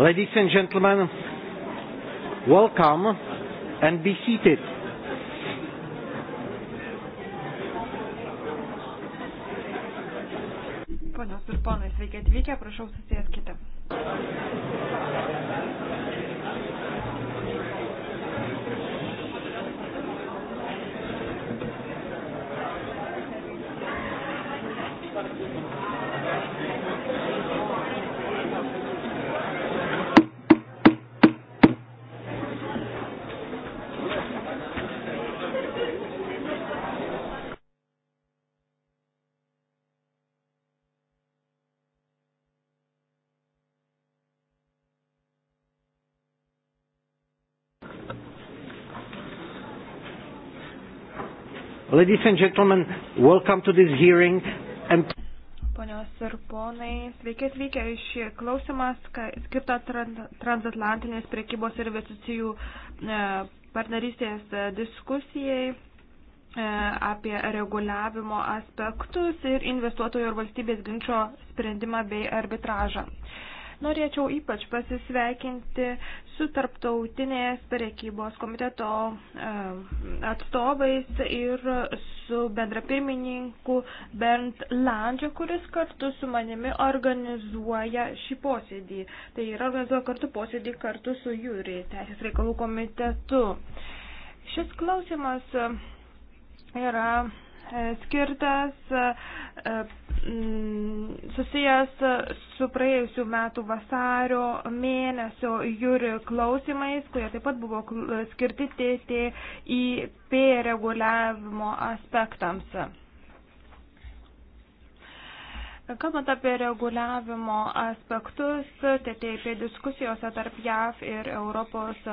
Ladies and gentlemen, welcome and be seated. Ponios ir ponai, sveiki atvykę, prašau susėskite. Ladies and gentlemen, welcome to this hearing. And... Ponios ir ponai, sveiki atvykę į šį klausimą skirtą transatlantinės priekybos ir investicijų e, partnerystės e, diskusijai e, apie reguliavimo aspektus ir investuotojo ir valstybės ginčio sprendimą bei arbitražą. Norėčiau ypač pasisveikinti su tarptautinės prekybos komiteto e, atstovais ir su bendrapirmininku Bernd Landžia, kuris kartu su manimi organizuoja šį posėdį. Tai yra organizuoja kartu posėdį kartu su Jūri, Teisės reikalų komitetu. Šis klausimas e, yra e, skirtas Mm, susijęs su praėjusiu metu vasario mėnesio jūri klausimais, kurie taip pat buvo skirti TTIP reguliavimo aspektams. Kalbant apie reguliavimo aspektus, TTIP diskusijose tarp JAV ir Europos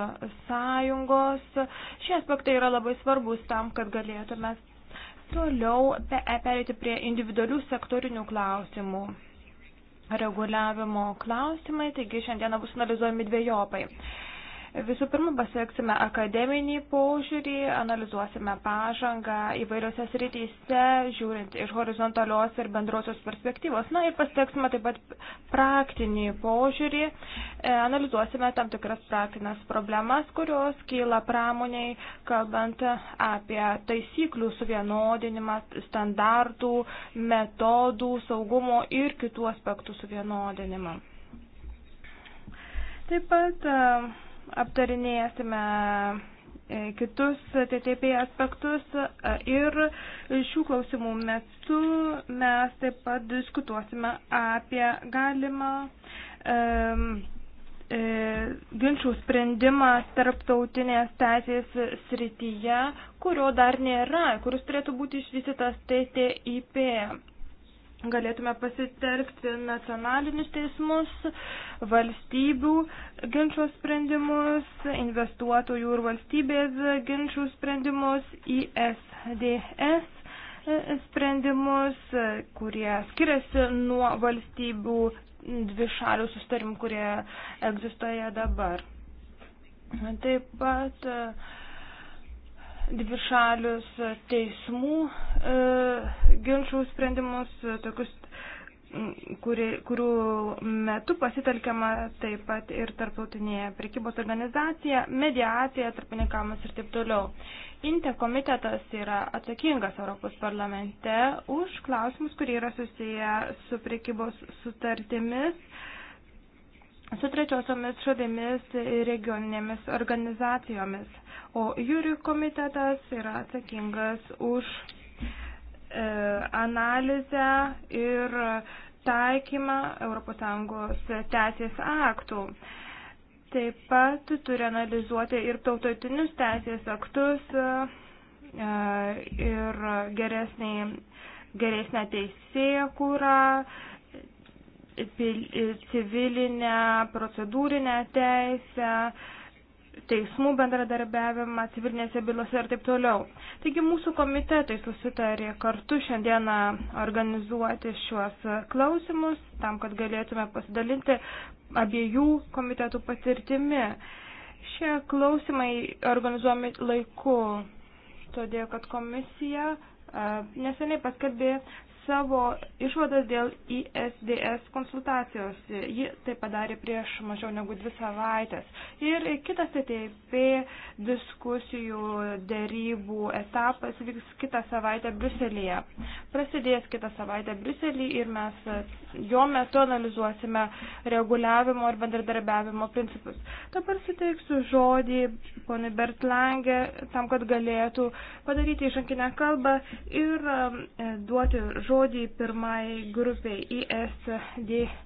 Sąjungos, šie aspektai yra labai svarbus tam, kad galėtume Toliau perėti prie individualių sektorinių klausimų. Reguliavimo klausimai, taigi šiandieną bus analizuojami dviejopai. Visų pirma, pasieksime akademinį požiūrį, analizuosime pažangą įvairiose srityse, žiūrint iš horizontalios ir bendrosios perspektyvos. Na ir pasieksime taip pat praktinį požiūrį, e, analizuosime tam tikras praktinės problemas, kurios kyla pramoniai, kalbant apie taisyklių suvienodinimą, standartų, metodų, saugumo ir kitų aspektų suvienodinimą. Taip pat uh, aptarinėsime e, kitus TTP aspektus e, ir šių klausimų metu mes taip pat diskutuosime apie galimą e, ginčių sprendimą tarptautinės teisės srityje, kurio dar nėra, kuris turėtų būti išvystytas TTIP galėtume pasitelkti nacionalinius teismus, valstybių ginčių sprendimus, investuotojų ir valstybės ginčių sprendimus, ISDS sprendimus, kurie skiriasi nuo valstybių dvišalių sustarimų, kurie egzistuoja dabar. Taip pat uh, dvišalius teismų e, ginčių sprendimus, tokius, kuri, kurių metu pasitelkiama taip pat ir tarptautinė prekybos organizacija, mediacija, tarpininkamas ir taip toliau. Inte komitetas yra atsakingas Europos parlamente už klausimus, kurie yra susiję su prekybos sutartimis su trečiosiomis šalimis regioninėmis organizacijomis. O jūrių komitetas yra atsakingas už e, analizę ir taikymą ES teisės aktų. Taip pat turi analizuoti ir tautotinius teisės aktus e, ir geresnį, geresnę teisėją kūrą, e, civilinę, procedūrinę teisę, teismų bendradarbiavimą civilinėse bylose ir taip toliau. Taigi mūsų komitetai susitarė kartu šiandieną organizuoti šiuos klausimus, tam, kad galėtume pasidalinti abiejų komitetų patirtimi. Šie klausimai organizuomi laiku, todėl kad komisija neseniai paskelbė savo išvadas dėl ISDS konsultacijos. Ji tai padarė prieš mažiau negu dvi savaitės. Ir kitas TTIP diskusijų dėrybų etapas vyks kitą savaitę Bruselėje. Prasidės kitą savaitę Bruselėje ir mes jo metu analizuosime reguliavimo ir bendradarbiavimo principus. Dabar suteiksiu žodį ponui Bertlange tam, kad galėtų padaryti išankinę kalbą ir e, duoti žodį žodį pirmai grupiai ISDS.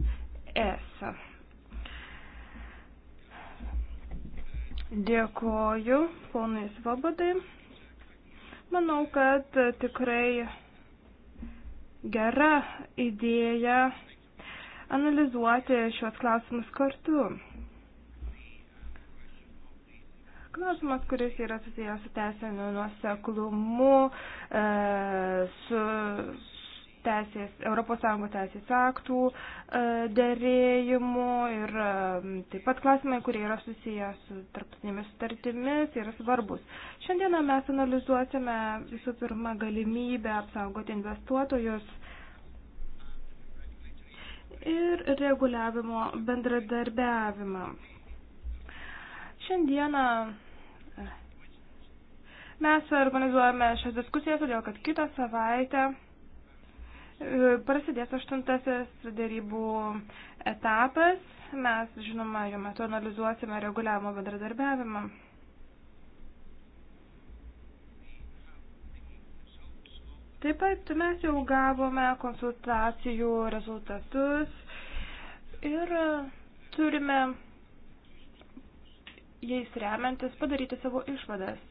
Dėkoju ponui Svobodai. Manau, kad tikrai gera idėja analizuoti šios klausimus kartu. Klausimas, kuris yra susijęs su teisiniu nuoseklumu, e, su teisės, ES teisės aktų e, dėrėjimų ir e, taip pat klausimai, kurie yra susiję su tarptautinėmis sutartimis, yra svarbus. Šiandieną mes analizuosime visų pirma galimybę apsaugoti investuotojus ir reguliavimo bendradarbiavimą. Šiandieną e, mes organizuojame šias diskusijas, todėl kad kitą savaitę E, prasidės aštuntasis darybų etapas. Mes, žinoma, jo metu analizuosime reguliavimo bendradarbiavimą. Taip pat mes jau gavome konsultacijų rezultatus ir turime jais remiantis padaryti savo išvadas.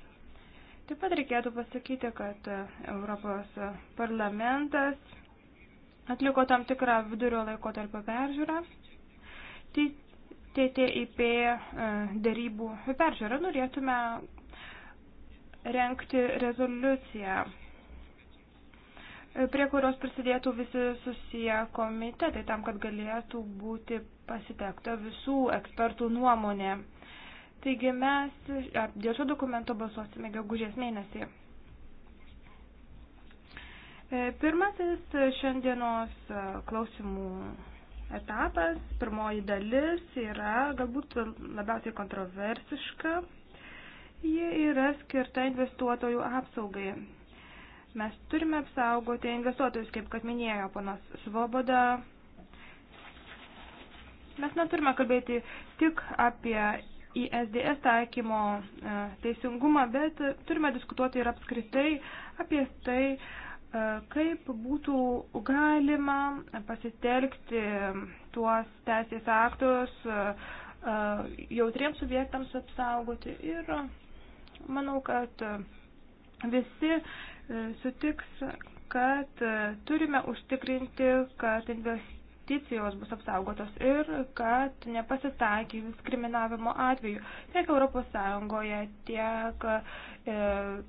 Taip pat reikėtų pasakyti, kad Europos parlamentas atliko tam tikrą vidurio laikotarpio peržiūrą. TTIP e, darybų peržiūrą norėtume renkti rezoliuciją, e, prie kurios prisidėtų visi susiję komitetai, tam, kad galėtų būti pasitekta visų ekspertų nuomonė. Taigi mes dėl šio dokumento balsuosime gegužės mėnesį. E, pirmasis šiandienos e, klausimų etapas, pirmoji dalis yra galbūt labiausiai kontroversiška. Ji yra skirta investuotojų apsaugai. Mes turime apsaugoti investuotojus, kaip kad minėjo panas Svoboda. Mes neturime kalbėti tik apie ISDS taikymo e, teisingumą, bet turime diskutuoti ir apskritai apie tai, kaip būtų galima pasitelkti tuos teisės aktus jautriems subjektams apsaugoti ir manau, kad visi e, sutiks, kad turime užtikrinti, kad investicijos investicijos bus apsaugotos ir kad nepasitaikys diskriminavimo atveju tiek ES, tiek, e,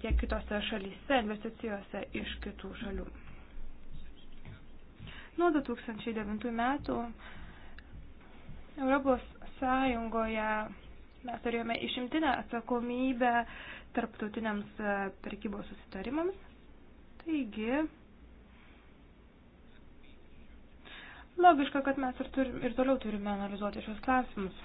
tiek kitose šalyse investicijose iš kitų šalių. Nuo 2009 metų Europos Sąjungoje mes turėjome išimtinę atsakomybę tarptautiniams e, prekybos susitarimams. Taigi, Logiška, kad mes ir, turim, ir toliau turime analizuoti šios klausimus.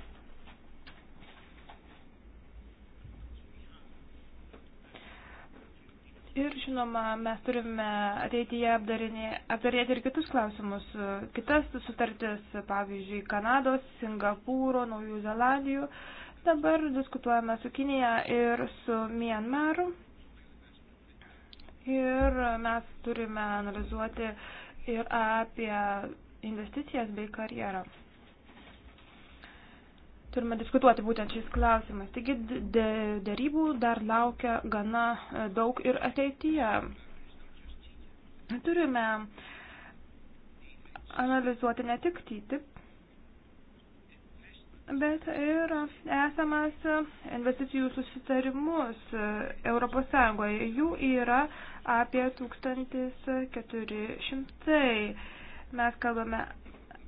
Ir žinoma, mes turime ateityje aptarėti ir kitus klausimus, kitas sutartis, pavyzdžiui, Kanados, Singapūro, Naujų Zelandijų. Dabar diskutuojame su Kinija ir su Mianmaru. Ir mes turime analizuoti ir apie investicijas bei karjerą. Turime diskutuoti būtent šiais klausimais. Taigi dėrybų dar laukia gana e, daug ir ateityje. Turime analizuoti ne tik TTIP, bet ir esamas investicijų susitarimus e, Europos Sąjungoje. Jų yra apie 1400. Mes kalbame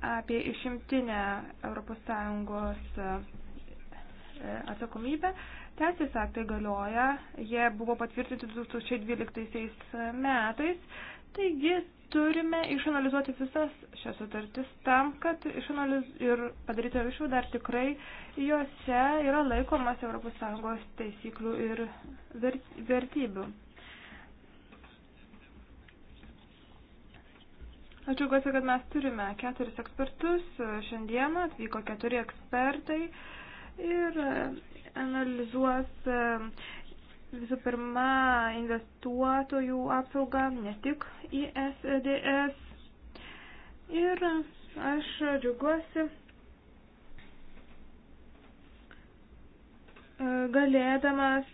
apie išimtinę ES e, e, atsakomybę. Teisės aktai galioja, jie buvo patvirtinti 2012 metais, taigi turime išanalizuoti visas šias sutartis tam, kad išanaliz... ir padaryti išvadą, ar tikrai juose yra laikomas ES taisyklių ir vertybių. Aš džiaugiuosi, kad mes turime keturis ekspertus. Šiandieną atvyko keturi ekspertai ir e, analizuos e, visų pirma investuotojų apsaugą, ne tik į SDS. Ir aš džiaugiuosi e, galėdamas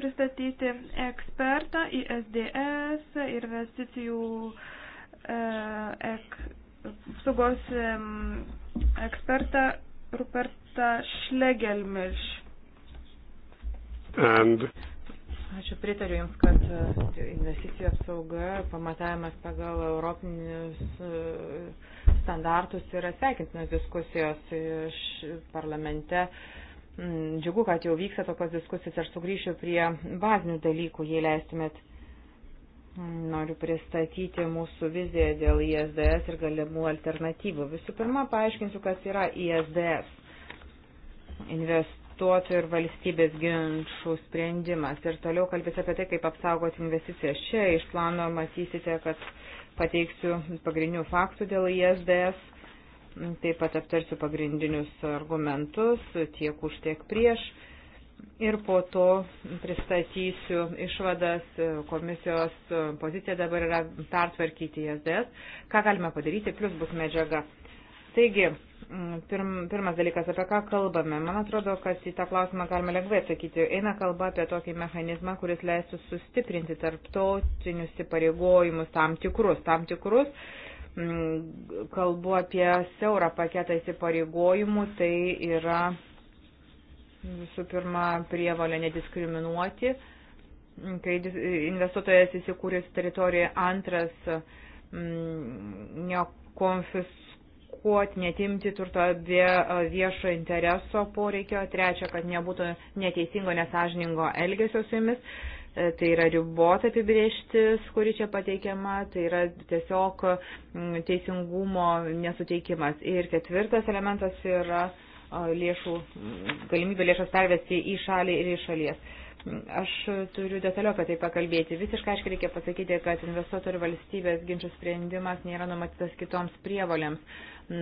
pristatyti ekspertą į SDS, investicijų E, ek, apsaugos ekspertą Rupertą Šlegelmirš. And Ačiū pritariu Jums, kad e, investicijų apsauga, pamatavimas pagal europinius e, standartus yra sveikintinas diskusijos iš parlamente. Džiugu, kad jau vyksta tokios diskusijos ir sugrįšiu prie bazinių dalykų, jei leistumėt. Noriu pristatyti mūsų viziją dėl ISDS ir galimų alternatyvų. Visų pirma, paaiškinsiu, kas yra ISDS. Investuotojų ir valstybės ginčių sprendimas. Ir toliau kalbėsiu apie tai, kaip apsaugoti investicijas. Čia iš plano matysite, kad pateiksiu pagrindinių faktų dėl ISDS. Taip pat aptarsiu pagrindinius argumentus tiek už, tiek prieš ir po to pristatysiu išvadas, e, komisijos e, pozicija dabar yra pertvarkyti JSDS, ką galime padaryti, plus bus medžiaga. Taigi, pirm, pirmas dalykas, apie ką kalbame. Man atrodo, kad į tą klausimą galime lengvai atsakyti. Eina kalba apie tokį mechanizmą, kuris leistų sustiprinti tarptautinius įpareigojimus tam tikrus, tam tikrus kalbu apie siaurą paketą įsipareigojimų, tai yra Visų pirma, prievalė nediskriminuoti, kai investuotojas įsikūręs teritorijoje. Antras, mm, nekonfiskuoti, netimti turto be viešo intereso poreikio. Trečia, kad nebūtų neteisingo, nesažiningo elgesio su jumis e, tai yra ribota apibrieštis, kuri čia pateikiama, tai yra tiesiog mm, teisingumo nesuteikimas. Ir ketvirtas elementas yra lėšų, galimybę lėšas pervesti į šalį ir iš šalies. Aš turiu detaliau apie tai pakalbėti. Visiškai aiškiai reikia pasakyti, kad investuotojų valstybės ginčių sprendimas nėra numatytas kitoms prievolėms,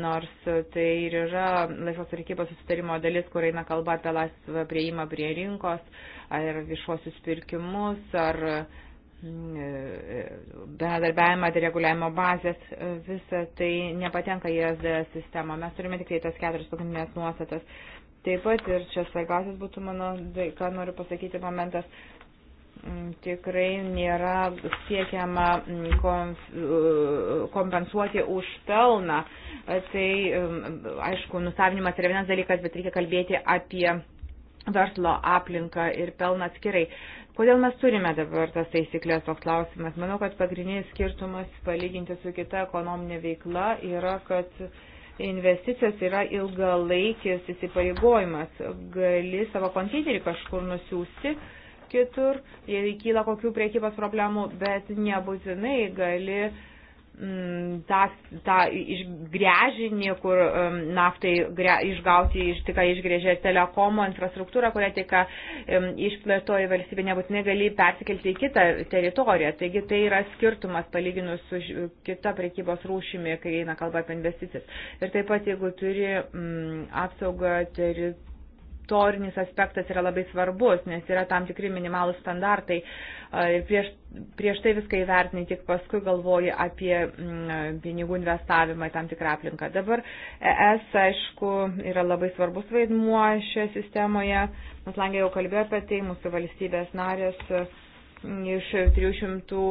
nors tai ir yra laisvos prekybos susitarimo dalis, kur eina kalba apie laisvą prieimą prie rinkos, ar viešuosius pirkimus, ar bendarbiavimą, dereguliavimo bazės, visa tai nepatenka į SDS sistemą. Mes turime tik tai tas keturias pagrindinės nuostatas. Taip pat ir čia svarbiausias būtų mano, tai, ką noriu pasakyti, momentas. Tikrai nėra siekiama kompensuoti už pelną. Tai, aišku, nusavinimas yra vienas dalykas, bet reikia kalbėti apie verslo aplinką ir pelną atskirai. Uh, Kodėl mes turime dabar tas taisyklės toks klausimas? Manau, kad pagrindinis skirtumas palyginti su kita ekonominė veikla yra, kad investicijos yra ilgalaikis įsipareigojimas. Gali savo konteinerį kažkur nusiųsti kitur, jei kyla kokių priekybos problemų, bet nebūtinai gali uh, Mm, tą, tą išgrėžinį, kur mm, naftai gre, išgauti iš tik išgrėžė telekomo infrastruktūrą, kurią tik mm, išplėtojo valstybė, nebūtinai gali persikelti į kitą teritoriją. Taigi tai yra skirtumas palyginus su kita prekybos rūšimi, kai eina kalba apie investicijas. Ir taip pat, jeigu turi m, apsaugą teritorijos, torinis aspektas yra labai svarbus, nes yra tam tikri minimalų standartai. Uh, ir prieš, prieš tai viską įvertini, tik paskui galvoji apie mm, pinigų investavimą į tam tikrą aplinką. Dabar ES, aišku, yra labai svarbus vaidmuo šioje sistemoje. Mes langė jau kalbėjo apie tai, mūsų valstybės narės mm, iš 300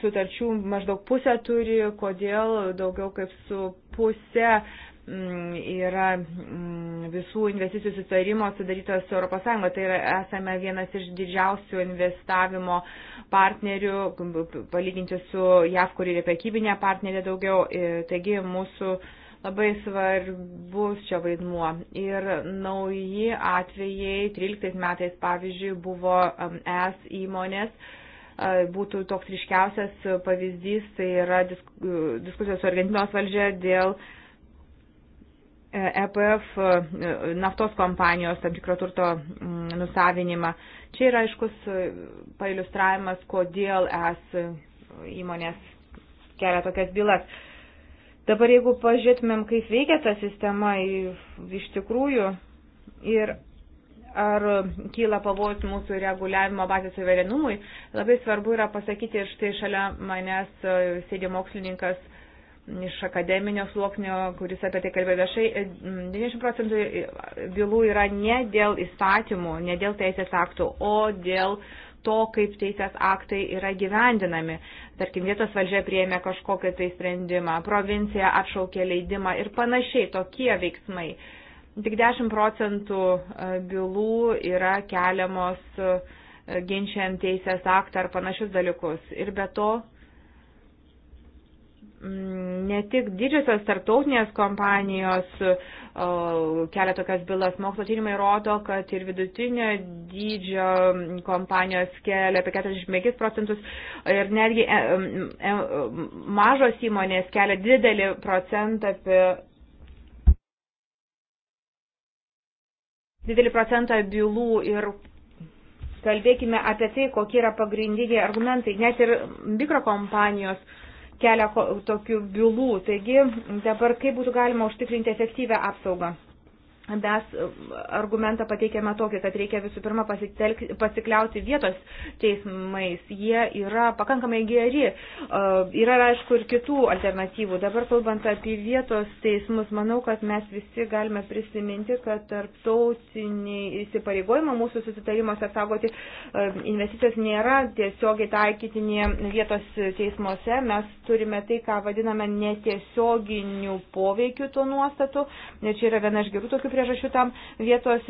sutarčių maždaug pusę turi, kodėl daugiau kaip su pusė Mm, yra mm, visų investicijų sutarimo sudarytos su ES. Tai yra, esame vienas iš didžiausių investavimo partnerių, palyginti su JAV, kur yra pekybinė partnerė daugiau. E, taigi mūsų labai svarbus čia vaidmuo. Ir nauji atvejai 13 metais, pavyzdžiui, buvo um, ES įmonės e, būtų toks ryškiausias pavyzdys, tai yra diskusijos su Argentinos valdžia dėl uh, EPF e, naftos kompanijos tam tikro turto mm, nusavinimą. Čia yra aiškus e, pailustravimas, kodėl es e, įmonės kelia tokias bylas. Dabar jeigu pažiūrėtumėm, kaip veikia ta sistema iš tikrųjų ir ar kyla pavojus mūsų reguliavimo bazės suverenumui, labai svarbu yra pasakyti ir štai šalia manęs sėdė mokslininkas iš akademinio sluoksnio, kuris apie tai kalbė viešai, 90 e, procentų bylų yra ne dėl įstatymų, ne dėl teisės aktų, o dėl to, kaip teisės aktai yra gyvendinami. Tarkim, vietos valdžia prieėmė kažkokią tai sprendimą, provincija atšaukė leidimą ir panašiai tokie veiksmai. Tik 10 procentų e, bylų yra keliamos e, ginčiant teisės aktą ar panašius dalykus. Ir be to, Mm, ne tik didžiosios tarptautinės kompanijos kelia tokias bylas. Mokslo tyrimai rodo, kad ir vidutinio dydžio kompanijos kelia apie 45 procentus ir netgi e, e, mažos įmonės kelia didelį procentą apie. Didelį procentą bylų ir kalbėkime apie tai, kokie yra pagrindiniai argumentai. Net ir mikrokompanijos uh, kelia tokių bylų. Taigi dabar kaip būtų galima užtikrinti efektyvę apsaugą? mes e, argumentą pateikėme tokį, kad reikia visų pirma pasikliauti vietos teismais. Jie yra pakankamai geri. E, yra, aišku, ir kitų alternatyvų. Dabar kalbant apie vietos teismus, manau, kad mes visi galime prisiminti, kad tarptautiniai įsipareigojimai mūsų susitarimuose apsaugoti e, investicijas nėra tiesiogiai taikytinė vietos teismuose. Mes turime tai, ką vadiname netiesioginių poveikių tuo nuostatu. Ir čia yra viena iš gerų tokių prie priežasčių tam vietos,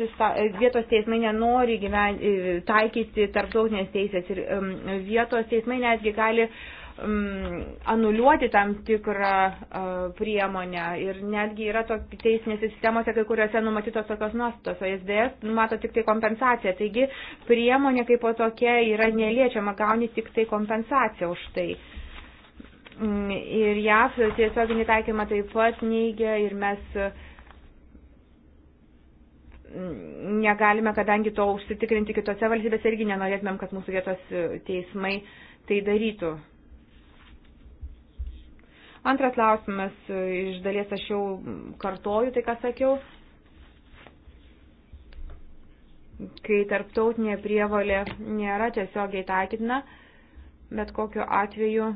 vietos teismai nenori gyven, e, taikyti tarptautinės teisės ir vietos teismai netgi gali anuliuoti tam tikrą e, priemonę. Ir netgi yra to teisinėse sistemose, kai kuriuose numatytos tokios nuostatos, o SDS numato tik tai kompensaciją. Taigi priemonė kaip po tokia yra neliečiama, gauni tik tai kompensaciją už tai. Mm, ir JAF tiesioginį taikymą taip pat neigia ir mes negalime, kadangi to užsitikrinti kitose valstybėse irgi nenorėtumėm, kad mūsų vietos e, teismai tai darytų. Antras klausimas, e, iš dalies aš jau kartoju tai, ką sakiau. Kai tarptautinė prievolė nėra tiesiogiai taikytina, bet kokiu atveju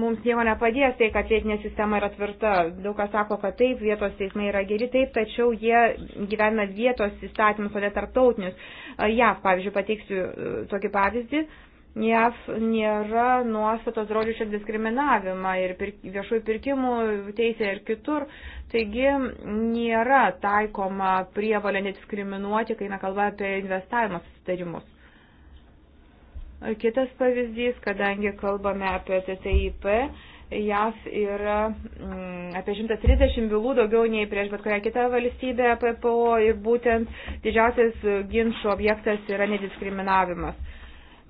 mums nieko nepadės tai, kad vietinė sistema yra tvirta. Daug kas sako, kad taip, vietos teismai yra geri, taip, tačiau jie gyvena vietos įstatymus, o ne tarptautinius. JAV, pavyzdžiui, pateiksiu e, tokį pavyzdį. JAV nėra nuostatos rodžiučią diskriminavimą ir pirk, viešųjų pirkimų teisė ir kitur. Taigi nėra taikoma prievalė nediskriminuoti, kai nekalba apie investavimo sustarimus. Kitas pavyzdys, kadangi kalbame apie TTIP, JAV yra mm, apie 130 bylų daugiau nei prieš bet kurią kitą valstybę PPO ir būtent didžiausias ginčio objektas yra nediskriminavimas.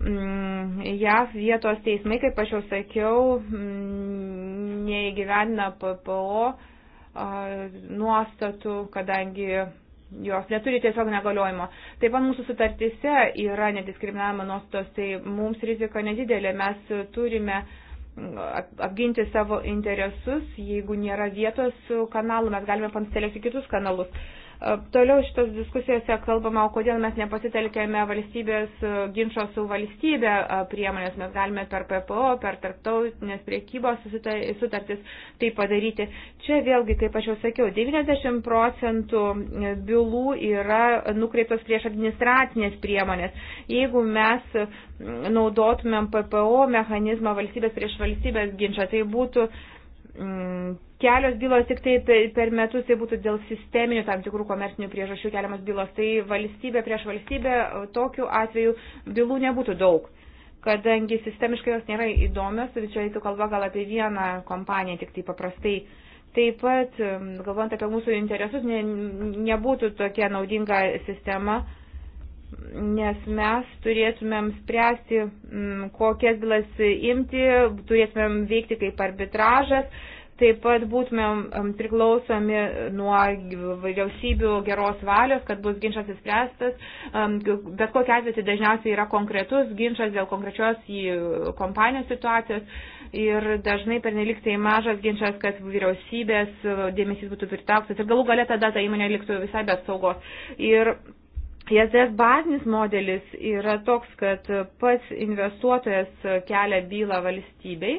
Mm, JAV vietos teismai, kaip aš jau sakiau, mm, neįgyvendina PPO nuostatų, kadangi jos neturi tiesiog negaliojimo. Taip pat mūsų sutartyse yra nediskriminavimo nuostos, tai mums rizika nedidelė, mes turime mm, apginti savo interesus, jeigu nėra vietos kanalų, mes galime pantelėti kitus kanalus. Uh, Toliau šitos diskusijose kalbama, o kodėl mes nepasitelkėme valstybės ginčio su valstybė priemonės, mes galime per PPO, per tarptautinės priekybos sutartis tai padaryti. Čia vėlgi, kaip aš jau sakiau, 90 procentų e, bylų yra nukreiptos prieš administracinės priemonės. Jeigu mes e, naudotumėm PPO mechanizmą valstybės prieš valstybės ginčą, tai būtų uh, Mm, kelios bylos tik tai per metus, tai būtų dėl sisteminių tam tikrų komercinių priežasčių keliamas bylos, tai valstybė prieš valstybę tokiu atveju bylų nebūtų daug, kadangi sistemiškai jos nėra įdomios, tai čia eitų kalba gal apie vieną kompaniją tik tai paprastai. Taip pat, mm, galvojant apie mūsų interesus, ne, nebūtų tokia naudinga sistema. Uh, nes mes turėtumėm spręsti, mm, kokias bylas imti, turėtumėm veikti kaip arbitražas, taip pat būtumėm mm, priklausomi nuo vyriausybių geros valios, kad bus ginčas įspręstas, mm, bet kokia atveju tai dažniausiai yra konkretus ginčas dėl konkrečios kompanijos situacijos ir dažnai pernelik tai mažas ginčas, kad vyriausybės dėmesys būtų pritrauktas ir galų galę tada ta įmonė liktų visai be saugos. Ir ISDS bazinis modelis yra toks, kad pats investuotojas kelia bylą valstybei.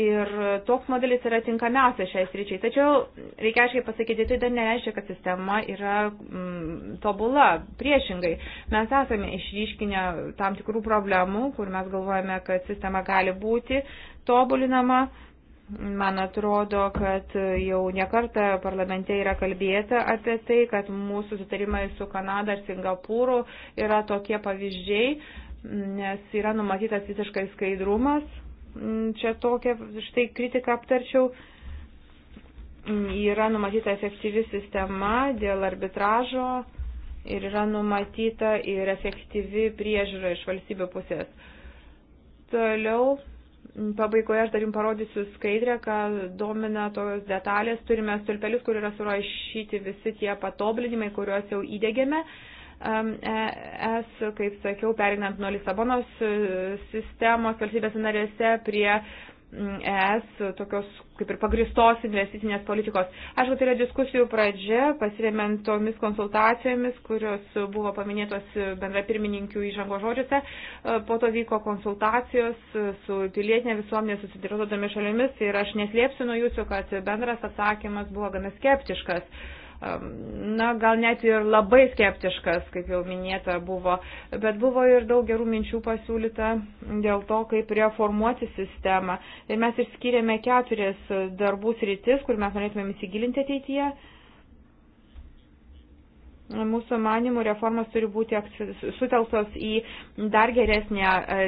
Ir toks modelis yra tinkamiausias šiai sričiai. Tačiau reikia aiškiai pasakyti, tai dar nereiškia, kad sistema yra mm, tobula. Priešingai, mes esame išryškinę tam tikrų problemų, kur mes galvojame, kad sistema gali būti tobulinama. Mm, Man atrodo, kad jau nekarta parlamente yra kalbėta apie tai, kad mūsų sutarimai su Kanada ir Singapūru yra tokie pavyzdžiai, nes yra numatytas visiškai skaidrumas. Mm, čia tokia štai kritika aptarčiau mm, yra numatyta efektyvi sistema dėl arbitražo ir yra numatyta ir efektyvi priežiūra iš valstybių pusės. Toliau Pabaigoje aš dar jums parodysiu skaidrę, ką domina tos detalės. Turime stulpelius, kur yra surašyti visi tie patobulinimai, kuriuos jau įdėgėme. Es, e, kaip sakiau, perinant nuo Lisabonos e, sistemos valstybės narėse prie ES tokios kaip ir pagristos investicinės politikos. Aišku, tai yra diskusijų pradžia, pasiremiant tomis konsultacijomis, kurios buvo paminėtos bendra pirmininkių įžango žodžiuose. Po to vyko konsultacijos su pilietinė visuomenė susidirodomis šalimis ir aš neslėpsiu nuo jūsų, kad bendras atsakymas buvo gana skeptiškas na, gal net ir labai skeptiškas, kaip jau minėta buvo, bet buvo ir daug gerų minčių pasiūlyta dėl to, kaip reformuoti sistemą. Ir mes išskyrėme keturias darbų sritis, kur mes norėtumėm įsigilinti ateityje. Mūsų manimų reformos turi būti sutelktos į dar geresnę e,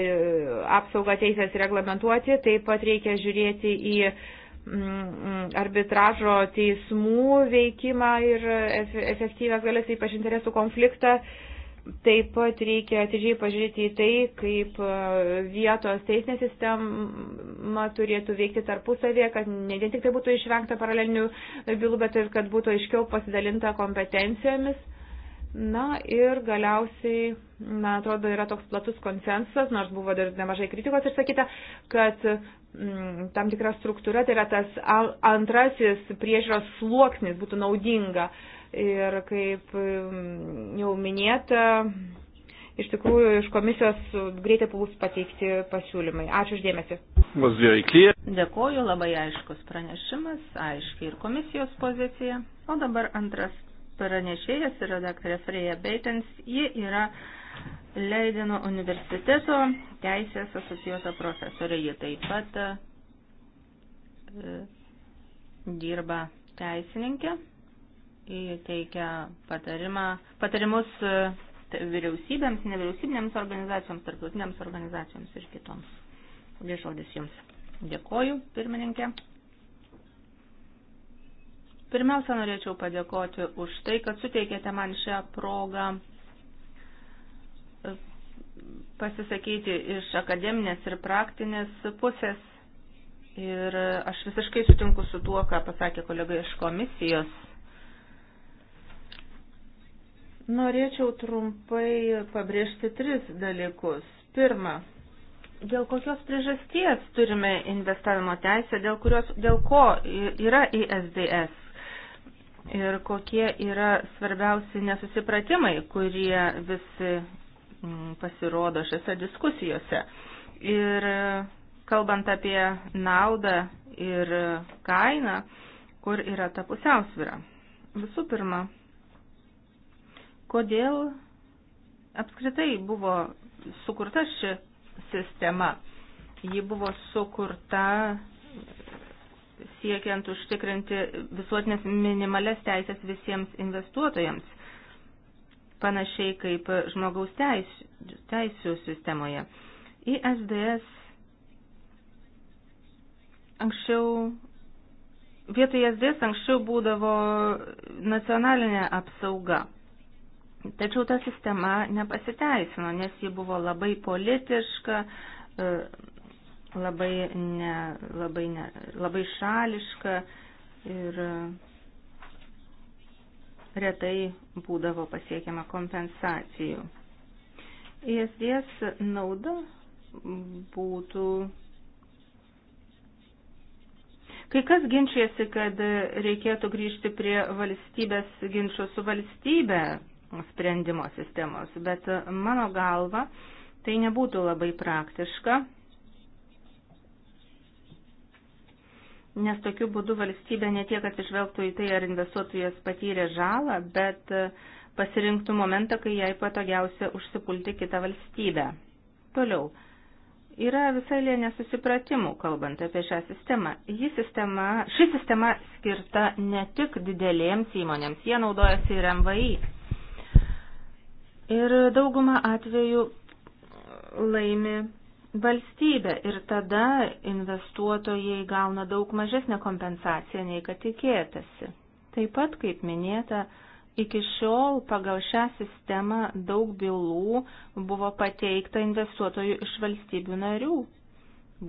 apsaugą teisės reglamentuoti, taip pat reikia žiūrėti į uh, Mm, arbitražo teismų veikimą ir efektyvės galės, ypač interesų konfliktą. Taip pat reikia atidžiai pažiūrėti į tai, kaip e, vietos teisinė sistema turėtų veikti tarpusavėje, kad ne vien tik tai būtų išvengta paralelinių bylų, bet ir kad būtų aiškiau pasidalinta kompetencijomis. Na ir galiausiai, man atrodo, yra toks platus konsensas, nors buvo dar nemažai kritikos išsakyta, kad Mm, tam tikra struktūra, tai yra tas antrasis priežiūros sluoksnis būtų naudinga. Ir kaip mm, jau minėta, iš tikrųjų iš komisijos greitai bus pateikti pasiūlymai. Ačiū uždėmesi. Dėkoju, labai aiškus pranešimas, aiškiai ir komisijos pozicija. O dabar antras pranešėjas yra daktarė Freja Beitens. Ji yra Leideno universiteto teisės asocijuota profesorė. Ji taip pat e, dirba teisininkė. Ji teikia patarimą, patarimus e, vyriausybėms, nevyriausybinėms organizacijoms, tarptautinėms organizacijoms ir kitoms. Žodis Jums. Dėkoju, pirmininkė. Pirmiausia, norėčiau padėkoti už tai, kad suteikėte man šią progą pasisakyti iš akademinės ir praktinės pusės. Ir aš visiškai sutinku su tuo, ką pasakė kolega iš komisijos. Norėčiau trumpai pabrėžti tris dalykus. Pirma, dėl kokios priežasties turime investavimo teisę, dėl, kurios, dėl ko yra ISDS ir kokie yra svarbiausi nesusipratimai, kurie vis Mm, pasirodo šiose diskusijose. Ir e, kalbant apie naudą ir e, kainą, kur yra ta pusiausvyra. Visų pirma, kodėl apskritai buvo sukurta ši sistema? Ji buvo sukurta siekiant užtikrinti visuotinės minimales teisės visiems investuotojams panašiai kaip žmogaus teisų, teisų sistemoje. ISDS anksčiau, vietoj ISDS anksčiau būdavo nacionalinė apsauga. Tačiau ta sistema nepasiteisino, nes ji buvo labai politiška, e, labai, ne, labai, ne, labai šališka ir retai būdavo pasiekiama kompensacijų. ISDS nauda būtų. Kai kas ginčiasi, kad reikėtų grįžti prie valstybės ginčio su valstybė sprendimo sistemos, bet mano galva tai nebūtų labai praktiška nes tokiu būdu valstybė ne tiek atsižvelgtų į tai, ar investuotojas patyrė žalą, bet e, pasirinktų momentą, kai jai patogiausia užsipulti kitą valstybę. Toliau. Yra visai lė nesusipratimų, kalbant apie šią sistemą. Ji sistema, ši sistema skirta ne tik didelėms įmonėms, jie naudojasi ir MVI. Ir dauguma atvejų laimi valstybę ir tada investuotojai gauna daug mažesnę kompensaciją nei kad tikėtasi. Taip pat, kaip minėta, iki šiol pagal šią sistemą daug bylų buvo pateikta investuotojų iš valstybių narių,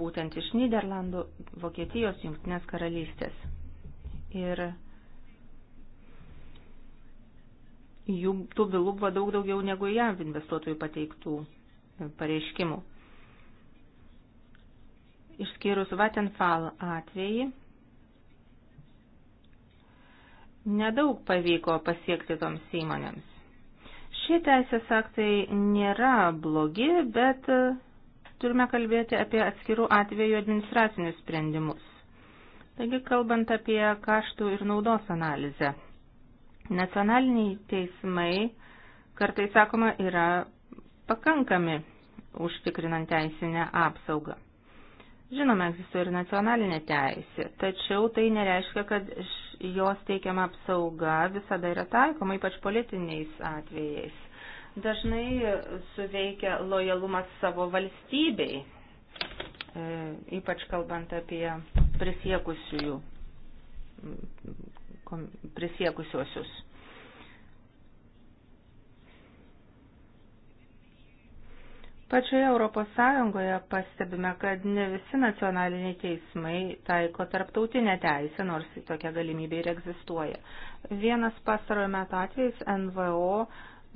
būtent iš Niderlandų, Vokietijos, Junktinės karalystės. Ir jų tų bylų buvo daug daugiau negu jav investuotojų pateiktų pareiškimų išskyrus Vattenfall atvejį, nedaug pavyko pasiekti toms įmonėms. Šie teisės aktai nėra blogi, bet e, turime kalbėti apie atskirų atvejų administracinius sprendimus. Taigi, kalbant apie kaštų ir naudos analizę, nacionaliniai teismai, kartai sakoma, yra pakankami užtikrinant teisinę apsaugą. Žinoma, egzistuoja ir nacionalinė teisė, tačiau tai nereiškia, kad jos teikiama apsauga visada yra taikoma, ypač politiniais atvejais. Dažnai suveikia lojalumas savo valstybei, e, ypač kalbant apie prisiekusiųjų prisiekusiuosius. Pačioje Europos Sąjungoje pastebime, kad ne visi nacionaliniai teismai taiko tarptautinę teisę, nors tokia galimybė ir egzistuoja. Vienas pastarojo metu atvejais NVO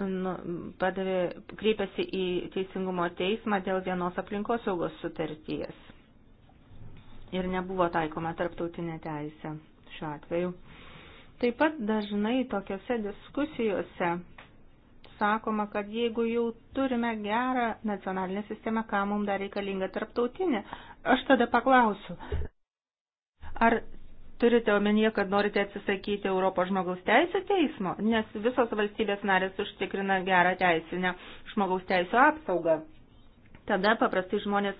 nu, padavė, kreipėsi į Teisingumo teismą dėl vienos aplinkosaugos sutarties ir nebuvo taikoma tarptautinė teisė šiuo atveju. Taip pat dažnai tokiuose diskusijose sakoma, kad jeigu jau turime gerą nacionalinę sistemą, ką mums dar reikalinga tarptautinė, aš tada paklausiu, ar turite omenyje, kad norite atsisakyti Europos žmogaus teisų teismo, nes visos valstybės narės užtikrina gerą teisinę žmogaus teisų apsaugą. Tada paprastai žmonės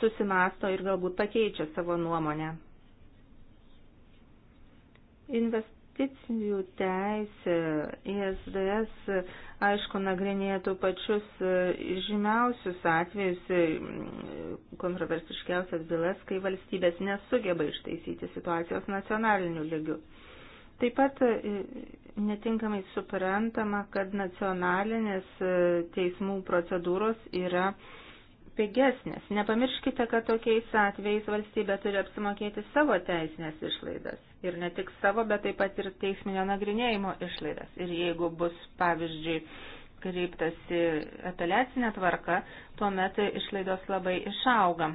susimasto ir galbūt pakeičia savo nuomonę. Invest investicijų teisė ISDS, aišku, nagrinėtų pačius e, žymiausius atvejus, e, kontroversiškiausias bylas, kai valstybės nesugeba ištaisyti situacijos nacionaliniu lygiu. Taip pat e, netinkamai suprantama, kad nacionalinės teismų procedūros yra pigesnės. Nepamirškite, kad tokiais atvejais valstybė turi apsimokėti savo teisinės išlaidas. Ir ne tik savo, bet taip pat ir teisminio nagrinėjimo išlaidas. Ir jeigu bus, pavyzdžiui, kreiptasi apeliacinė tvarka, tuomet išlaidos labai išauga.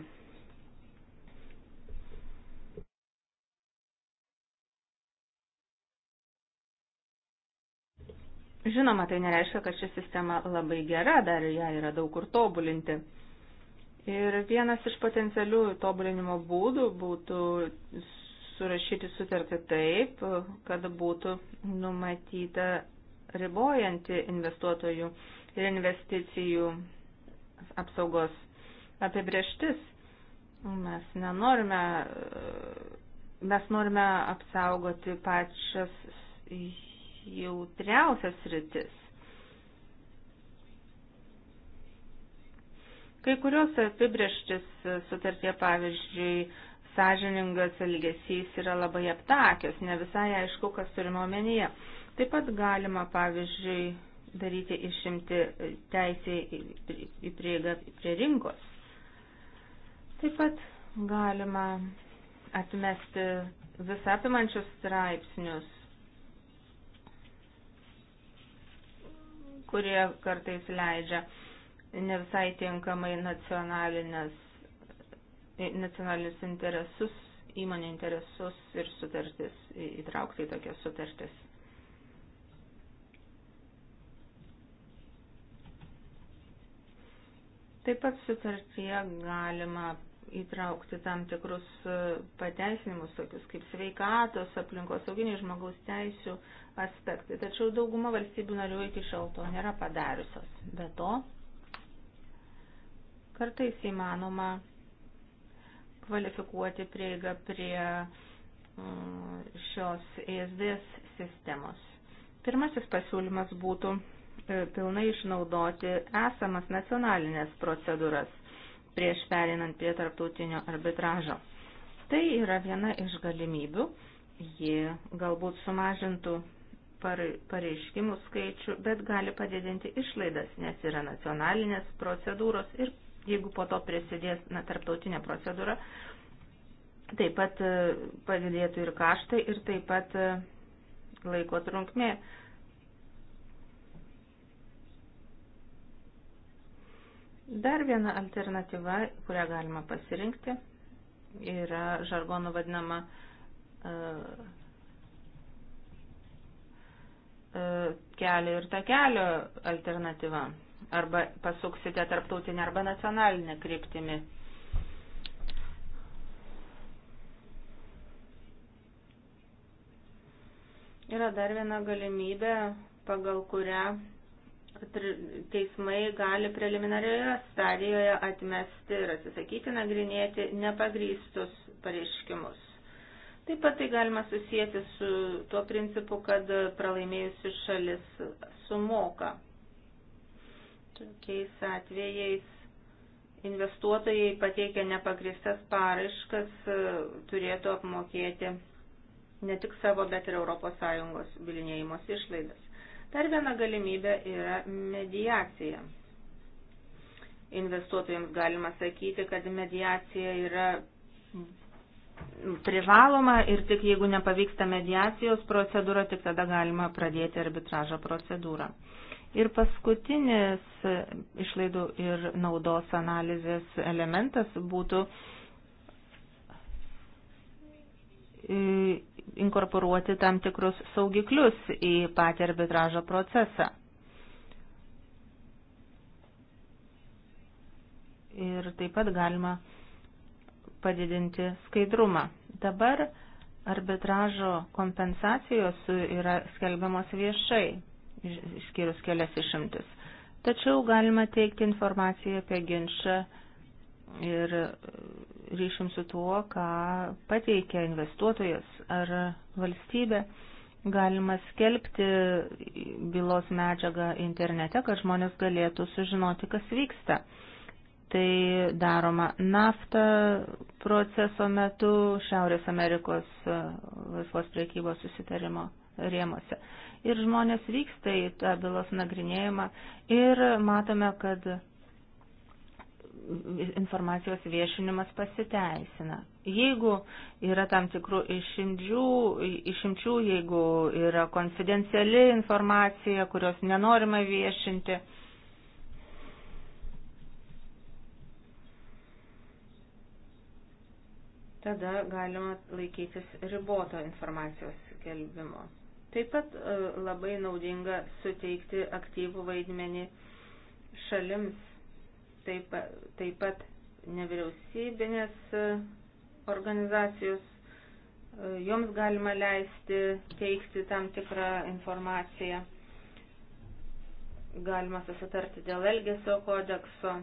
Žinoma, tai nereiškia, kad ši sistema labai gera, dar ją yra daug kur tobulinti. Ir vienas iš potencialių tobulinimo būdų būtų surašyti sutartį taip, kad būtų numatyta ribojanti investuotojų ir investicijų apsaugos apibrieštis. Mes nenorime, mes norime apsaugoti pačias jautriausias rytis. Kai kurios apibrieštis sutartie, pavyzdžiui, sąžiningas elgesys yra labai aptakios, ne visai aišku, kas turima omenyje. Taip pat galima, pavyzdžiui, daryti išimti teisę į prieigą prie rinkos. Taip pat galima atmesti visapimančius straipsnius, kurie kartais leidžia ne visai tinkamai nacionalinius interesus, įmonė interesus ir sutartis įtraukti į tokias sutartis. Taip pat sutartyje galima įtraukti tam tikrus e, pateisinimus, tokius kaip sveikatos, aplinkosauginiai žmogaus teisų aspektai. Tačiau dauguma valstybių narių iki šiol to nėra padariusios. Be to, Kartais įmanoma kvalifikuoti prieigą prie mm, šios ESDS sistemos. Pirmasis pasiūlymas būtų e, pilnai išnaudoti esamas nacionalinės procedūras prieš perinant prie tarptautinio arbitražo. Tai yra viena iš galimybių, ji galbūt sumažintų pareiškimų skaičių, bet gali padidinti išlaidas, nes yra nacionalinės procedūros ir jeigu po to prisidės na, tarptautinė procedūra, taip pat e, padidėtų ir kaštai ir taip pat e, laiko trunkmė. Dar viena alternatyva, kurią galima pasirinkti, yra žargonų vadinama uh, uh, kelio ir takelio alternatyva arba pasuksite tarptautinę arba nacionalinę kryptimį. Yra dar viena galimybė, pagal kurią teismai gali preliminarioje stadijoje atmesti ir atsisakyti nagrinėti nepagrystus pareiškimus. Taip pat tai galima susijęti su tuo principu, kad pralaimėjusi šalis sumoka Tokiais atvejais investuotojai pateikia nepagristas paraiškas, e, turėtų apmokėti ne tik savo, bet ir ES bilinėjimos išlaidas. Dar viena galimybė yra mediacija. Investuotojams galima sakyti, kad mediacija yra privaloma ir tik jeigu nepavyksta mediacijos procedūra, tik tada galima pradėti arbitražo procedūrą. Ir paskutinis išlaidų ir naudos analizės elementas būtų e, inkorporuoti tam tikrus saugiklius į patį arbitražo procesą. Ir taip pat galima padidinti skaidrumą. Dabar arbitražo kompensacijos yra skelbiamos viešai išskyrus kelias išimtis. Tačiau galima teikti informaciją apie ginčą ir ryšim su tuo, ką pateikia investuotojas ar valstybė. Galima skelbti bylos medžiagą internete, kad žmonės galėtų sužinoti, kas vyksta. Tai daroma nafta proceso metu Šiaurės Amerikos laisvos priekybos susitarimo rėmose. Ir žmonės vyksta į tą bylos nagrinėjimą ir matome, kad informacijos viešinimas pasiteisina. Jeigu yra tam tikrų išimčių, išimčių, jeigu yra konfidenciali informacija, kurios nenorima viešinti, tada galima laikytis riboto informacijos skelbimo. Taip pat e, labai naudinga suteikti aktyvų vaidmenį šalims, taip, taip pat nevyriausybinės e, organizacijos, e, joms galima leisti teikti tam tikrą informaciją, galima susitarti dėl elgesio kodekso.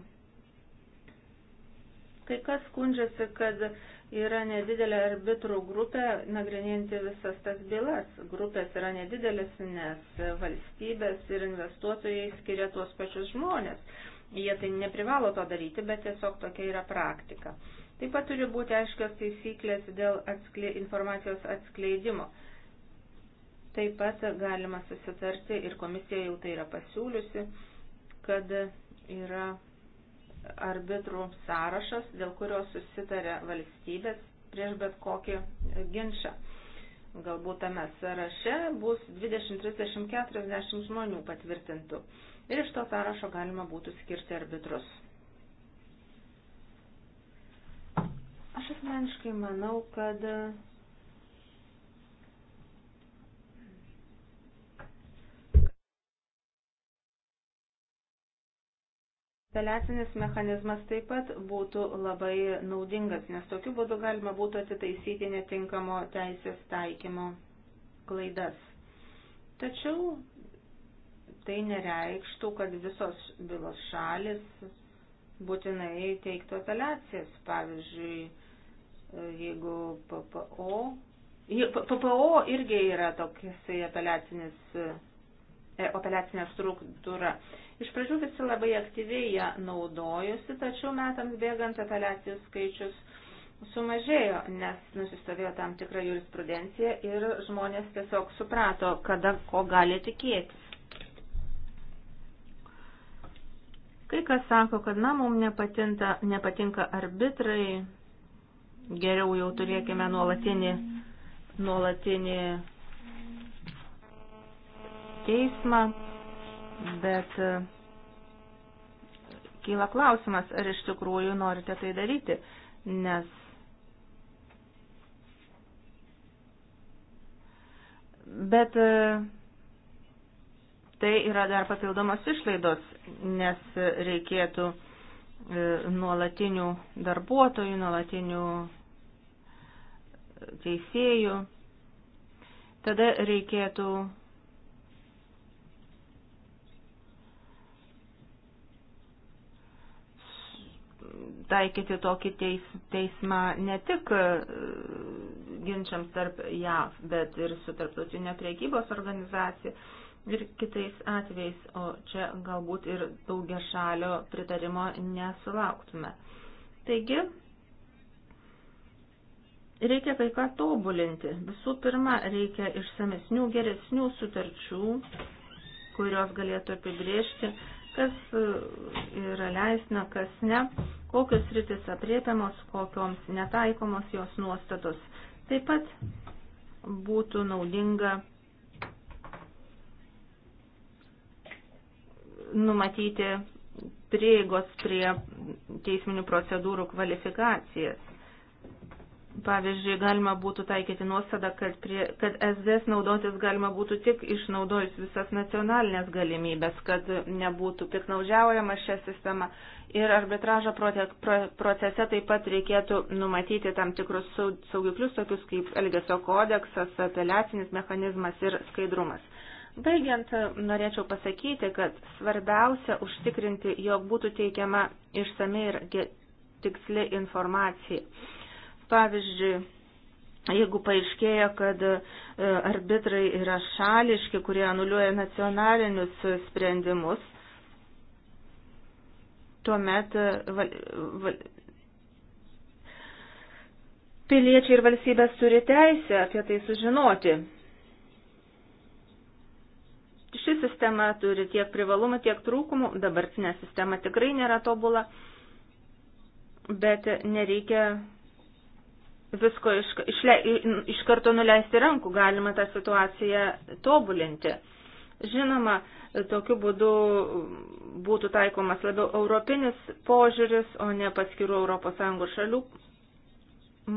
Kai kas skundžiasi, kad yra nedidelė arbitrų grupė, nagrinėjanti visas tas bylas. Grupės yra nedidelis, nes valstybės ir investuotojai skiria tuos pačius žmonės. Jie tai neprivalo to daryti, bet tiesiog tokia yra praktika. Taip pat turi būti aiškios taisyklės dėl atskle, informacijos atskleidimo. Taip pat galima susitarti ir komisija jau tai yra pasiūliusi, kad yra arbitrų sąrašas, dėl kurio susitarė valstybės prieš bet kokį ginčą. Galbūt tame sąraše bus 20, 30, 40 žmonių patvirtintų. Ir iš to sąrašo galima būtų skirti arbitrus. Aš asmeniškai manau, kad Apeliacinis mechanizmas taip pat būtų labai naudingas, nes tokiu būdu galima būtų atitaisyti netinkamo teisės taikymo klaidas. Tačiau tai nereikštų, kad visos bylos šalis būtinai teiktų apeliacijas. Pavyzdžiui, jeigu PPO PPO irgi yra toks apeliacinis, e, apeliacinė struktūra. Iš pradžių visi labai aktyviai ją naudojusi, tačiau metams bėgant apeliacijų skaičius sumažėjo, nes nusistovėjo tam tikra jurisprudencija ir žmonės tiesiog suprato, kada ko gali tikėtis. Kai kas sako, kad na, mums nepatinta, nepatinka arbitrai, geriau jau turėkime nuolatinį, nuolatinį teismą bet e, kyla klausimas, ar iš tikrųjų norite tai daryti, nes bet e, tai yra dar papildomos išlaidos, nes reikėtų e, nuolatinių darbuotojų, nuolatinių teisėjų. Tada reikėtų taikyti tokį teis, teismą ne tik e, ginčiams tarp JAV, bet ir su tarptautinė priekybos organizacija ir kitais atvejais, o čia galbūt ir daugia šalio pritarimo nesulauktume. Taigi, reikia kai ką tobulinti. Visų pirma, reikia išsamesnių, geresnių sutarčių, kurios galėtų apibriežti kas e, yra leisna, kas ne, kokios rytis apriepiamos, kokioms netaikomos jos nuostatos. Taip pat būtų naudinga numatyti prieigos prie teisminių procedūrų kvalifikacijas. Pavyzdžiui, galima būtų taikyti nuostadą, kad, prie, kad SDS naudotis galima būtų tik išnaudojus visas nacionalinės galimybės, kad nebūtų piknaudžiaujama šią sistemą. Ir arbitražo procese taip pat reikėtų numatyti tam tikrus saugiklius, tokius kaip Elgesio kodeksas, apeliacinis mechanizmas ir skaidrumas. Baigiant, norėčiau pasakyti, kad svarbiausia užtikrinti, jog būtų teikiama išsami ir tiksli informacija Pavyzdžiui, jeigu paaiškėja, kad e, arbitrai yra šališki, kurie anuliuoja nacionalinius sprendimus, tuomet e, val, val, piliečiai ir valstybės turi teisę apie tai sužinoti. Ši sistema turi tiek privalumų, tiek trūkumų. Dabartinė sistema tikrai nėra tobula, bet nereikia visko iš, išle, iš karto nuleisti rankų, galima tą situaciją tobulinti. Žinoma, tokiu būdu būtų taikomas labiau europinis požiūris, o ne paskirų ES šalių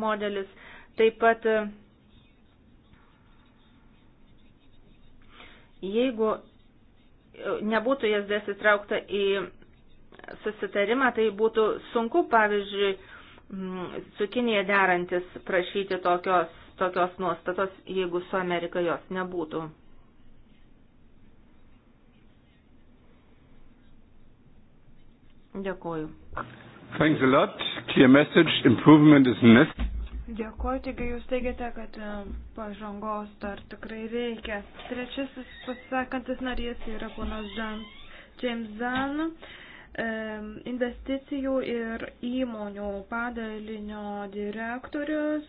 modelis. Taip pat, jeigu nebūtų jas desitraukta į susitarimą, tai būtų sunku, pavyzdžiui, Mm, su Kinija derantis prašyti tokios, tokios nuostatos, jeigu su Amerika jos nebūtų. Dėkuoju. Thanks a lot. Clear message. Improvement is necessary. Dėkuoju, taigi jūs teigiate, kad e, pažangos dar tikrai reikia. Trečiasis pasisakantis narys yra ponas James Zan investicijų ir įmonių padalinio direktorius,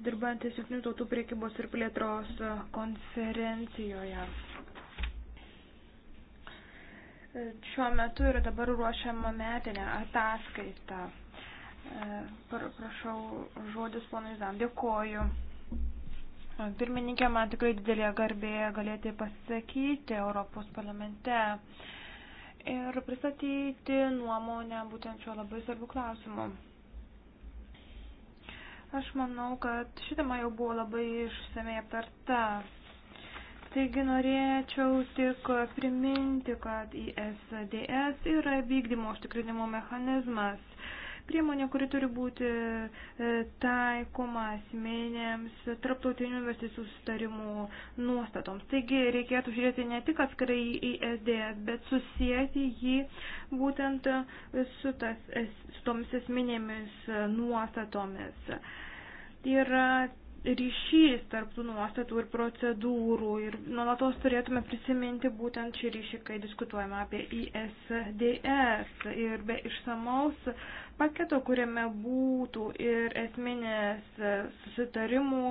dirbantis Junktinių tautų priekybos ir plėtros konferencijoje. Šiuo metu yra dabar ruošiama metinė ataskaita. Prašau žodis ponui Zam. Dėkoju. Pirmininkė, man tikrai didelė garbė galėti pasisakyti Europos parlamente ir pristatyti nuomonę būtent šiuo labai svarbiu klausimu. Aš manau, kad ši tema jau buvo labai išsamei aptarta. Taigi norėčiau tik priminti, kad ISDS yra vykdymo užtikrinimo mechanizmas priemonė, kuri turi būti e, taikoma asmenėms tarptautinių investicijų sustarimų nuostatoms. Taigi reikėtų žiūrėti ne tik atskirai į SDS, bet susijęti jį būtent su, tas, su tomis esminėmis nuostatomis. Ir ryšys tarp tų nuostatų ir procedūrų ir nuolatos turėtume prisiminti būtent šį ryšį, kai diskutuojame apie ISDS ir be išsamaus paketo, kuriame būtų ir esminės susitarimų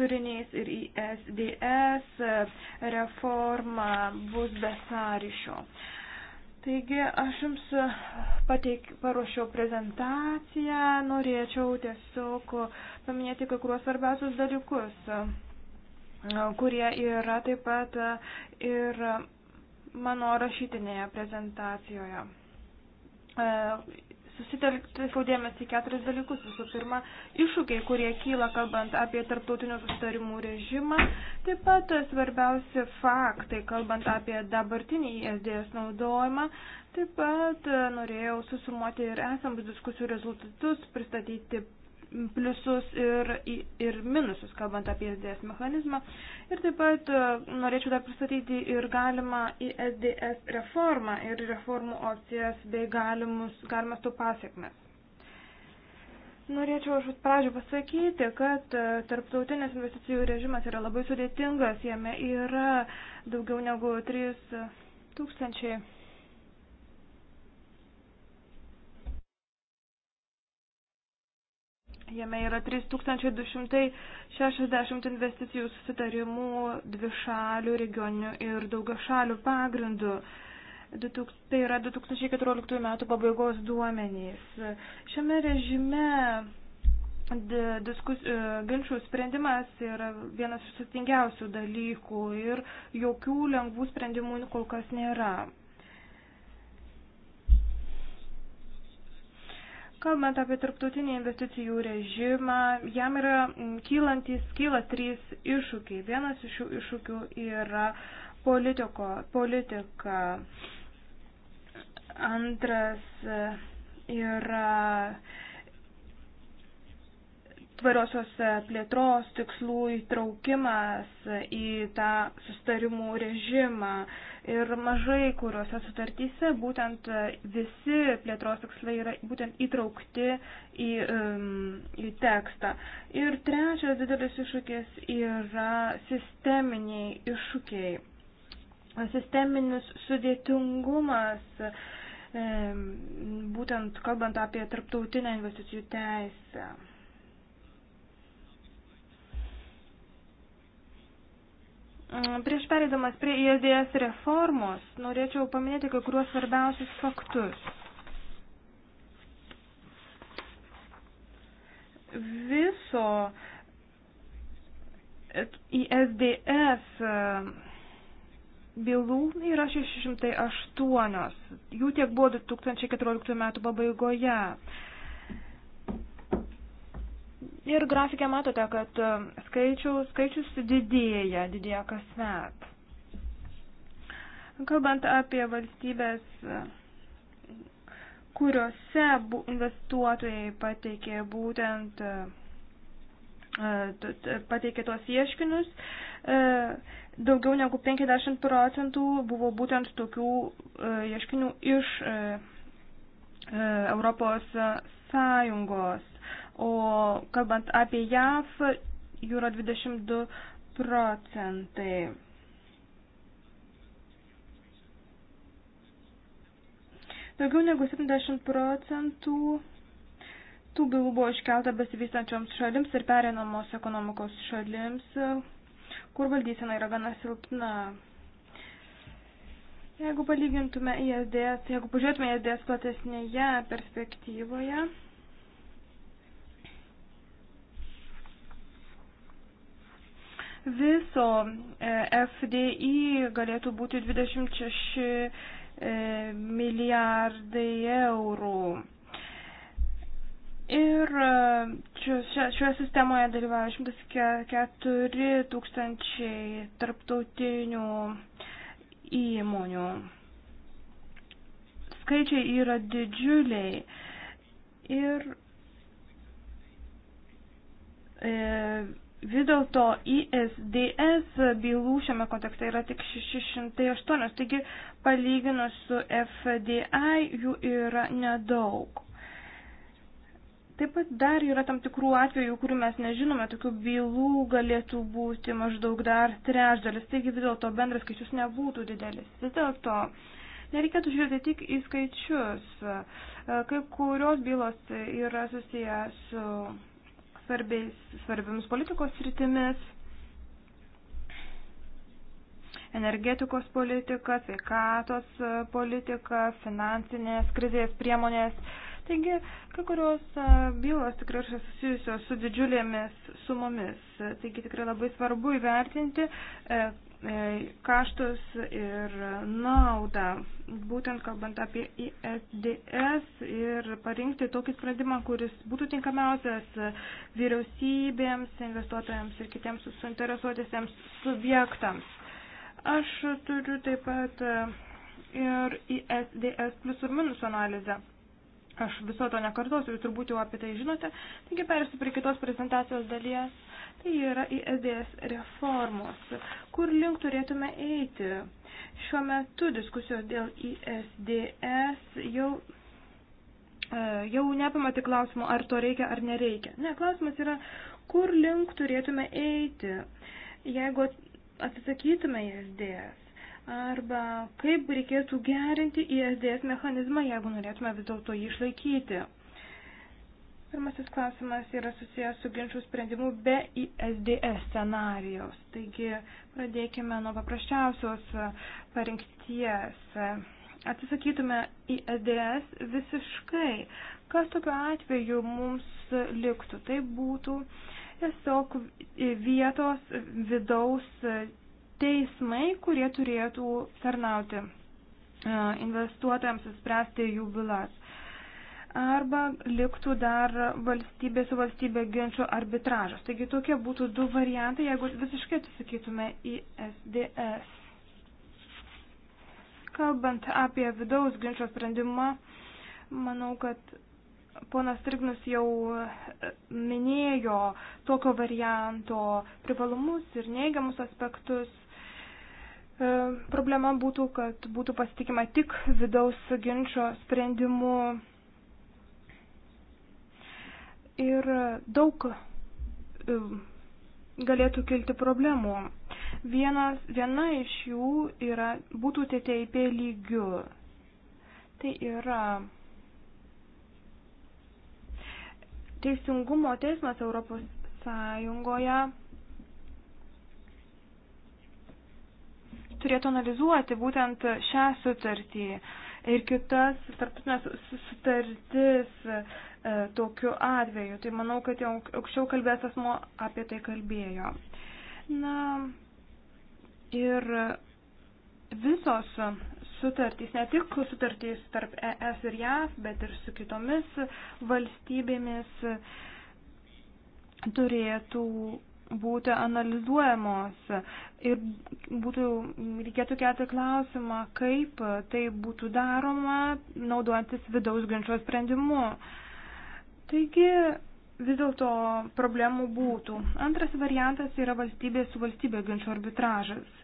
turinys ir ISDS reforma bus besarišio. ryšio. Taigi aš jums e, pateik, paruošiau prezentaciją, norėčiau tiesiog paminėti kai kuriuos svarbiausius dalykus, e, kurie yra taip pat e, ir mano rašytinėje prezentacijoje susitelkti savo dėmesį į keturis dalykus. Visų pirma, iššūkiai, kurie kyla kalbant apie tarptautinių sustarimų režimą. Taip pat svarbiausi faktai, kalbant apie dabartinį ESDS naudojimą. Taip pat norėjau susumuoti ir esamus diskusijų rezultatus, pristatyti pliusus ir, ir minusus, kalbant apie SDS mechanizmą. Ir taip pat e, norėčiau dar pristatyti ir galimą ISDS reformą ir reformų opcijas bei galimus, galimas tų pasiekmes. Norėčiau aš pradžių pasakyti, kad e, tarptautinės investicijų režimas yra labai sudėtingas, jame yra daugiau negu 3 tūkstančiai Jame yra 3260 investicijų susitarimų dvišalių, regioninių ir daugiašalių pagrindų. Tai yra 2014 metų pabaigos duomenys. Šiame režime diskus, e, ginčių sprendimas yra vienas iš sutingiausių dalykų ir jokių lengvų sprendimų kol kas nėra. Kalbant apie tarptautinį investicijų režimą, jam yra kylantis, kyla trys iššūkiai. Vienas iš šių iššūkių yra politiko, politika. Antras e, yra tvariosios e, plėtros tikslų įtraukimas e, į tą sustarimų režimą. Ir mažai kuriuose sutartyse būtent e, visi plėtros tikslai yra būtent įtraukti į, į tekstą. Ir trečias didelis iššūkis yra sisteminiai iššūkiai. Sisteminis sudėtingumas, būtent kalbant apie tarptautinę investicijų teisę. Mm, prieš pereidamas prie ISDS reformos, norėčiau paminėti kai kuriuos svarbiausius faktus. Viso ISDS e, bylų yra 608, jų tiek buvo 2014 metų pabaigoje. Ir grafikė matote, kad e, skaičių, skaičius didėja, didėja kasmet. Kalbant apie valstybės, e, kuriuose investuotojai pateikė būtent e, pateikė tuos ieškinius, daugiau negu 50 procentų buvo būtent tokių ieškinių iš Europos Sąjungos o kalbant apie JAV, jų yra 22 procentai. Daugiau negu 70 procentų tų bylų buvo iškelta besivystančioms šalims ir perinamos ekonomikos šalims, kur valdysena yra gana silpna. Jeigu palygintume ISDS, jeigu pažiūrėtume ISDS platesnėje perspektyvoje, viso e, FDI galėtų būti 26 e, milijardai eurų. Ir e, šioje, šioje sistemoje dalyvauja 104 tūkstančiai tarptautinių įmonių. Skaičiai yra didžiuliai ir e, Vis dėlto ISDS bylų šiame kontekste yra tik 608, taigi palyginus su FDI jų yra nedaug. Taip pat dar yra tam tikrų atvejų, kurių mes nežinome, tokių bylų galėtų būti maždaug dar trečdalis, taigi vis dėlto bendras skaičius nebūtų didelis. Vis dėlto nereikėtų žiūrėti tik į skaičius. Kai kurios bylos yra susiję su svarbiais, svarbiamis politikos rytimis - energetikos politika, sveikatos politika, finansinės krizės priemonės. Taigi, kai kurios bylos tikrai yra susijusios su didžiulėmis sumomis. Taigi, tikrai labai svarbu įvertinti, e, E, kaštus ir naudą, būtent kalbant apie ISDS ir parinkti tokį sprendimą, kuris būtų tinkamiausias vyriausybėms, investuotojams ir kitiems suinteresuotėsiems subjektams. Aš turiu taip pat e, ir ISDS plus ir minus analizę. Aš viso to nekartosiu, jūs turbūt jau apie tai žinote. Taigi perėsiu prie kitos prezentacijos dalies Tai yra ISDS e reformos. Kur link turėtume eiti? Šiuo metu diskusijos dėl ISDS jau, e, jau neapima tik klausimo, ar to reikia ar nereikia. Ne, klausimas yra, kur link turėtume eiti, jeigu atsisakytume ISDS. Arba kaip reikėtų gerinti ISDS mechanizmą, jeigu norėtume vis dėlto jį išlaikyti. Pirmasis klausimas yra susijęs su ginčių sprendimu be ISDS scenarijos. Taigi pradėkime nuo paprasčiausios parinkties. Atsisakytume ISDS visiškai. Kas tokiu atveju mums liktų? Tai būtų tiesiog vietos vidaus teismai, kurie turėtų tarnauti investuotojams spręsti jų bylas arba liktų dar valstybė su valstybė ginčio arbitražas. Taigi tokie būtų du variantai, jeigu visiškai atsisakytume į SDS. Kalbant apie vidaus ginčio sprendimą, manau, kad ponas Trignus jau minėjo tokio varianto privalumus ir neigiamus aspektus. E, problema būtų, kad būtų pasitikima tik vidaus ginčio sprendimu ir daug galėtų kilti problemų. Vienas, viena iš jų yra, būtų TTIP lygių. Tai yra Teisingumo teismas Europos Sąjungoje turėtų analizuoti būtent šią sutartį ir kitas tarptautinės sutartis E, tokiu atveju. Tai manau, kad jau aukščiau kalbės asmo apie tai kalbėjo. Na ir visos sutartys, ne tik sutartys tarp ES ir JAV, bet ir su kitomis valstybėmis turėtų būti analizuojamos ir būtų, reikėtų kelti klausimą, kaip tai būtų daroma naudojantis vidaus ginčio sprendimu. Uh, Taigi, vis dėlto problemų būtų. Antras variantas yra valstybė su valstybė ginčio arbitražas.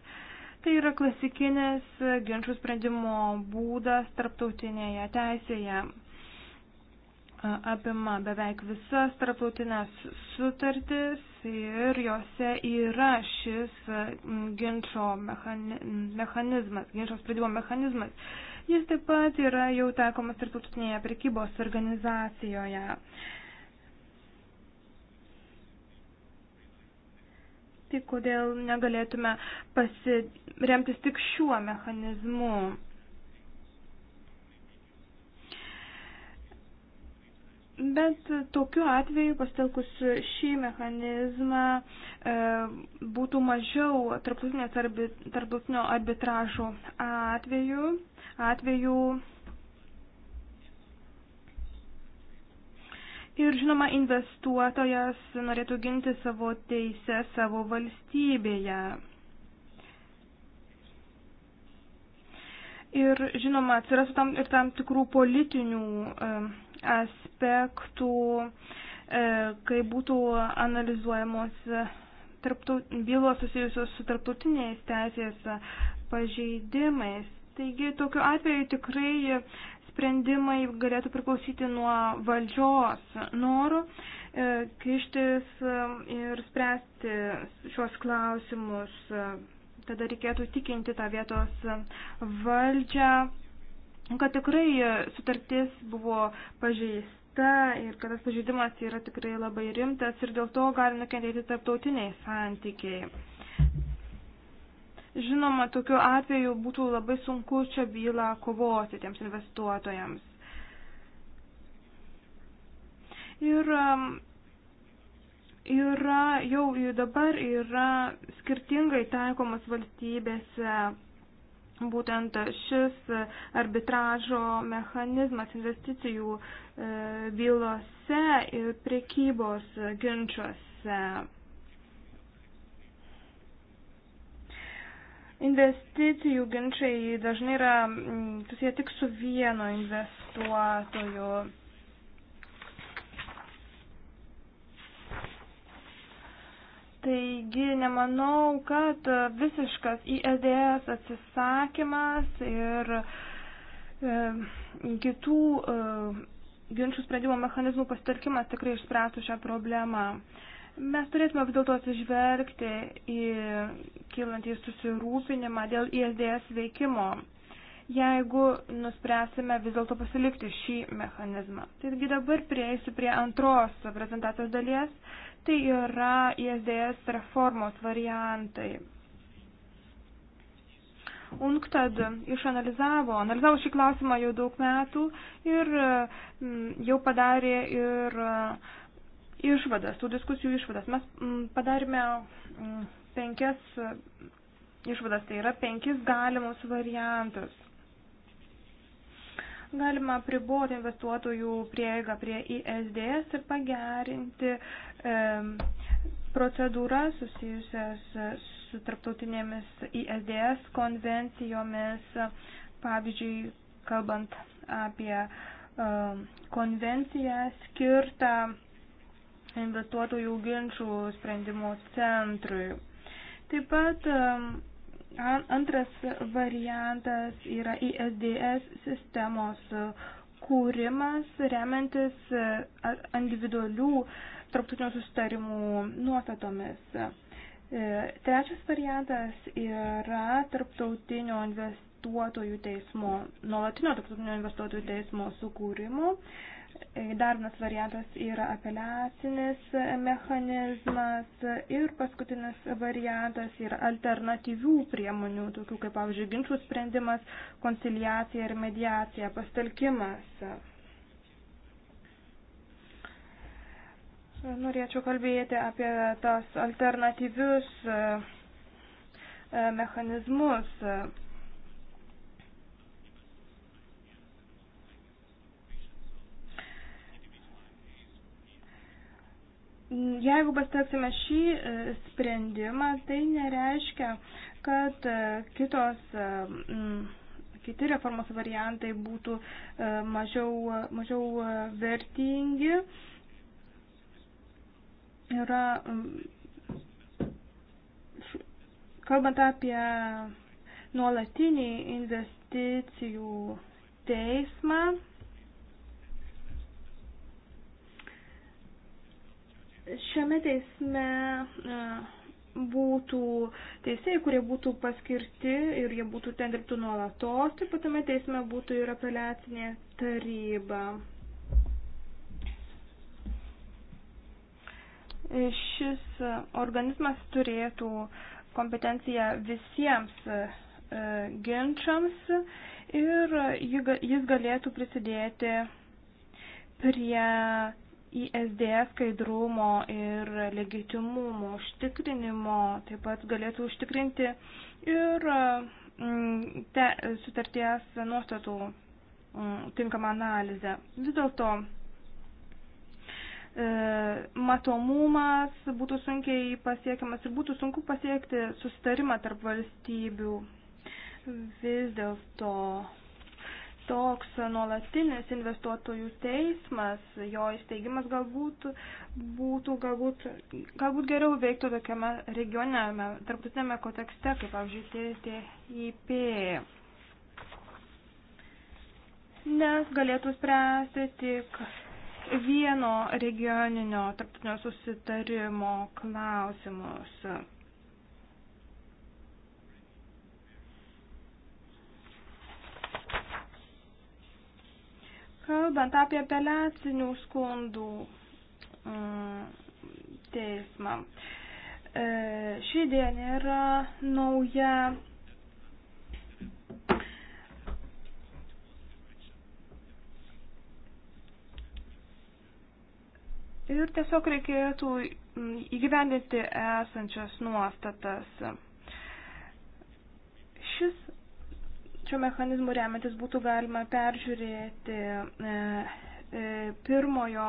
Tai yra klasikinis ginčių sprendimo būdas tarptautinėje teisėje. Apima beveik visas tarptautinės sutartis ir jose yra šis ginčio mechanizmas, ginčio sprendimo mechanizmas Jis taip pat yra jau taikomas tarptautinėje prekybos organizacijoje. Tai kodėl negalėtume pasiremtis tik šiuo mechanizmu? Bet tokiu atveju pastelkus šį mechanizmą e, būtų mažiau tarptautinės tarptautinio arbitražo atveju, atveju. Ir žinoma, investuotojas norėtų ginti savo teisę savo valstybėje. Ir žinoma, atsirastų tam ir tam tikrų politinių e, aspektų, e, kai būtų analizuojamos bylos susijusios su tarptautiniais teisės pažeidimais. Taigi tokiu atveju tikrai sprendimai galėtų priklausyti nuo valdžios norų e, kištis e, ir spręsti šios klausimus. Tada reikėtų tikinti tą vietos valdžią kad tikrai e, sutartis buvo pažeista ir kad tas pažeidimas yra tikrai labai rimtas ir dėl to gali nukentėti tarptautiniai santykiai. Žinoma, tokiu atveju būtų labai sunku čia bylą kovoti tiems investuotojams. Ir yra, jau dabar yra skirtingai taikomas valstybėse Būtent šis arbitražo mechanizmas investicijų e, bylose ir priekybos ginčiuose. Investicijų ginčiai dažnai yra mm, susiję tik su vienu investuotoju Taigi nemanau, kad visiškas ISDS atsisakymas ir e, kitų e, ginčių sprendimo mechanizmų pasitelkimas tikrai išspręstų šią problemą. Mes turėtume vis dėlto atsižvelgti į kilantį susirūpinimą dėl ISDS veikimo, jeigu nuspręsime vis dėlto pasilikti šį mechanizmą. Taigi dabar prieisiu prie antros prezentacijos dalies Tai yra ISDS reformos variantai. UNCTAD išanalizavo, analizavo šį klausimą jau daug metų ir mm, jau padarė ir mm, išvadas, tų diskusijų išvadas. Mes mm, padarėme penkias išvadas, tai yra penkis galimus variantus galima priboti investuotojų prieigą prie ISDS ir pagerinti e, procedūras susijusias su tarptautinėmis ISDS konvencijomis, pavyzdžiui, kalbant apie e, konvenciją skirtą investuotojų ginčių sprendimo centrui. Taip pat e, Antras variantas yra ISDS sistemos kūrimas, remiantis e, individualių tarptautinio sustarimų nuostatomis. E, trečias variantas yra tarptautinio investuotojų teismo, nuolatinio tarptautinio investuotojų teismo sukūrimo. Dar vienas variantas yra apeliacinis mechanizmas ir paskutinis variantas yra alternatyvių priemonių, tokių kaip, pavyzdžiui, ginčių sprendimas, konciliacija ir mediacija, pastelkimas. Norėčiau kalbėti apie tas alternatyvius e, mechanizmus Jeigu pasitelksime šį e, sprendimą, tai nereiškia, kad e, kitos, e, kiti reformos variantai būtų mažiau, mažiau vertingi. Yra, kalbant apie nuolatinį investicijų teismą, šiame teisme e, būtų teisėjai, kurie būtų paskirti ir jie būtų ten dirbtų nuolatos, taip pat tame teisme būtų ir apeliacinė taryba. Šis organizmas turėtų kompetenciją visiems e, ginčiams ir jis galėtų prisidėti prie ISDS skaidrumo ir legitimumo užtikrinimo, taip pat galėtų užtikrinti ir mm, te, sutarties nuostatų mm, tinkamą analizę. Vis dėlto e, matomumas būtų sunkiai pasiekiamas ir būtų sunku pasiekti susitarimą tarp valstybių. Vis dėlto toks nuolatinis investuotojų teismas, jo įsteigimas galbūt būtų, galbūt, galbūt geriau veiktų tokiame regioniame, tarptautinėme kontekste, kaip pavyzdžiui, TTIP. Nes galėtų spręsti tik vieno regioninio tarptautinio susitarimo klausimus. Kalbant apie apeliacinių skundų mm, teismą, e, ši diena yra nauja. Ir tiesiog reikėtų mm, įgyvendinti esančias nuostatas. Šis Šiuo mechanizmu remiantis būtų galima peržiūrėti e, e, pirmojo,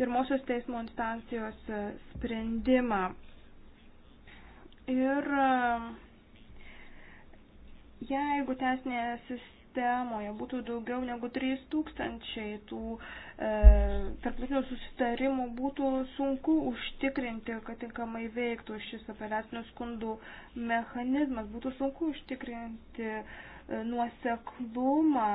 pirmosios teismo instancijos e, sprendimą. Ir jeigu teisinė sistema sistemoje būtų daugiau negu 3000 tų e, tarptautinių susitarimų, būtų sunku užtikrinti, kad tinkamai veiktų šis apeliacinių skundų mechanizmas, būtų sunku užtikrinti e, nuoseklumą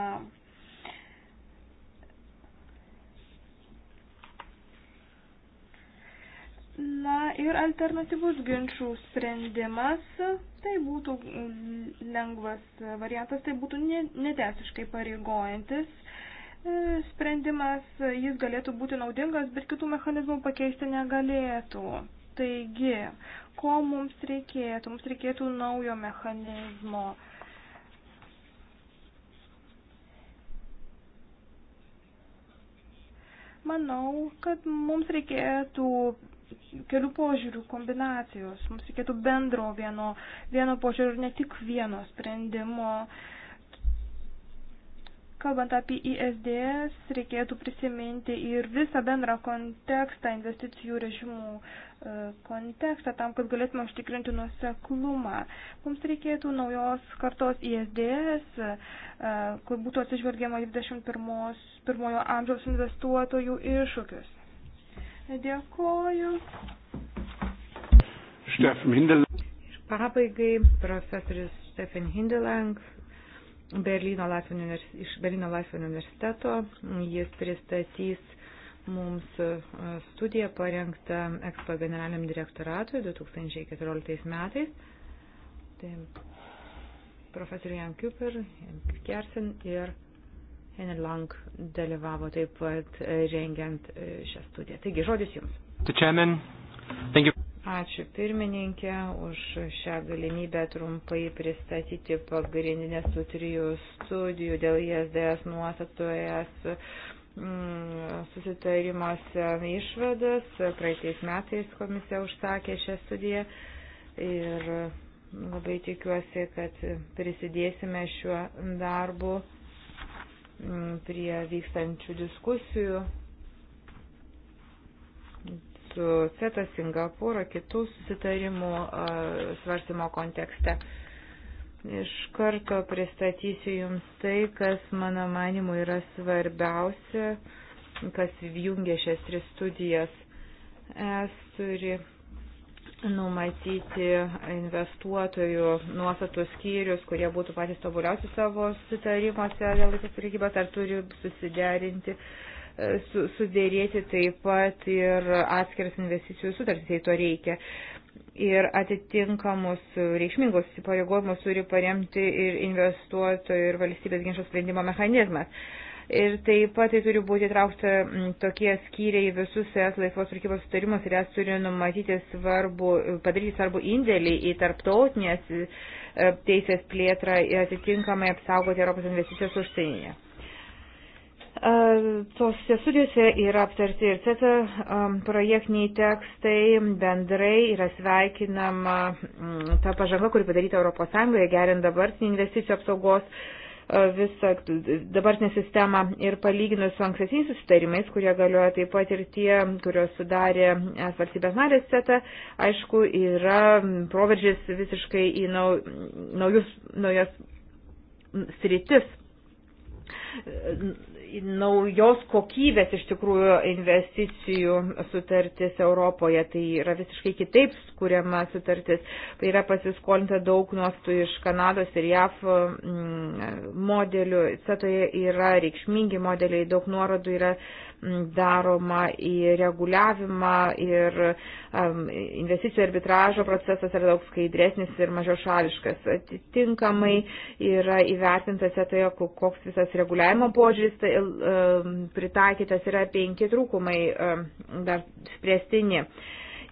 Na ir alternatyvus ginčių sprendimas, tai būtų lengvas variantas, tai būtų netesiškai pareigojantis e, sprendimas, jis galėtų būti naudingas, bet kitų mechanizmų pakeisti negalėtų. Taigi, ko mums reikėtų? Mums reikėtų naujo mechanizmo. Manau, kad mums reikėtų kelių požiūrių kombinacijos. Mums reikėtų bendro vieno, vieno požiūrio ir ne tik vieno sprendimo. Kalbant apie ISDS, reikėtų prisiminti ir visą bendrą kontekstą, investicijų režimų e, kontekstą, tam, kad galėtume užtikrinti nuoseklumą. Mums reikėtų naujos kartos ISDS, e, kur būtų atsižvelgiama 21 amžiaus investuotojų iššūkius. Dėkoju. Steffen Hindelang. Ir pabaigai profesorius Steffen Hindelang Berlyno Latvijos, iš Berlyno Latvijos universiteto. Jis pristatys mums e, studiją parengtą Expo generaliniam direktoratui 2014 metais. Tai profesorių Jan Kuper, Jan Kersen ir Henry Lang dalyvavo taip pat e, rengiant e, šią studiją. Taigi, žodis Jums. Ačiū pirmininkė už šią galimybę trumpai pristatyti pagrindinės tų trijų studijų dėl ISDS nuostatų ES mm, susitarimuose išvadas. Praeitais metais komisija užsakė šią studiją ir labai tikiuosi, kad prisidėsime šiuo darbu Mm, prie vykstančių diskusijų su CETA Singapūro kitų susitarimų svarstymo kontekste. Iš karto pristatysiu Jums tai, kas mano manimu yra svarbiausia, kas jungia šias tris studijas. Es turi numatyti investuotojų nuostatų skyrius, kurie būtų patys tobuliausi savo sutarimuose dėl laisvos prekybos, ar turi susiderinti, e, su, sudėrėti taip pat ir atskiras investicijų sutartis, jei to reikia. Ir atitinkamus reikšmingus įsipareigojimus turi paremti ir investuotojų ir valstybės ginčio sprendimo mechanizmas. Ir taip pat tai turi būti traukta tokie skyriai visus ES laisvos prekybos sutarimus ir ES turi numatyti svarbu, padaryti svarbu indėlį į tarptautinės e, teisės plėtrą ir atitinkamai apsaugoti Europos investicijos užsienyje. E, tose studijose yra aptarti ir CETA e, projektiniai tekstai, bendrai yra sveikinama ta pažanga, kuri padaryta ES, gerint dabartinį investicijų apsaugos E, visą dabartinę sistemą ir palyginus su ankstesniais susitarimais, kurie galioja taip pat ir tie, kurios sudarė es valstybės narės setą, aišku, yra proveržis visiškai į nau, naujus, naujas sritis naujos kokybės iš tikrųjų investicijų sutartis Europoje. Tai yra visiškai kitaip skuriama sutartis. Tai yra pasiskolinta daug nuostų iš Kanados ir JAF mm, modelių. Cetoje tai yra reikšmingi modeliai, daug nuorodų yra daroma į reguliavimą ir um, investicijų arbitražo procesas yra daug skaidresnis ir mažiau šališkas. Atitinkamai yra įvertintas tai, koks visas reguliavimo požiūris tai, um, pritaikytas yra penki trūkumai um, dar spręstini.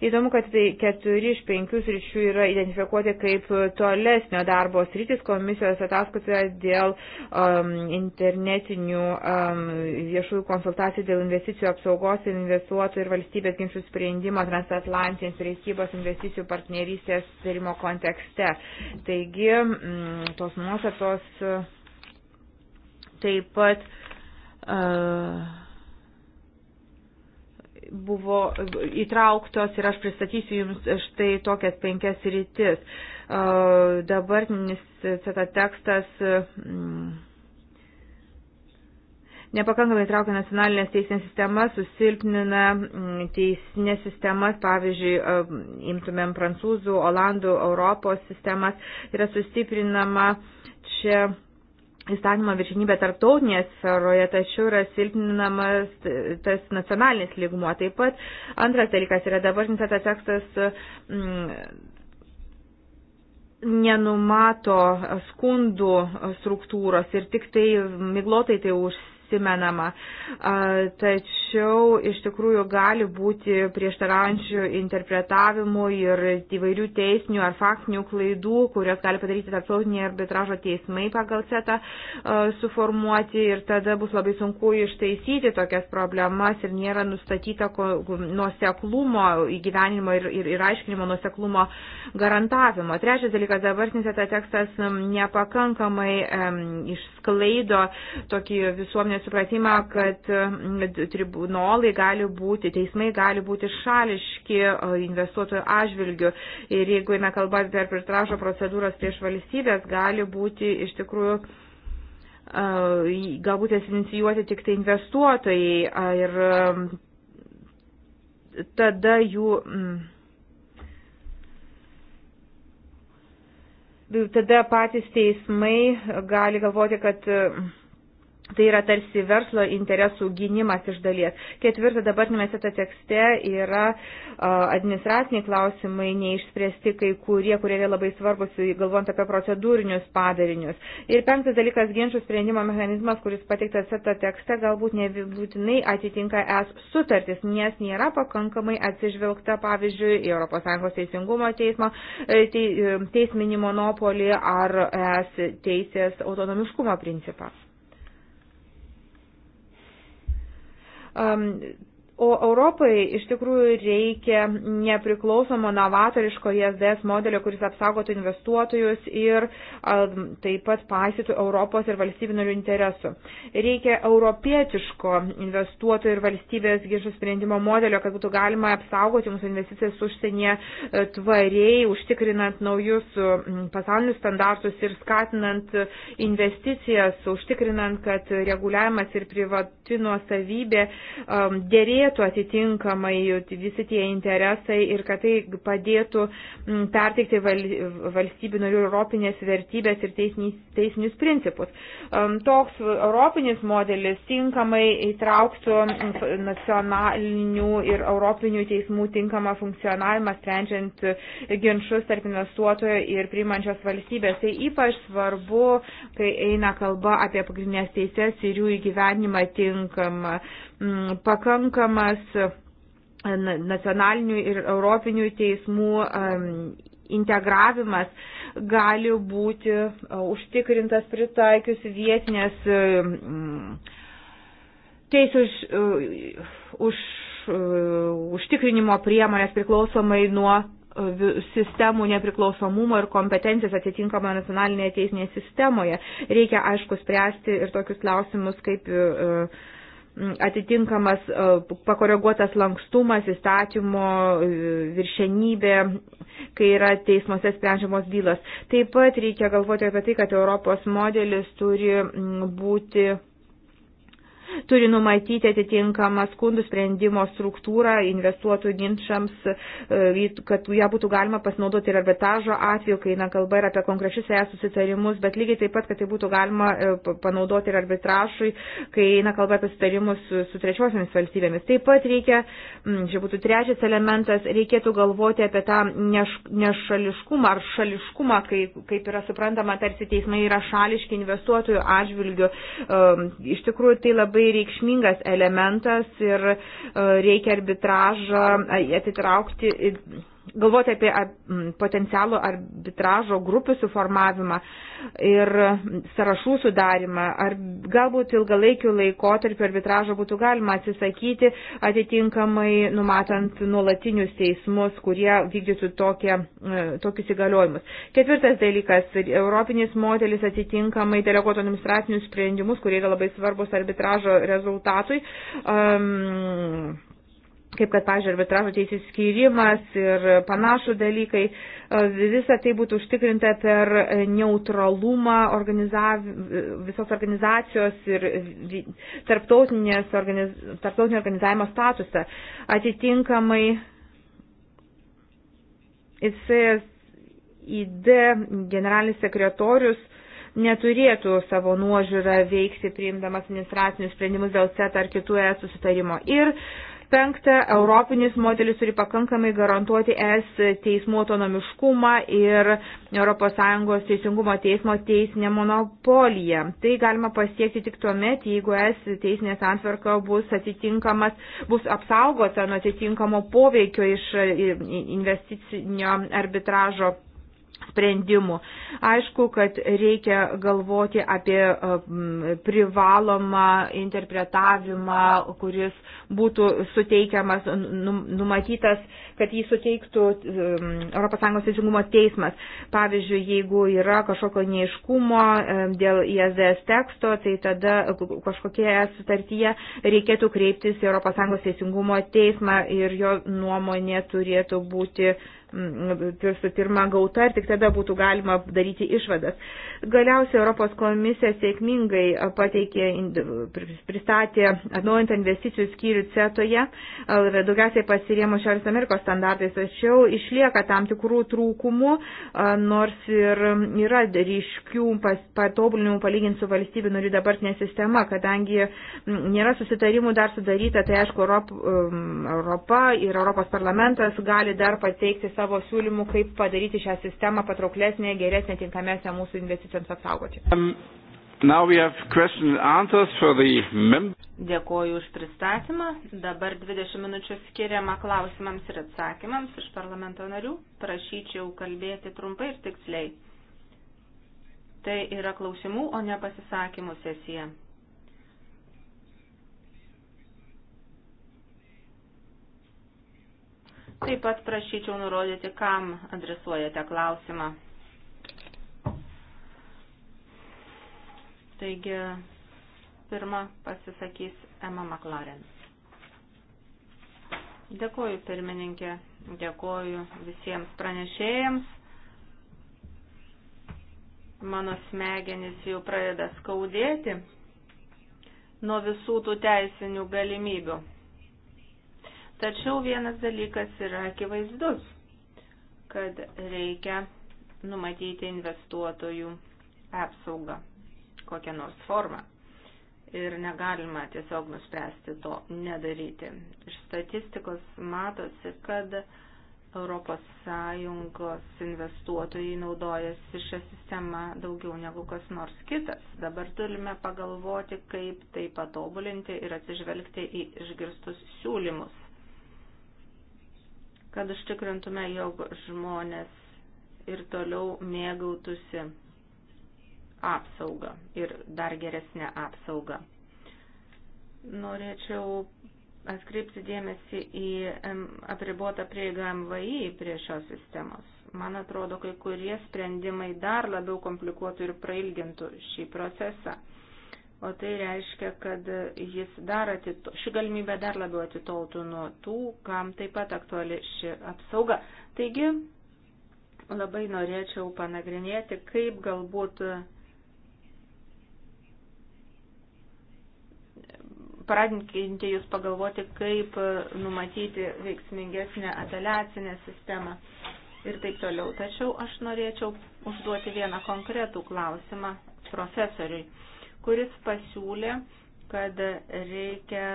Įdomu, kad tai keturi iš penkių sričių yra identifikuoti kaip tolesnio darbo sritis komisijos ataskaitoje dėl um, internetinių um, viešųjų konsultacijų dėl investicijų apsaugos, investuotojų ir valstybės ginčių sprendimo transatlantinės reikybos investicijų partnerystės sutarimo kontekste. Taigi, mm, tos nuostatos uh, taip pat. Uh, buvo įtrauktos ir aš pristatysiu Jums štai tokias penkias rytis. Dabartinis CETA tekstas mm, nepakankamai traukia nacionalinės teisinės sistemas, susilpnina mm, teisinės sistemas, pavyzdžiui, imtumėm prancūzų, olandų, Europos sistemas, yra sustiprinama čia įstatymo viršinybė tarptautinėje sferoje, tačiau yra silpninamas tas nacionalinis lygmuo. Taip pat antras dalykas yra dabartinis tas tekstas. Mm, nenumato skundų struktūros ir tik tai miglotai tai užsienio užsimenama. Tačiau iš tikrųjų gali būti prieštaraujančių interpretavimų ir įvairių teisinių ar faktinių klaidų, kurias gali padaryti tarptautiniai arbitražo teismai pagal setą suformuoti ir tada bus labai sunku ištaisyti tokias problemas ir nėra nustatyta nuoseklumo įgyvenimo ir, ir, ir aiškinimo nuoseklumo garantavimo. Trečias dalykas, dabartinis tas tekstas nepakankamai išsklaido tokį visuomenės supratimą, kad mm, tribunolai gali būti, teismai gali būti šališki e, investuotojų atžvilgių. Ir jeigu eina kalba apie arbitražo procedūras prieš valstybės, gali būti iš tikrųjų e, galbūt jas inicijuoti tik tai investuotojai ir e, tada jų. Mm, tada patys teismai gali galvoti, kad Tai yra tarsi verslo interesų gynimas iš dalies. Ketvirta, dabartinėme seto tekste yra administraciniai klausimai neišspręsti kai kurie, kurie yra labai svarbus, galvojant apie procedūrinius padarinius. Ir penktas dalykas, ginčių sprendimo mechanizmas, kuris pateiktas seto tekste, galbūt nebūtinai atitinka es sutartis, nes nėra pakankamai atsižvelgta, pavyzdžiui, į ES teisingumo teismo, e, e, teisminį monopolį ar es teisės autonomiškumo principą. um, O Europai iš tikrųjų reikia nepriklausomo novatoriško ISDS modelio, kuris apsaugotų investuotojus ir a, taip pat paisytų Europos ir valstybinių interesų. Reikia europietiško investuotojų ir valstybės ginčių sprendimo modelio, kad būtų galima apsaugoti mūsų investicijas užsienyje e, tvariai, užtikrinant naujus pasaulinius standartus ir skatinant investicijas, užtikrinant, kad reguliavimas ir privati nuosavybė dėrėtų e, suartėtų atitinkamai visi tie interesai ir kad tai padėtų mm, perteikti valstybių narių europinės vertybės ir teisnis, teisinius principus. Um, toks europinis modelis tinkamai įtrauktų nacionalinių ir europinių teismų tinkamą funkcionavimą, sprendžiant ginčius tarp investuotojo ir priimančios valstybės. Tai ypač svarbu, kai eina kalba apie pagrindinės teises ir jų įgyvenimą tinkamą. Mm, pakankamas e, nacionalinių ir europinių teismų integravimas gali būti e, užtikrintas pritaikius vietinės e, teisų už, už, užtikrinimo priemonės priklausomai nuo sistemų nepriklausomumo ir kompetencijos atitinkamo nacionalinėje teisinėje sistemoje. Reikia, aišku, spręsti ir tokius klausimus kaip uh, atitinkamas e, pakoreguotas lankstumas, įstatymo e, viršenybė, kai yra teismuose sprendžiamos bylos. Taip pat reikia galvoti apie tai, kad Europos modelis turi būti turi numatyti atitinkamą skundų sprendimo struktūrą investuotojų ginčiams, e, kad ją būtų galima pasinaudoti ir arbitražo atveju, kai na, kalba yra apie konkrečius ES susitarimus, bet lygiai taip pat, kad tai būtų galima e, panaudoti ir arbitražui, kai na, kalba apie susitarimus su, su trečiosiamis valstybėmis. Taip pat reikia, čia būtų trečias elementas, reikėtų galvoti apie tą neš, nešališkumą ar šališkumą, kai, kaip yra suprantama, tarsi teismai yra šališki investuotojų atžvilgių. Ehm, iš tikrųjų, tai labai labai reikšmingas elementas ir e, reikia arbitražą atitraukti galvoti apie potencialų arbitražo grupių suformavimą ir sąrašų sudarimą, ar galbūt ilgalaikiu laikotarpiu arbitražo būtų galima atsisakyti atitinkamai numatant nuolatinius teismus, kurie vykdytų tokie, tokius įgaliojimus. Ketvirtas dalykas - europinis modelis atitinkamai deleguotų administracinius sprendimus, kurie yra labai svarbus arbitražo rezultatui. Um, kaip kad, pažiūrėjau, arbitražo teisės skyrimas ir panašų dalykai, e, visa tai būtų užtikrinta per neutralumą organizav... visos organizacijos ir tarptautinės organiz... tarptautinio organizavimo statusą. Atitinkamai ICSID generalinis sekretorius neturėtų savo nuožiūrą veikti priimdamas administracinius sprendimus dėl CETA ar kitų ES susitarimo. Ir uh, Penkta, europinis modelis turi pakankamai garantuoti es teismų autonomiškumą ir ES teisingumo teismo teisinę monopoliją. Tai galima pasiekti tik tuo met, jeigu es teisinė santvarka bus atitinkamas, bus apsaugota nuo atitinkamo poveikio iš investicinio arbitražo sprendimų. Aišku, kad reikia galvoti apie privalomą interpretavimą, kuris būtų suteikiamas, nu, numatytas, kad jį suteiktų um, ES teisingumo teismas. Pavyzdžiui, jeigu yra kažkokio neiškumo um, dėl ISDS teksto, tai tada kažkokie sutartyje reikėtų kreiptis į ES teisingumo teismą ir jo nuomonė turėtų būti visų pirma gauta ir tik tada būtų galima daryti išvadas. Galiausiai Europos komisija sėkmingai pateikė, pristatė atnaujintą investicijų skyrių skyrių CETOje daugiausiai pasiriemo Šiaurės Amerikos standartais, tačiau išlieka tam tikrų trūkumų, nors ir yra ryškių patobulinimų palyginti su valstybių narių dabartinė sistema, kadangi nėra susitarimų dar sudaryta, tai aišku, um, Europa ir Europos parlamentas gali dar pateikti savo siūlymų, kaip padaryti šią sistemą patrauklesnė, geresnė, tinkamesnė mūsų investicijoms apsaugoti. Um. Now we have question and answers for the members. Dėkoju už pristatymą. Dabar 20 minučių skiriama klausimams ir atsakymams iš parlamento narių. Prašyčiau kalbėti trumpai ir tiksliai. Tai yra klausimų, o ne pasisakymų sesija. Taip pat prašyčiau nurodyti, kam adresuojate klausimą. Taigi, Pirma pasisakys Emma McLaren. Dėkoju pirmininkė, dėkoju visiems pranešėjams. Mano smegenys jau pradeda skaudėti nuo visų tų teisinių galimybių. Tačiau vienas dalykas yra akivaizdus, kad reikia numatyti investuotojų apsaugą kokią nors formą ir negalima tiesiog nuspręsti to nedaryti. Iš statistikos matosi, kad ES investuotojai naudojasi šią sistemą daugiau negu kas nors kitas. Dabar turime pagalvoti, kaip tai patobulinti ir atsižvelgti į išgirstus siūlymus, kad užtikrintume, jog žmonės ir toliau mėgautųsi apsaugą ir dar geresnę apsaugą. Norėčiau atkreipti dėmesį į apribotą prieigą MVI prie šios sistemos. Man atrodo, kai kurie sprendimai dar labiau komplikuotų ir prailgintų šį procesą. O tai reiškia, kad jis dar atito, ši galimybė dar labiau atitoltų nuo tų, kam taip pat aktuali ši apsauga. Taigi, labai norėčiau panagrinėti, kaip galbūt paraginti jūs pagalvoti, kaip e, numatyti veiksmingesnę apeliacinę sistemą ir taip toliau. Tačiau aš norėčiau užduoti vieną konkretų klausimą profesoriui, kuris pasiūlė, kad reikia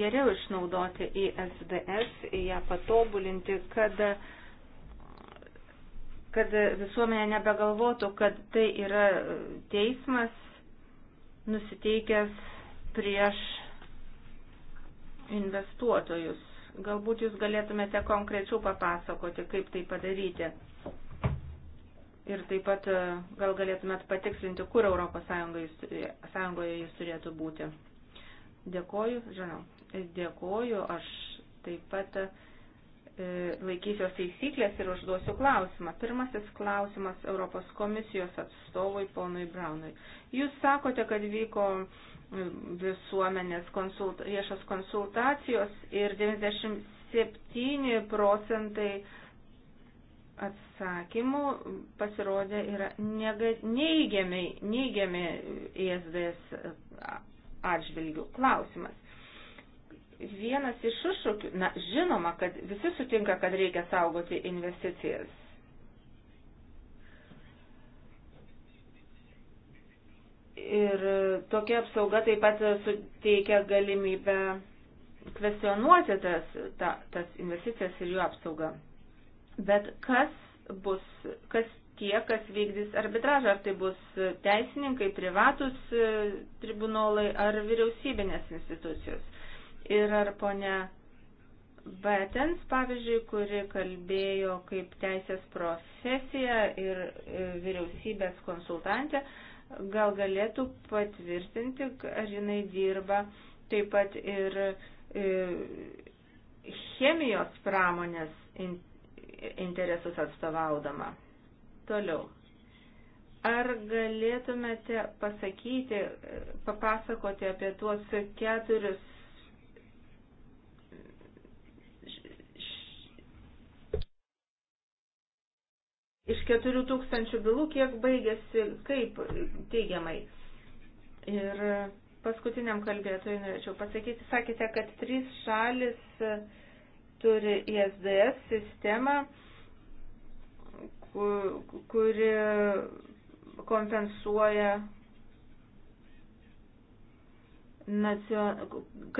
geriau išnaudoti ISDS, ją patobulinti, kad kad visuomenė nebegalvotų, kad tai yra teismas nusiteikęs prieš investuotojus. Galbūt jūs galėtumėte konkrečiau papasakoti, kaip tai padaryti. Ir taip pat e, gal galėtumėt patikslinti, kur Europos e, Sąjungoje, Sąjungoje jis turėtų būti. Dėkoju, žinau, e, dėkoju, aš taip pat laikysiuos teisyklės ir užduosiu klausimą. Pirmasis klausimas Europos komisijos atstovui ponui Braunui. Jūs sakote, kad vyko visuomenės konsult, viešos konsultacijos ir 97 procentai atsakymų pasirodė yra neigiami, neigiami ESDS atžvilgių klausimas. Vienas iš iššūkių, na žinoma, kad visi sutinka, kad reikia saugoti investicijas Ir tokia apsauga taip pat suteikia galimybę kvestionuoti tas, ta, tas investicijas ir jų apsaugą. Bet kas bus, kas tie, kas vykdys arbitražą, ar tai bus teisininkai, privatus e, tribunolai ar vyriausybinės institucijos. Ir ar ponia Betens, pavyzdžiui, kuri kalbėjo kaip teisės profesija ir e, vyriausybės konsultantė, gal galėtų patvirtinti, ar jinai dirba taip pat ir, ir e, chemijos pramonės in, interesus atstovaudama. Toliau. Ar galėtumėte pasakyti, e, papasakoti apie tuos keturis iš 4 tūkstančių bylų, kiek baigėsi kaip teigiamai. Ir paskutiniam kalbėtojui norėčiau pasakyti, sakėte, kad trys šalis e, turi ISDS sistemą, kuri kompensuoja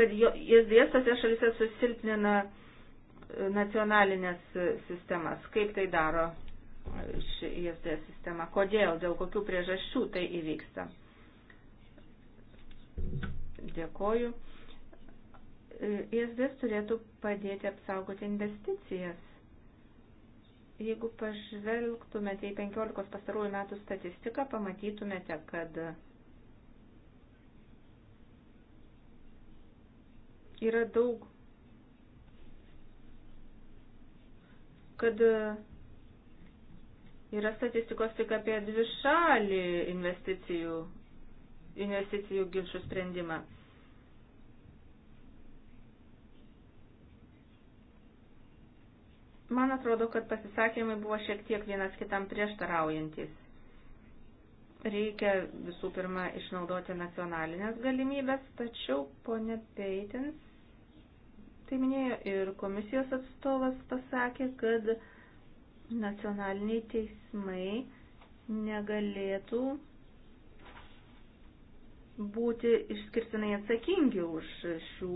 kad ISDS tose šalise susilpnina e, nacionalinės e, sistemas. Kaip tai daro ši IFD sistema. Kodėl, dėl kokių priežasčių tai įvyksta. Dėkoju. IFD turėtų padėti apsaugoti investicijas. Jeigu pažvelgtumėte į 15 pastarųjų metų statistiką, pamatytumėte, kad yra daug kad Yra statistikos tik apie dvi šalį investicijų, investicijų ginčių sprendimą. Man atrodo, kad pasisakymai buvo šiek tiek vienas kitam prieštaraujantis. Reikia visų pirma išnaudoti nacionalinės galimybės, tačiau ponė Peitins, tai minėjo ir komisijos atstovas pasakė, kad nacionaliniai teismai negalėtų būti išskirtinai atsakingi už šių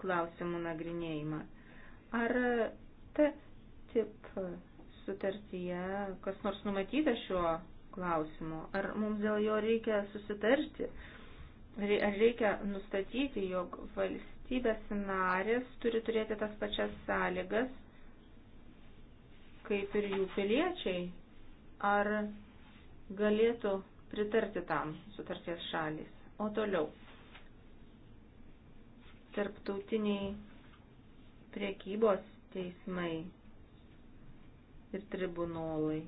klausimų nagrinėjimą. Ar ta tip sutartyje kas nors numatyta šiuo klausimu? Ar mums dėl jo reikia susitarti? Ar reikia nustatyti, jog valstybės narės turi turėti tas pačias sąlygas kaip ir jų piliečiai, ar galėtų pritarti tam sutarties šalis. O toliau. Tarptautiniai priekybos teismai ir tribunolai.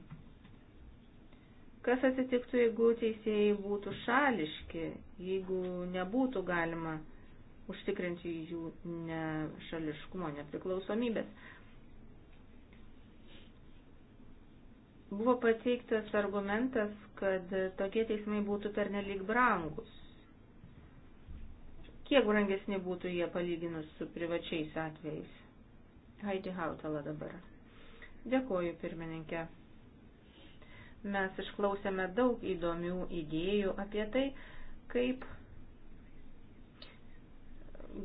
Kas atsitiktų, jeigu teisėjai būtų šališki, jeigu nebūtų galima užtikrinti jų nešališkumo, nepriklausomybės? Buvo pateiktas argumentas, kad tokie teismai būtų pernelyg brangus. Kiek brangesni būtų jie palyginus su privačiais atvejais? Heidi Hautala dabar. Dėkoju, pirmininkė. Mes išklausėme daug įdomių idėjų apie tai, kaip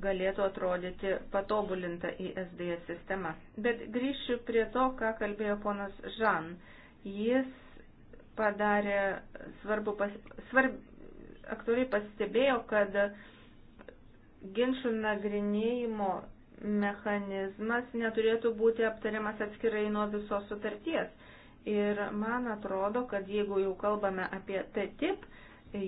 galėtų atrodyti patobulinta ISDS sistema. Bet grįšiu prie to, ką kalbėjo ponas Žan. Jis padarė svarbu, pas, svarb, aktoriai pastebėjo, kad ginčių nagrinėjimo mechanizmas neturėtų būti aptariamas atskirai nuo visos sutarties. Ir man atrodo, kad jeigu jau kalbame apie TTIP,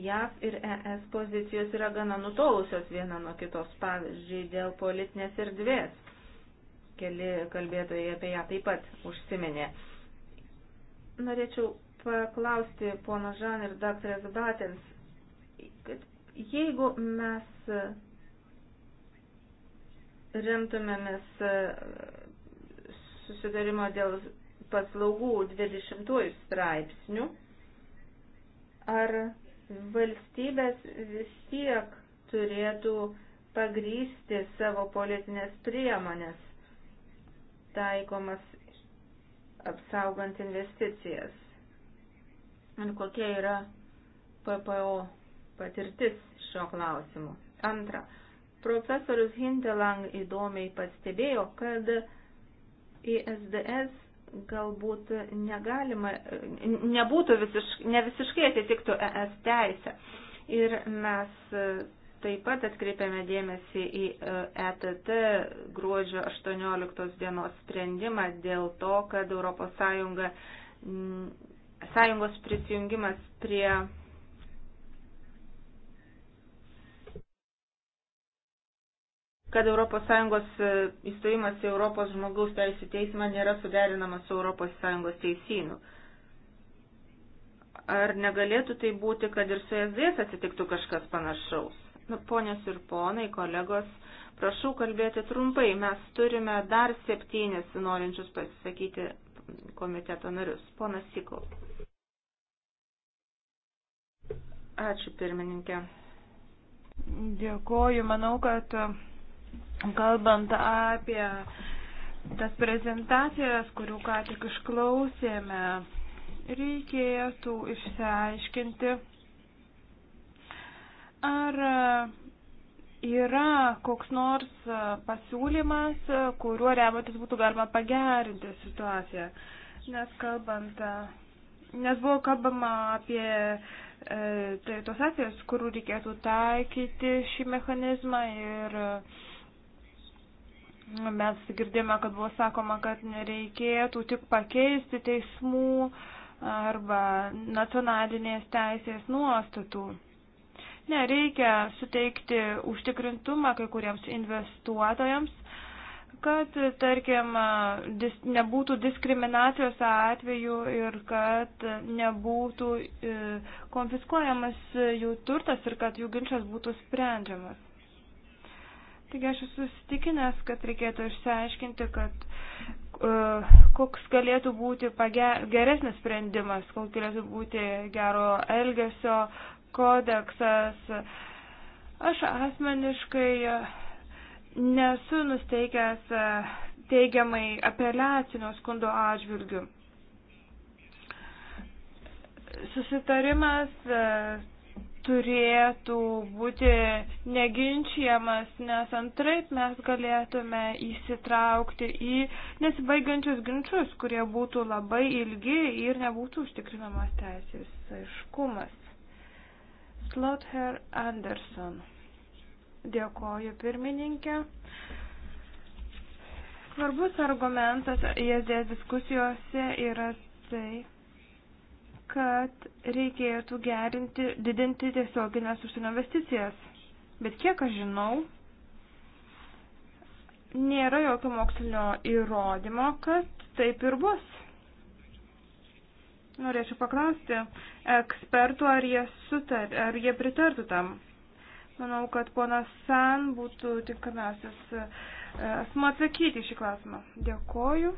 JAV ir ES pozicijos yra gana nutolusios viena nuo kitos, pavyzdžiui, dėl politinės erdvės. Keli kalbėtojai apie ją taip pat užsiminė. Norėčiau paklausti pono Žan ir daktarės Batens, kad jeigu mes remtumėmės e, susidarimo dėl paslaugų 20 straipsnių, ar valstybės vis tiek turėtų pagrysti savo politinės priemonės taikomas apsaugant investicijas. Ir kokia yra PPO patirtis šio klausimu. Antra, profesorius Hindelang įdomiai pastebėjo, kad ISDS galbūt negalima, nebūtų visiškai, ne visiškai atitiktų ES teisę. Ir mes Taip pat atkreipiame dėmesį į ETT e gruodžio 18 dienos sprendimą dėl to, kad ES sąjungos prisijungimas prie kad ES e, įstojimas į Europos žmogaus teisų teismą nėra suderinamas su ES teisynu. Ar negalėtų tai būti, kad ir su ESDS atsitiktų kažkas panašaus? Ponios ir ponai, kolegos, prašau kalbėti trumpai. Mes turime dar septynis norinčius pasisakyti komiteto narius. Ponas Sikau. Ačiū pirmininkė. Dėkoju. Manau, kad um, kalbant apie tas prezentacijas, kurių ką tik išklausėme, reikėtų išsiaiškinti Ar e, yra koks nors e, pasiūlymas, e, kuriuo remiantis būtų galima pagerinti situaciją? Nes kalbant, nes buvo kalbama apie tai tos atvejus, kur reikėtų taikyti šį mechanizmą ir mes girdėjome, kad buvo sakoma, kad nereikėtų tik pakeisti teismų arba nacionalinės teisės nuostatų. Ne, reikia suteikti užtikrintumą kai kuriems investuotojams, kad, tarkim, dis, nebūtų diskriminacijos atveju ir kad nebūtų e, konfiskuojamas jų turtas ir kad jų ginčas būtų sprendžiamas. Taigi aš esu stikinęs, kad reikėtų išsiaiškinti, kad e, koks galėtų būti page, geresnis sprendimas, koks galėtų būti gero elgesio kodeksas. Aš asmeniškai nesu nusteikęs teigiamai apeliacinio skundo atžvilgių. Susitarimas e, turėtų būti neginčiamas, nes antraip mes galėtume įsitraukti į nesibaigiančius ginčius, kurie būtų labai ilgi ir nebūtų užtikrinamas teisės aiškumas. Slother Anderson. Dėkoju pirmininkė. Svarbus argumentas JSD diskusijose yra tai, kad reikėtų gerinti, didinti tiesioginės užsienio investicijas. Bet kiek aš žinau, nėra jokio mokslinio įrodymo, kad taip ir bus. Norėčiau paklausti ekspertų, ar jie, sutar, ar jie pritartų tam. Manau, kad ponas San būtų tinkamiausias e, asmo atsakyti šį klausimą. Dėkoju.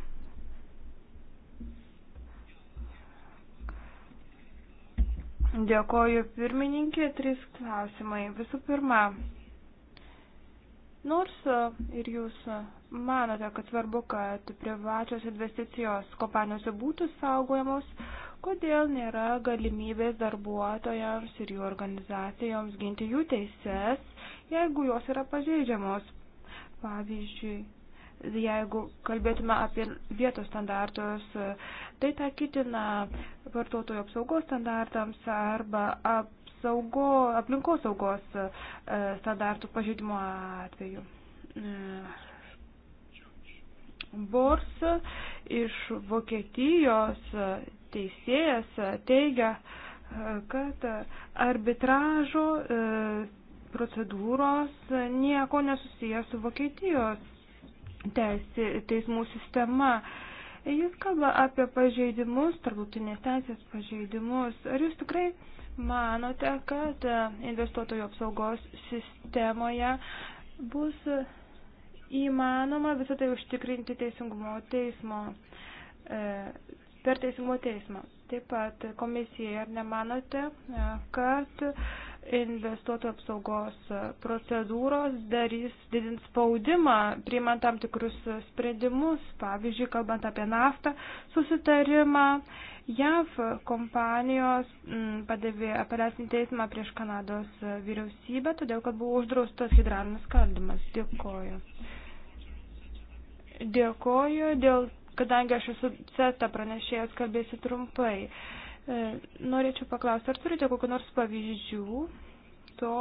Dėkoju pirmininkė, trys klausimai. Visų pirma, nors ir jūs manote, kad svarbu, kad privačios investicijos kompanijose būtų saugojamos, kodėl nėra galimybės darbuotojams ir jų organizacijoms ginti jų teises, jeigu jos yra pažeidžiamos. Pavyzdžiui, jeigu kalbėtume apie vietos standartus, tai takytina vartotojų apsaugos standartams arba apsaugo, aplinkos saugos e, standartų pažeidimo atveju. E, Bors iš Vokietijos teisėjas e, teigia, e, kad arbitražo e, procedūros nieko nesusijęs su Vokietijos teisė, teismų sistema. Jis kalba apie pažeidimus, tarptautinės teisės pažeidimus. Ar jūs tikrai manote, kad investuotojų apsaugos sistemoje bus įmanoma visą tai užtikrinti teisingumo teismo e, per teisimo teismą. Taip pat komisija, ar nemanote, e, kad investuotų apsaugos procedūros darys didins spaudimą, priimant tam tikrus sprendimus, pavyzdžiui, kalbant apie naftą, susitarimą. JAV kompanijos mm, padavė apeliacinį teismą prieš Kanados vyriausybę, todėl kad buvo uždraustas hidralinis skaldimas. Dėkoju. Dėkoju dėl kadangi aš esu CETA pranešėjas, kalbėsiu trumpai. E, norėčiau paklausti, ar turite kokiu nors pavyzdžių to,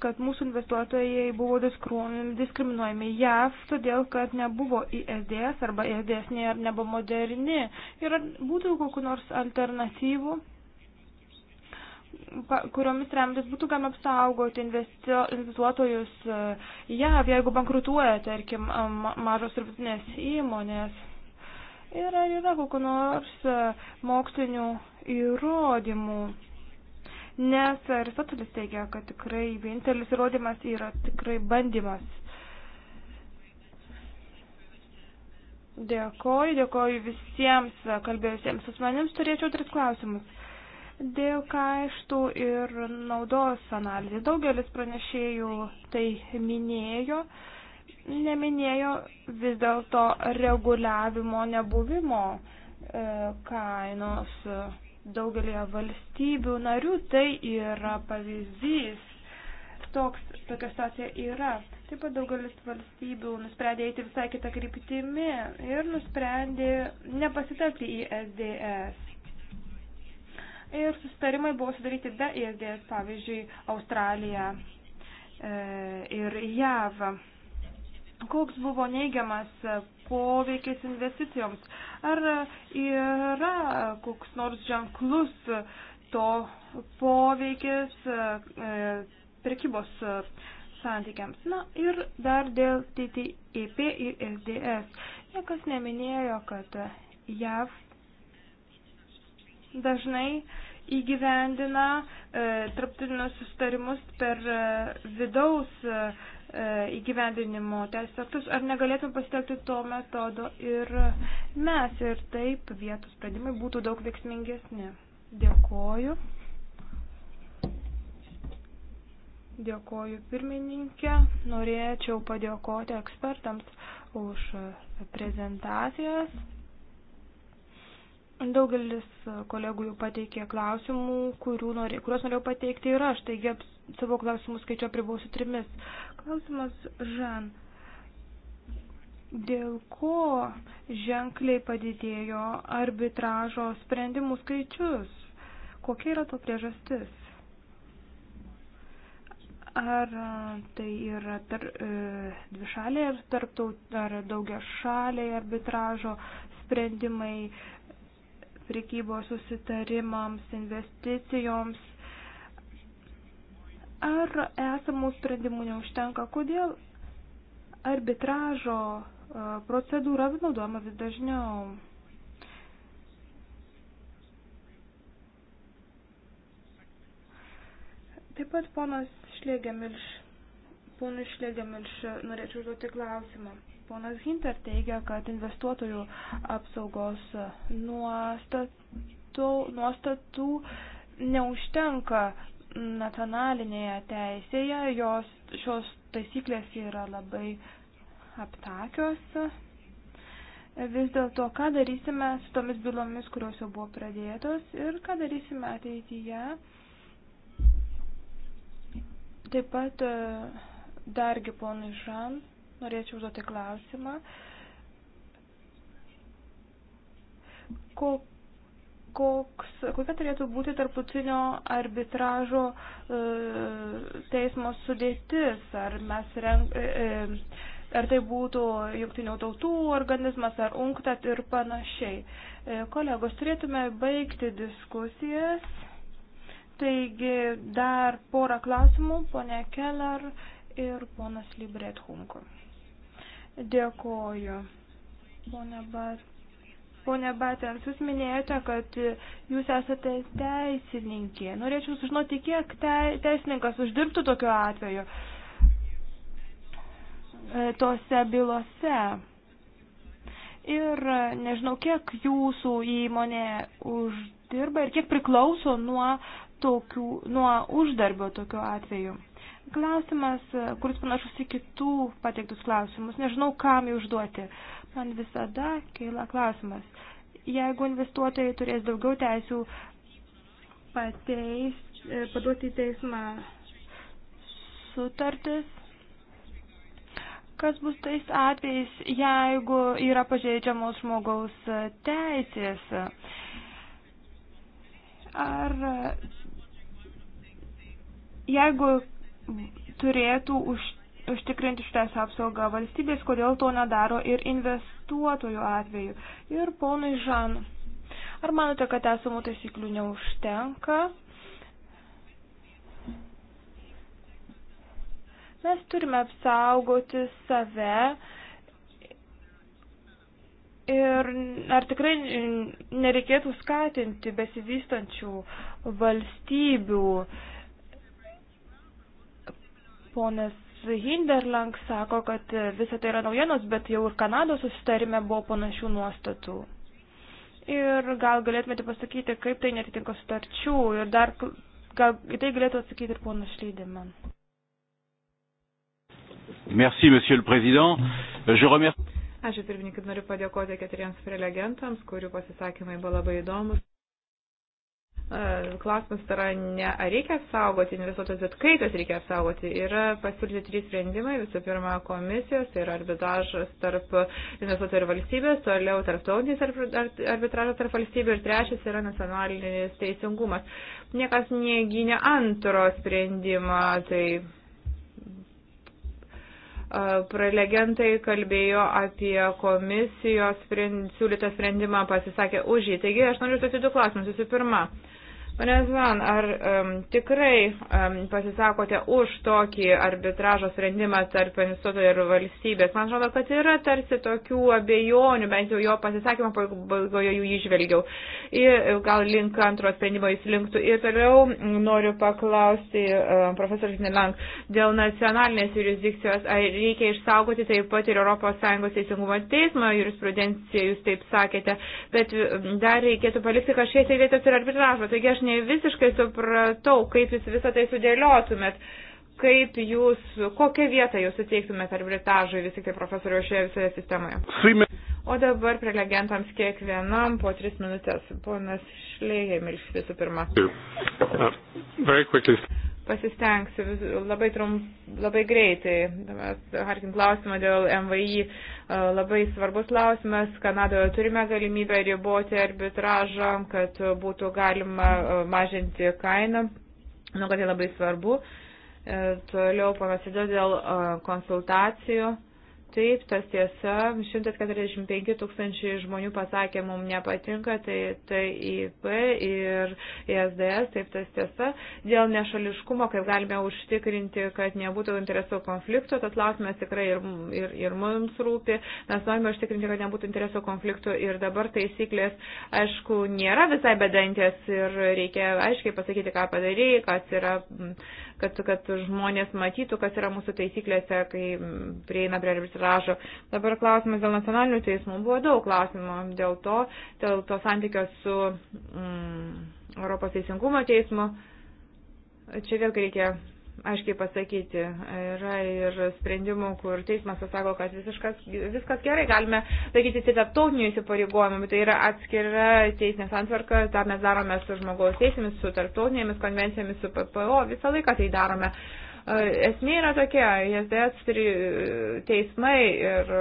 kad mūsų investuotojai buvo diskriminuojami JAV, todėl kad nebuvo ISDS e arba ISDS e ne, nebuvo moderni. Ir būtų kokiu nors alternatyvų, kuriomis remtis būtų galima apsaugoti investuotojus JAV, jeigu bankrutuoja, tarkim, mažos ir vidutinės įmonės Ir ar yra kokiu nors e, mokslinių įrodymų? Nes Aristotelis teigia, kad tikrai vienintelis įrodymas yra tikrai bandymas. Dėkoju, dėkoju visiems kalbėjusiems asmenims. Turėčiau tris klausimus dėl kaštų ir naudos analizės. Daugelis pranešėjų tai minėjo neminėjo vis dėlto reguliavimo nebuvimo e, kainos daugelį valstybių narių. Tai yra pavyzdys. Toks, tokia situacija yra. Taip pat daugelis valstybių nusprendė eiti visai kitą kryptimį ir nusprendė nepasitelkti į SDS. Ir sustarimai buvo sudaryti be ISDS, e pavyzdžiui, Australija e, ir JAV. E, koks buvo neigiamas poveikis investicijoms. Ar yra koks nors ženklus to poveikis e, prekybos santykiams? Na ir dar dėl TTIP ir SDS. Niekas neminėjo, kad JAV dažnai įgyvendina e, tarptautinius sustarimus per e, vidaus e, E, įgyvendinimo teisės aktus, ar negalėtum pasitelkti to metodo ir mes ir taip vietų sprendimai būtų daug veiksmingesni. Dėkoju. Dėkoju pirmininkė. Norėčiau padėkoti ekspertams už prezentacijas. Daugelis kolegų jau pateikė klausimų, norė, kuriuos norėjau pateikti ir aš, taigi savo klausimų skaičiu apribausiu trimis. Klausimas, Žan, dėl ko ženkliai padidėjo arbitražo sprendimų skaičius? Kokia yra to priežastis? Ar tai yra tar, e, dvišaliai ar, tarptaut, ar daugia šaliai arbitražo sprendimai, prekybos susitarimams, investicijoms, Ar esamų sprendimų neužtenka? Kodėl arbitražo e, procedūra naudojama vis dažniau? Taip pat ponas Šlėgiamilš, ponui Šlėgiamilš norėčiau užduoti klausimą. Ponas Hinter teigia, kad investuotojų apsaugos nuostatų, nuostatų neužtenka nacionalinėje teisėje jos, šios taisyklės yra labai aptakios. Vis dėlto, ką darysime su tomis bylomis, kurios jau buvo pradėtos ir ką darysime ateityje. Taip pat e, dargi ponui Žan norėčiau užduoti klausimą. Kok koks, kokia turėtų būti tarptautinio arbitražo e, teismo sudėtis, ar mes renk, e, e ar tai būtų jungtinių tautų organizmas, ar unktat ir panašiai. E, kolegos, turėtume baigti diskusijas. Taigi dar porą klausimų, ponė Keller ir ponas Libret Hunko. Dėkoju. Pone Bat Pone Batens, jūs minėjote, kad jūs esate teisininkė. Norėčiau sužinoti, kiek te, teisininkas uždirbtų tokiu atveju e, tose bylose. Ir e, nežinau, kiek jūsų įmonė uždirba ir kiek priklauso nuo, tokių, nuo uždarbio tokiu atveju. Klausimas, kuris panašus į kitų pateiktus klausimus, nežinau, kam jį užduoti. Uh, man visada keila klausimas. Jeigu investuotojai turės daugiau teisių pateis, e, paduoti į teismą sutartis, kas bus tais atvejais, jeigu yra pažeidžiamos žmogaus teisės? Ar jeigu turėtų už užtikrinti šitąją apsaugą valstybės, kodėl to nedaro ir investuotojų atveju. Ir ponui Žan, ar manote, kad esamų taisyklių neužtenka? Mes turime apsaugoti save ir ar tikrai nereikėtų skatinti besivystančių valstybių ponas Hinderlang sako, kad visą tai yra naujienos, bet jau ir Kanados susitarime buvo panašių nuostatų. Ir gal galėtumėte pasakyti, kaip tai netitinka sutarčių ir dar gal į tai galėtų atsakyti ir ponas Šlydiman. Merci, monsieur le président. Je remercie. Ačiū pirmininkai, noriu padėkoti keturiems prelegentams, kurių pasisakymai buvo labai įdomus. E, klausimas yra ne ar reikia saugoti investuotojus, bet kaip jas reikia saugoti. Yra pasiūlyti trys sprendimai. Visų pirma, komisijos, tai yra arbitražas tarp investuotojų ir valstybės, toliau tarptautinis arbitražas tarp valstybių ir trečias yra nacionalinis teisingumas. Niekas negynė antro sprendimą, tai e, prelegentai kalbėjo apie komisijos sprend, siūlytą sprendimą, pasisakė už jį. Taigi aš noriu tokių du klausimus. Visų pirma, Pane Zlan, ar um, tikrai um, pasisakote už tokį arbitražo sprendimą tarp investuotojo ir valstybės? Man atrodo, kad yra tarsi tokių abejonių, bent jau jo pasisakymo pabaigoje jų išvelgiau. Ir gal link antro sprendimo jis linktų. Ir toliau noriu paklausti um, profesorius Nelang dėl nacionalinės jurisdikcijos. Ar reikia išsaugoti taip pat ir ES teisingumo teismo jurisprudenciją, jūs taip sakėte, bet dar reikėtų palikti kažkiek tai vietos ir arbitražo. Taigi aš ne ne visiškai supratau, kaip jūs visą tai sudėliotumėt, kaip jūs, kokią vietą jūs suteiktumėt arbitražui vis tik tai profesoriu šioje visoje sistemoje. O dabar prelegentams kiekvienam po tris minutės. Ponas Šlėjėmilis visų pirma. Uh, very quickly pasistengsiu vis, labai, trump, labai greitai. Harkin klausimą dėl MVI e, labai svarbus klausimas. Kanadoje turime galimybę riboti arbitražą, kad būtų galima e, mažinti kainą. Manau, kad tai labai svarbu. E, toliau panasidė dėl konsultacijų. Taip, tas tiesa, 145 tūkstančiai žmonių pasakė, mums nepatinka, tai TIP ir ESDS, taip tas tiesa. Dėl nešališkumo, kaip galime užtikrinti, kad nebūtų interesų konflikto, tas klausimas tikrai ir, ir, ir mums rūpi. Mes norime užtikrinti, kad nebūtų interesų konflikto ir dabar taisyklės, aišku, nėra visai bedantės ir reikia aiškiai pasakyti, ką padarai, kas yra kad, kad žmonės matytų, kas yra mūsų taisyklėse, kai prieina prie arbitražo. Dabar klausimas dėl nacionalinių teismų. Buvo daug klausimų dėl to, dėl to santykio su mm, Europos teisingumo teismu. Čia vėlgi reikia aiškiai pasakyti. Yra ir sprendimų, kur teismas sako, kad visiškas, viskas gerai, galime laikyti tik tarptautinių įsipareigojimų, tai yra atskira teisinė santvarka, tą mes darome su žmogaus teisėmis, su tarptautinėmis konvencijomis, su PPO, visą laiką tai darome. Uh, Esmė yra tokia, JSDS teismai ir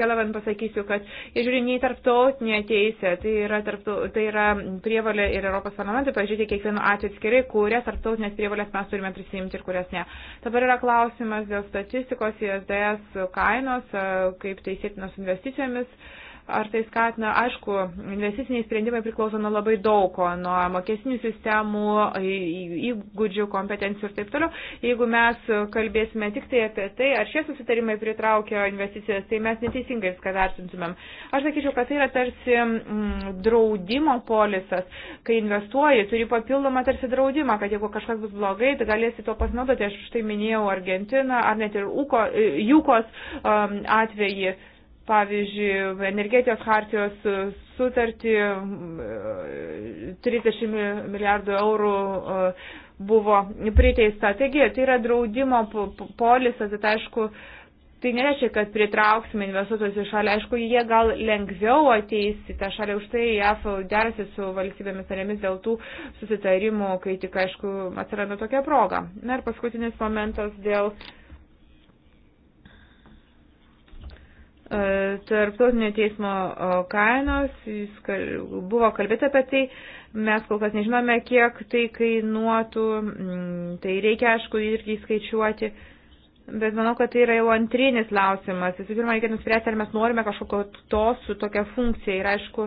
Kelavan pasakysiu, kad jie žiūri ne į tarptautinę teisę, tai yra, tarptau, tai yra prievalė ir Europos parlamentui, pažiūrėti kiekvienu atveju atskirai, kurias tarptautinės prievalės mes turime prisimti ir kurias ne. Dabar yra klausimas dėl statistikos JSDS kainos, kaip tai sėtinos investicijomis Ar tai skatina, aišku, investiciniai sprendimai priklauso nuo labai daugo, nuo mokesinių sistemų, įgūdžių, kompetencijų ir taip toliau. Jeigu mes kalbėsime tik tai apie tai, ar šie susitarimai pritraukia investicijas, tai mes neteisingai viską vertintumėm. Aš sakyčiau, kad tai yra tarsi mm, draudimo polisas, kai investuoji, turi papildomą tarsi draudimą, kad jeigu kažkas bus blogai, tai galėsi tuo pasinaudoti. Aš štai minėjau Argentiną ar net ir Ukos, e, Jukos um, atvejį pavyzdžiui, energetijos hartijos sutartį 30 milijardų eurų e, buvo priteista. Taigi, tai yra draudimo polisas, tai aišku, tai nereiškia, kad pritrauksime investuotojus į šalį. Aišku, jie gal lengviau ateis į tą šalį, už tai JAF derasi su valstybėmis narėmis dėl tų susitarimų, kai tik, aišku, atsiranda tokia proga. Na ir paskutinis momentas dėl uh, E, tarptautinio teismo kainos, buvo kalbėta apie tai, mes kol kas nežinome, kiek tai kainuotų, mm, tai reikia aišku irgi skaičiuoti. Bet manau, kad tai yra jau antrinis klausimas. Visų pirma, reikia nuspręsti, ar mes norime kažkokio to su tokia funkcija. Ir aišku,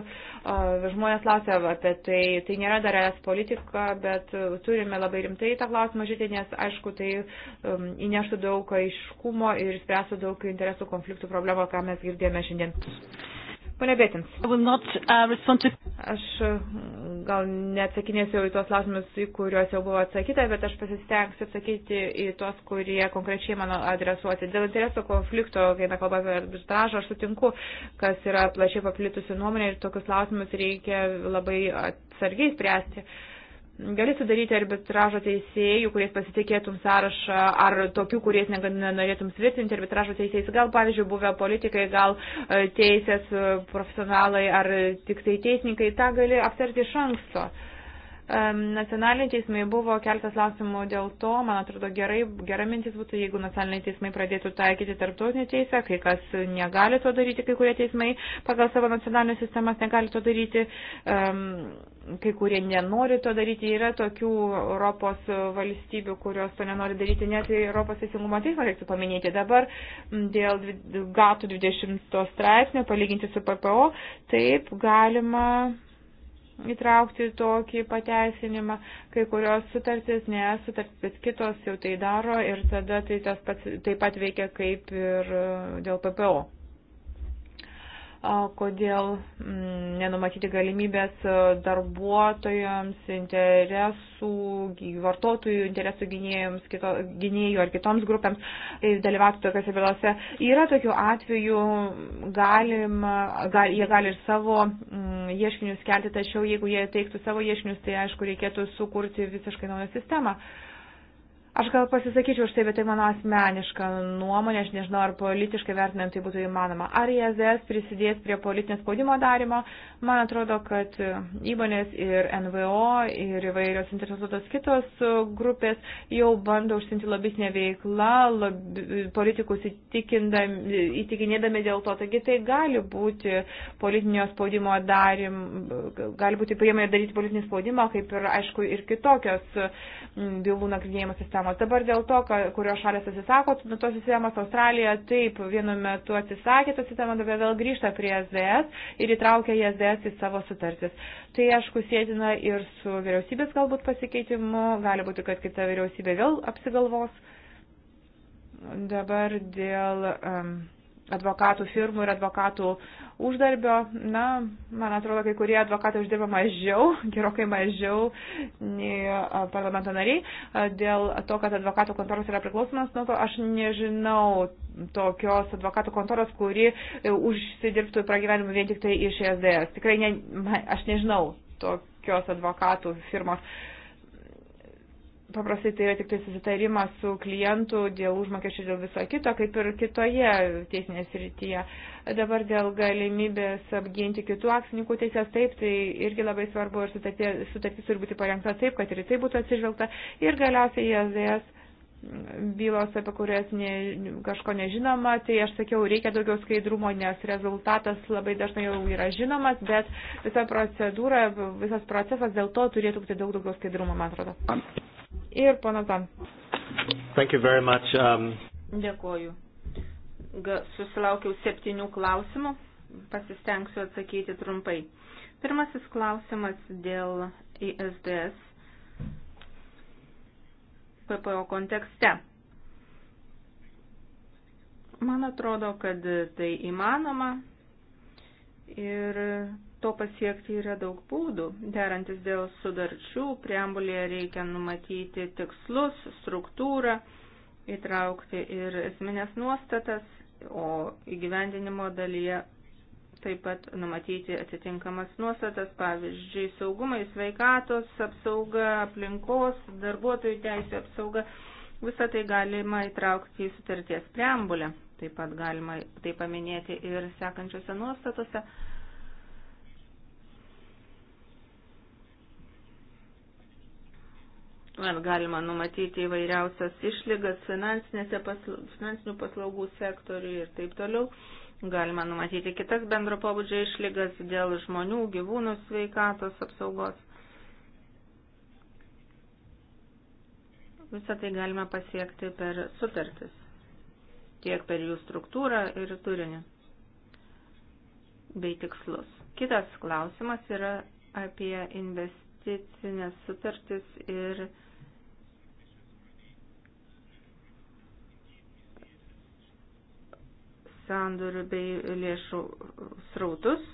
žmonės klausia apie tai. Tai nėra dar es politika, bet turime labai rimtai tą klausimą žiūrėti, nes aišku, tai um, įneštų daug aiškumo ir spręstų daug interesų konfliktų problemą, ką mes girdėjome šiandien. Pone Bėtins. Uh, aš uh, gal neatsakinėsiu į tuos klausimus, į kuriuos jau buvo atsakyta, bet aš pasistengsiu atsakyti į tuos, kurie konkrečiai mano adresuoti. Dėl interesų konflikto, kai na kalba apie arbitražą, aš sutinku, kas yra plačiai paplitusi nuomonė ir tokius klausimus reikia labai atsargiai spręsti. Uh, gali sudaryti arbitražo teisėjų, kuriais pasitikėtum sąrašą, ar tokių, kuriais nenorėtum svirtinti arbitražo teisėjais. Gal, pavyzdžiui, buvę politikai, gal e, teisės e, profesionalai ar tik tai teisininkai, tą gali aptarti iš anksto. Nacionaliniai teismai buvo keltas klausimų dėl to, man atrodo, gerai, gera mintis būtų, jeigu nacionaliniai teismai pradėtų taikyti tarptautinį teisę, kai kas negali to daryti, kai kurie teismai pagal savo nacionalinės sistemas negali to daryti. Um, kai kurie nenori to daryti. Yra tokių Europos valstybių, kurios to nenori daryti, net Europos teisingumo teismą reiktų paminėti. Dabar dėl GATO 20 straipsnio, palyginti su PPO, taip galima įtraukti tokį pateisinimą, kai kurios sutartys nesutartys, bet kitos jau tai daro ir tada tai tas pats taip pat veikia kaip ir dėl PPO kodėl mm, nenumatyti galimybės darbuotojams, interesų, vartotojų interesų gynėjams, kito, gynėjų ar kitoms grupėms e, dalyvauti tokiuose bylose. Yra tokių atvejų, galima, gal, jie gali ir savo mm, ieškinius kelti, tačiau jeigu jie teiktų savo ieškinius, tai aišku reikėtų sukurti visiškai naują sistemą. Uh, Aš gal pasisakyčiau už tai, bet tai mano asmeniška nuomonė, aš nežinau, ar politiškai vertinant tai būtų įmanoma. Ar ISDS prisidės prie politinės spaudimo darimo? Man atrodo, kad įmonės ir NVO ir įvairios interesuotos kitos grupės jau bando užsinti lobisnę veiklą, lab, politikus įtikinėdami dėl to. Taigi tai gali būti politinio spaudimo darim, gali būti priemonė daryti politinį spaudimą, kaip ir, aišku, ir kitokios bylų nagrinėjimo sistemos sistemos. Dabar dėl to, kurios šalis atsisako nuo tos sistemos, Australija taip vienu metu atsisakė tą sistemą, dabar vėl grįžta prie SDS ir įtraukia SDS į savo sutartis. Tai aišku sėdina ir su vyriausybės galbūt pasikeitimu, gali būti, kad kita vyriausybė vėl apsigalvos. Dabar dėl. Um, advokatų firmų ir advokatų uždarbio. Na, man atrodo, kai kurie advokatai uždirba mažiau, gerokai mažiau nei parlamento nariai. Dėl to, kad advokatų kontoros yra priklausomas nuo to, aš nežinau tokios advokatų kontoros, kuri e, užsidirbtų pragyvenimą vien tik tai iš SDS. Tikrai ne, aš nežinau tokios advokatų firmos. Uh, paprastai tai yra tik tai susitarimas su klientu dėl užmokesčio dėl viso kito, kaip ir kitoje teisinėje srityje. Dabar dėl galimybės apginti kitų akcininkų teisės, taip, tai irgi labai svarbu ir sutartis turi būti parengta taip, kad ir tai būtų atsižvelgta. Ir galiausiai JZS e bylos, apie kurias ne, kažko nežinoma, tai aš sakiau, reikia daugiau skaidrumo, nes rezultatas labai dažnai jau yra žinomas, bet visa procedūra, visas procesas dėl to turėtų būti daug daugiau skaidrumo, man atrodo ir pana Tan. Thank you very much. Um... Dėkoju. Susilaukiau septynių klausimų, pasistengsiu atsakyti trumpai. Pirmasis klausimas dėl ISDS PPO kontekste. Man atrodo, kad tai įmanoma ir To pasiekti yra daug būdų. Derantis dėl sudarčių, preambulėje reikia numatyti tikslus, struktūrą, įtraukti ir esminės nuostatas, o įgyvendinimo dalyje taip pat numatyti atitinkamas nuostatas, pavyzdžiui, saugumai, sveikatos apsauga, aplinkos, darbuotojų teisų apsauga. Visą tai galima įtraukti į sutarties preambulę. Taip pat galima tai paminėti ir sekančiose nuostatose. Tuomet galima numatyti įvairiausias išlygas pasla, finansinių paslaugų sektoriui ir taip toliau. Galima numatyti kitas bendro pobūdžio išlygas dėl žmonių, gyvūnų sveikatos apsaugos. Visą tai galima pasiekti per sutartis, tiek per jų struktūrą ir turinį bei tikslus. Kitas klausimas yra apie investicijas investicinės sutartys ir sandorių bei lėšų srautus.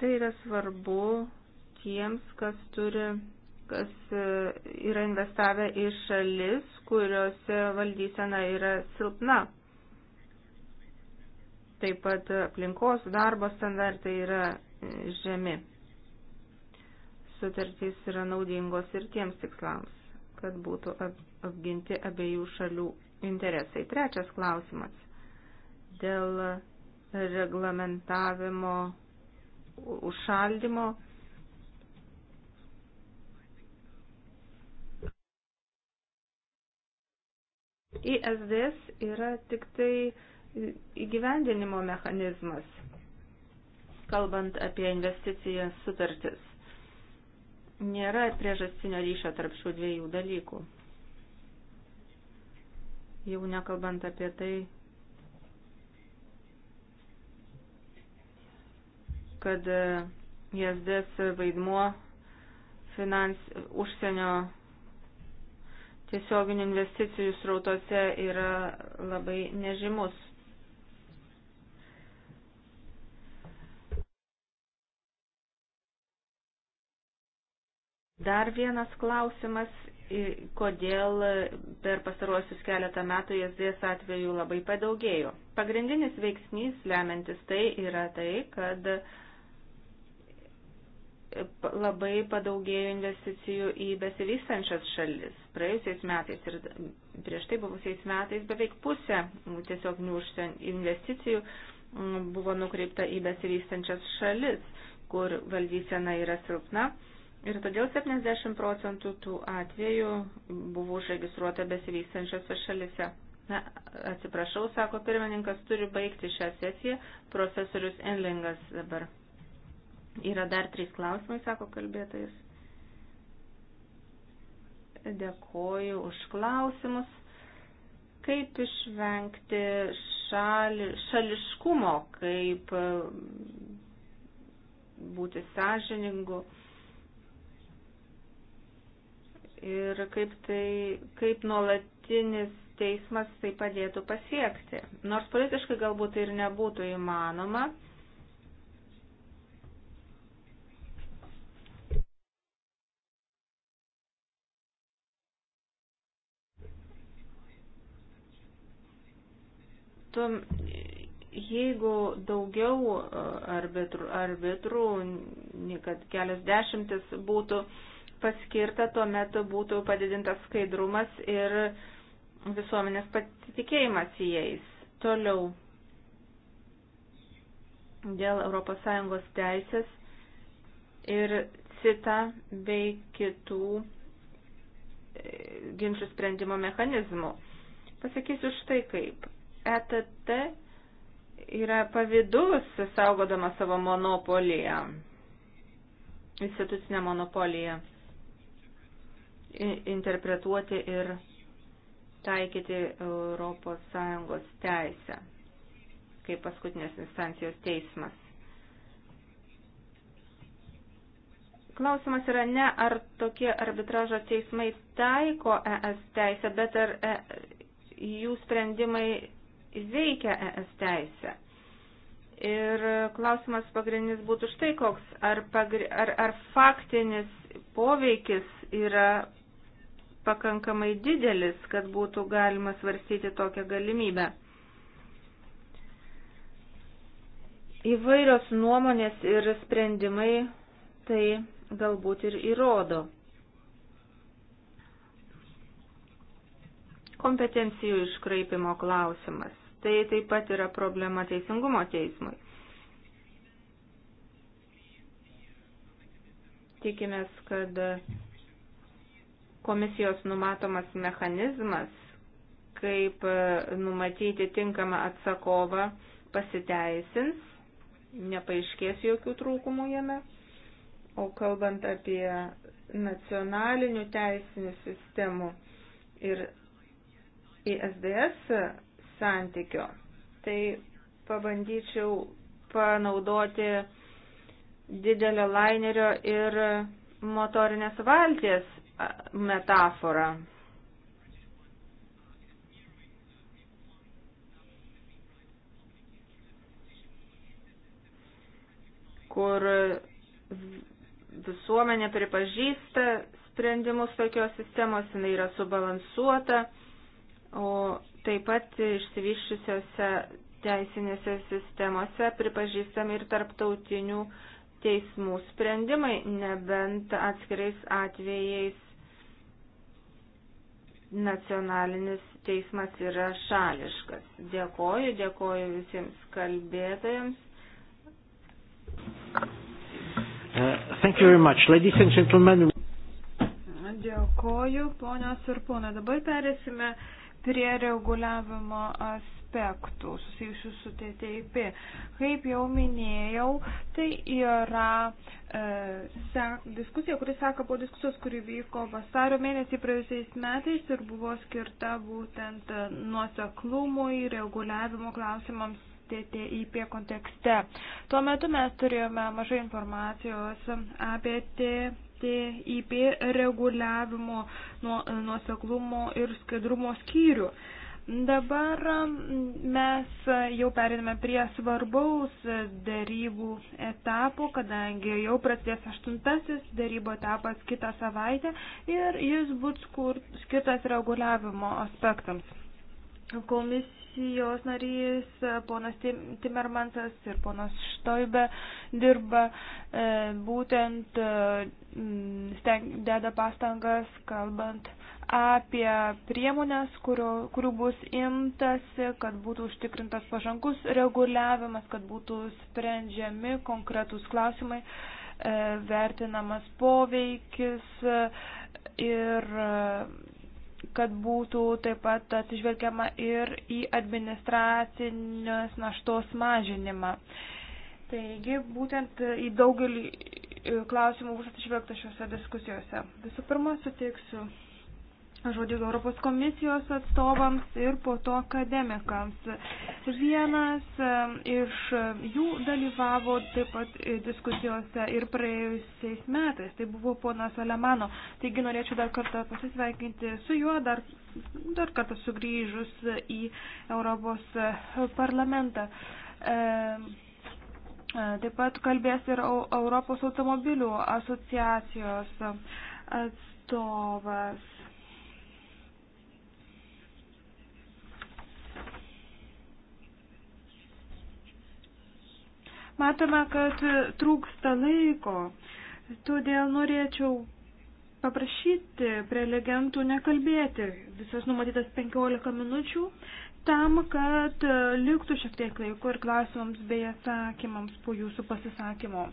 Tai yra svarbu tiems, kas turi, kas e, yra investavę į šalis, kuriuose valdysena yra silpna. Taip pat aplinkos darbo standartai yra e, žemi sutartys yra naudingos ir tiems tikslams kad būtų apginti abiejų šalių interesai. Trečias klausimas dėl reglamentavimo užšaldimo. ISDS yra tik tai įgyvendinimo mechanizmas, kalbant apie investicijas sutartis nėra priežastinio ryšio tarp šių dviejų dalykų. Jau nekalbant apie tai, kad JSDS e, vaidmuo finans, užsienio tiesioginių investicijų srautose yra labai nežymus. Dar vienas klausimas, kodėl per pastaruosius keletą metų JSDS atvejų labai padaugėjo. Pagrindinis veiksnys lemiantis tai yra tai, kad labai padaugėjo investicijų į besivystančias šalis. Praėjusiais metais ir prieš tai buvusiais metais beveik pusė tiesioginių investicijų buvo nukreipta į besivystančias šalis, kur valdysena yra silpna Ir todėl 70 procentų tų atvejų buvo užregistruota besivystančiose šalise. Na, atsiprašau, sako pirmininkas, turi baigti šią sesiją. Profesorius Enlingas dabar. Yra dar trys klausimai, sako kalbėtojas. Dėkoju už klausimus. Kaip išvengti šali, šališkumo, kaip būti sąžiningu? ir kaip, tai, kaip nuolatinis teismas tai padėtų pasiekti. Nors politiškai galbūt tai ir nebūtų įmanoma. Tu, jeigu daugiau e, arbitrų, arbitrų kad kelias dešimtis būtų uh, paskirta, tuomet būtų padidintas skaidrumas ir visuomenės pasitikėjimas jais. Toliau dėl ES teisės ir CITA bei kitų e, ginčių sprendimo mechanizmų. Pasakysiu štai kaip. ETT yra pavydus saugodama savo monopoliją, institucinę monopoliją interpretuoti ir taikyti ES teisę kaip paskutinės instancijos teismas. Klausimas yra ne, ar tokie arbitražo teismai taiko ES teisę, bet ar e, jų sprendimai veikia ES teisę. Ir klausimas pagrindinis būtų štai koks, ar, pagri, ar, ar faktinis poveikis yra pakankamai didelis, kad būtų galima svarstyti tokią galimybę. Įvairios nuomonės ir sprendimai tai galbūt ir įrodo. Kompetencijų iškraipimo klausimas. Tai taip pat yra problema teisingumo teismui. Tikimės, kad komisijos numatomas mechanizmas, kaip e, numatyti tinkamą atsakovą, pasiteisins, nepaaiškės jokių trūkumų jame. O kalbant apie nacionalinių teisinių sistemų ir ISDS santykio, tai pabandyčiau panaudoti didelio lainerio ir motorinės valties metafora. kur visuomenė pripažįsta sprendimus tokios sistemos, jinai yra subalansuota, o taip pat išsivyščiusiose teisinėse sistemose pripažįstami ir tarptautinių uh, teismų sprendimai, nebent atskirais atvejais nacionalinis teismas yra šališkas. Dėkoju, dėkoju visiems kalbėtojams. Uh, dėkoju, ponios ir ponai. Dabar perėsime prie reguliavimo aspektų aspektų susijusių su TTIP. Kaip jau minėjau, tai yra e, se, diskusija, kuri seka po diskusijos, kuri vyko vasario mėnesį praėjusiais metais ir buvo skirta būtent nuoseklumui, reguliavimo klausimams TTIP kontekste. Tuo metu mes turėjome mažai informacijos apie TTIP reguliavimo nuoseklumo ir skaidrumo skyrių. E, Dabar mes jau periname prie svarbaus darybų etapo, kadangi jau prasidės aštuntasis darybo etapas kitą savaitę ir jis bus skirtas reguliavimo aspektams. Komisijos narys ponas Timermansas ir ponas Štoibė dirba e, būtent deda pastangas, kalbant apie priemonės, kurio, kurių bus imtasi, kad būtų užtikrintas pažangus reguliavimas, kad būtų sprendžiami konkretūs klausimai, e, vertinamas poveikis e, ir e, kad būtų taip pat atsižvelgiama ir į administracinės naštos mažinimą. Taigi, būtent į daugelį klausimų bus atsižvelgta šiuose diskusijose. Visų pirma, suteiksiu žodį Europos komisijos atstovams ir po to akademikams. Vienas iš jų dalyvavo taip pat diskusijose ir praėjusiais metais, tai buvo ponas Alemano. Taigi norėčiau dar kartą pasisveikinti su juo, dar, dar kartą sugrįžus į Europos parlamentą. E, taip pat kalbės ir Europos automobilių asociacijos atstovas. Matome, kad trūksta laiko, todėl norėčiau paprašyti prelegentų nekalbėti visas numatytas 15 minučių, tam, kad liktų šiek tiek laiko ir klausimams bei atsakymams po jūsų pasisakymo.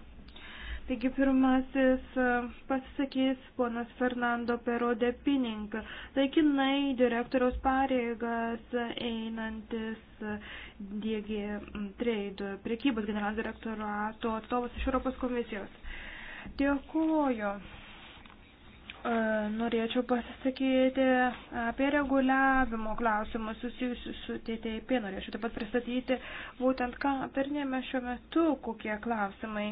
Taigi pirmasis e, pasisakys ponas Fernando Perode Pinink, laikinai direktoriaus pareigas einantis DG Trade priekybos generalinio direktorato atstovas iš Europos komisijos. Dėkuoju. E, norėčiau pasisakyti apie reguliavimo klausimus susijusius su TTIP. Norėčiau taip pat pristatyti būtent, ką aptarnėme šiuo metu, kokie klausimai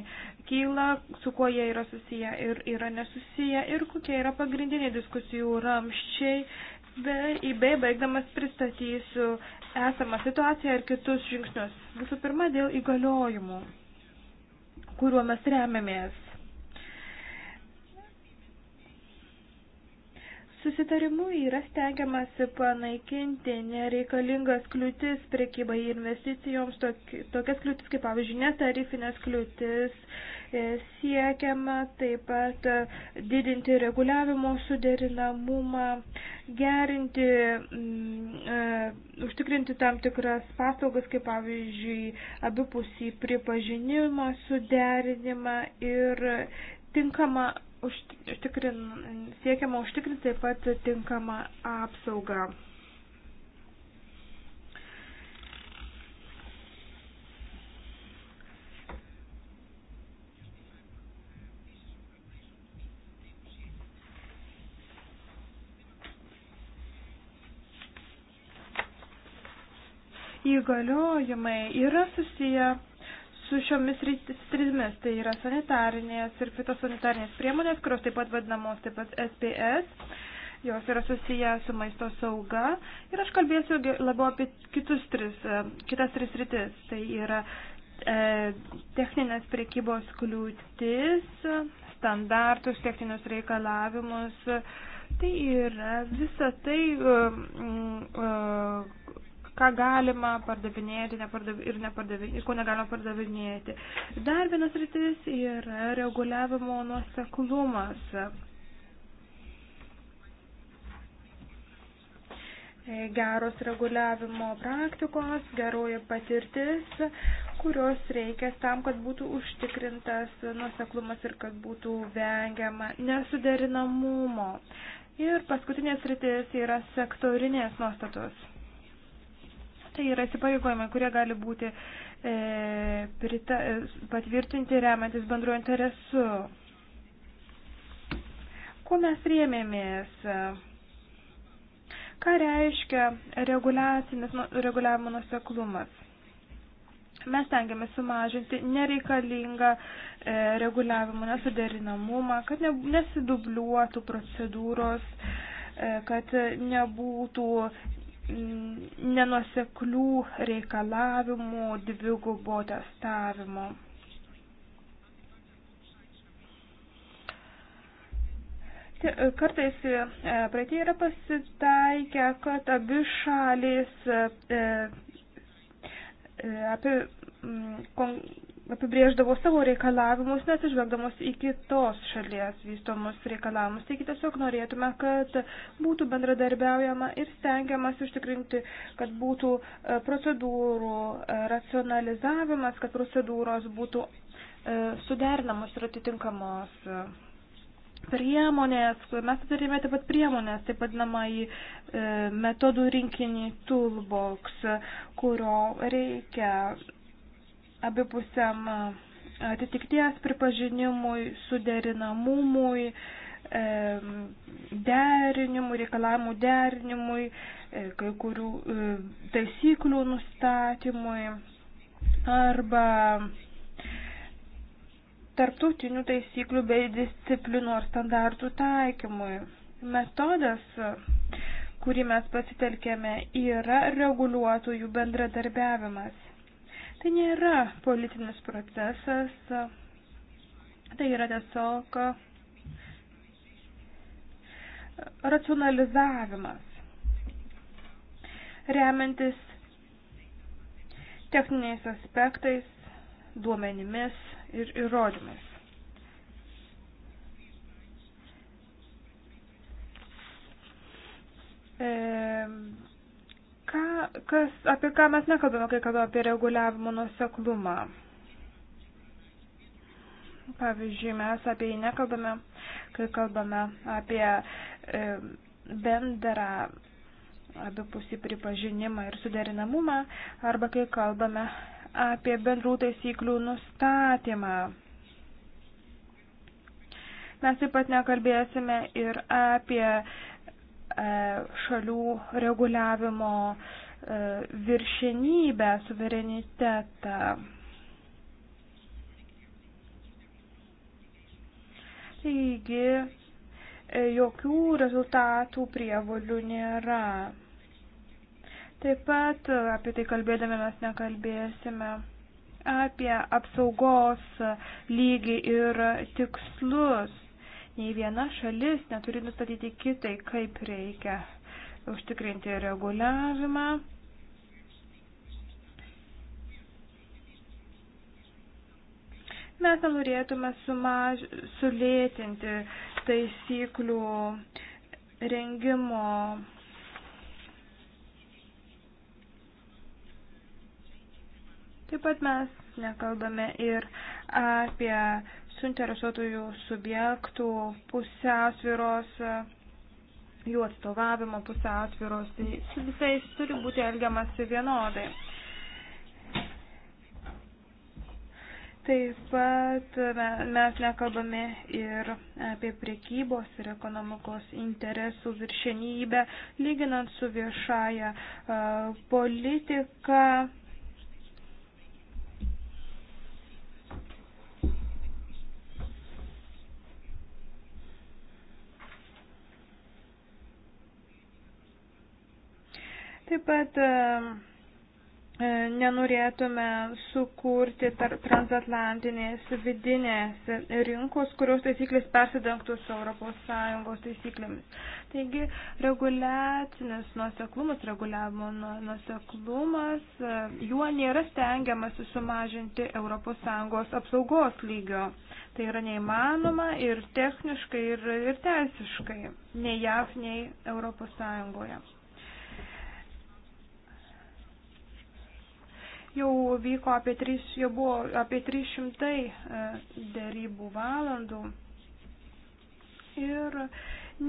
kyla, su kuo jie yra susiję ir yra nesusiję ir kokie yra pagrindiniai diskusijų ramščiai. Į bei baigdamas pristatysiu esamą situaciją ir kitus žingsnius. Visų pirma, dėl įgaliojimų, kuriuo mes remiamės Susitarimu yra stengiamasi panaikinti nereikalingas kliūtis prekybai investicijoms, tokias kliūtis kaip pavyzdžiui netarifinės kliūtis, e, siekiama taip pat didinti reguliavimo suderinamumą, gerinti, mm, e, užtikrinti tam tikras paslaugas kaip pavyzdžiui abipusį pripažinimą, suderinimą ir tinkamą užtikrin, siekiama užtikrinti taip pat tinkamą apsaugą. Įgaliojimai yra susiję su šiomis trimis, tai yra sanitarinės ir fitosanitarinės priemonės, kurios taip pat vadinamos taip pat SPS, jos yra susiję su maisto sauga ir aš kalbėsiu labiau apie kitus tris, e, kitas tris rytis, tai yra e, techninės priekybos kliūtis, standartus, techninius reikalavimus, tai yra visa tai. E, e, ką galima pardavinėti nepardav ir, nepardav ir ko negalima pardavinėti. Dar vienas rytis yra reguliavimo nuoseklumas. Geros reguliavimo praktikos, geroji patirtis, kurios reikia tam, kad būtų užtikrintas nuoseklumas ir kad būtų vengiama nesuderinamumo. Ir paskutinės rytis yra sektorinės nuostatos. Tai yra įsipareigojimai, kurie gali būti e, prita, e, patvirtinti remiantis bendruo interesu. Kuo mes rėmėmės? Ką reiškia nu, reguliavimo nuseklumas? mes tengiamės sumažinti nereikalingą e, reguliavimo nesuderinamumą, kad ne, nesidubliuotų procedūros, e, kad nebūtų nenuseklių reikalavimų dvigubo testavimo. Kartais e, praeitie yra pasitaikę, kad abi šalis e, e, apie kon, apibrėždavo savo reikalavimus, nesižvelgdamos į kitos šalies vystomus reikalavimus. Taigi tiesiog norėtume, kad būtų bendradarbiaujama ir stengiamas užtikrinti, kad būtų e, procedūrų e, racionalizavimas, kad procedūros būtų e, suderinamos ir atitinkamos priemonės, mes turime taip pat priemonės, taip vadinamą į metodų rinkinį toolbox, kurio reikia abipusiam e, atitikties pripažinimui, suderinamumui, e, derinimui, reikalavimų derinimui, e, kai kurių taisyklių nustatymui arba tarptautinių taisyklių bei disciplinų ar standartų taikymui. Metodas, kurį mes pasitelkėme, yra reguliuotojų bendradarbiavimas Tai nėra politinis procesas, tai yra tiesiog racionalizavimas, remiantis techniniais aspektais, duomenimis ir įrodymais. E, ką, kas, apie ką mes nekalbame, kai kalbame apie reguliavimo nuseklumą. Pavyzdžiui, mes apie jį nekalbame, kai kalbame apie e, bendrą abipusį pripažinimą ir suderinamumą, arba kai kalbame apie bendrų taisyklių nustatymą. Mes taip pat nekalbėsime ir apie E, šalių reguliavimo e, viršenybę, suverenitetą. Taigi, e, jokių rezultatų prievolių nėra. Taip pat apie tai kalbėdami mes nekalbėsime apie apsaugos lygį ir tikslus nei viena šalis neturi nustatyti kitai, kaip reikia užtikrinti reguliavimą. Mes norėtume sumaž... sulėtinti taisyklių rengimo Taip pat mes nekalbame ir apie suinteresuotųjų subjektų pusiausviros, e, jų atstovavimo pusiausviros, tai su visais turi būti elgiamasi vienodai. Taip pat e, mes nekalbame ir apie priekybos ir ekonomikos interesų viršenybę, lyginant su viešaja e, politika Taip pat e, e, nenorėtume sukurti transatlantinės vidinės rinkos, kurios taisyklės persidengtų su ES taisyklėmis. Taigi reguliacinis nuoseklumas, reguliavimo nu-, nuoseklumas, e, juo nėra stengiamas sumažinti ES apsaugos lygio. Tai yra neįmanoma ir techniškai, ir, ir teisiškai, nei JAV, nei ES. Jau vyko apie 3, jau buvo apie 300 e, dėrybų valandų. Ir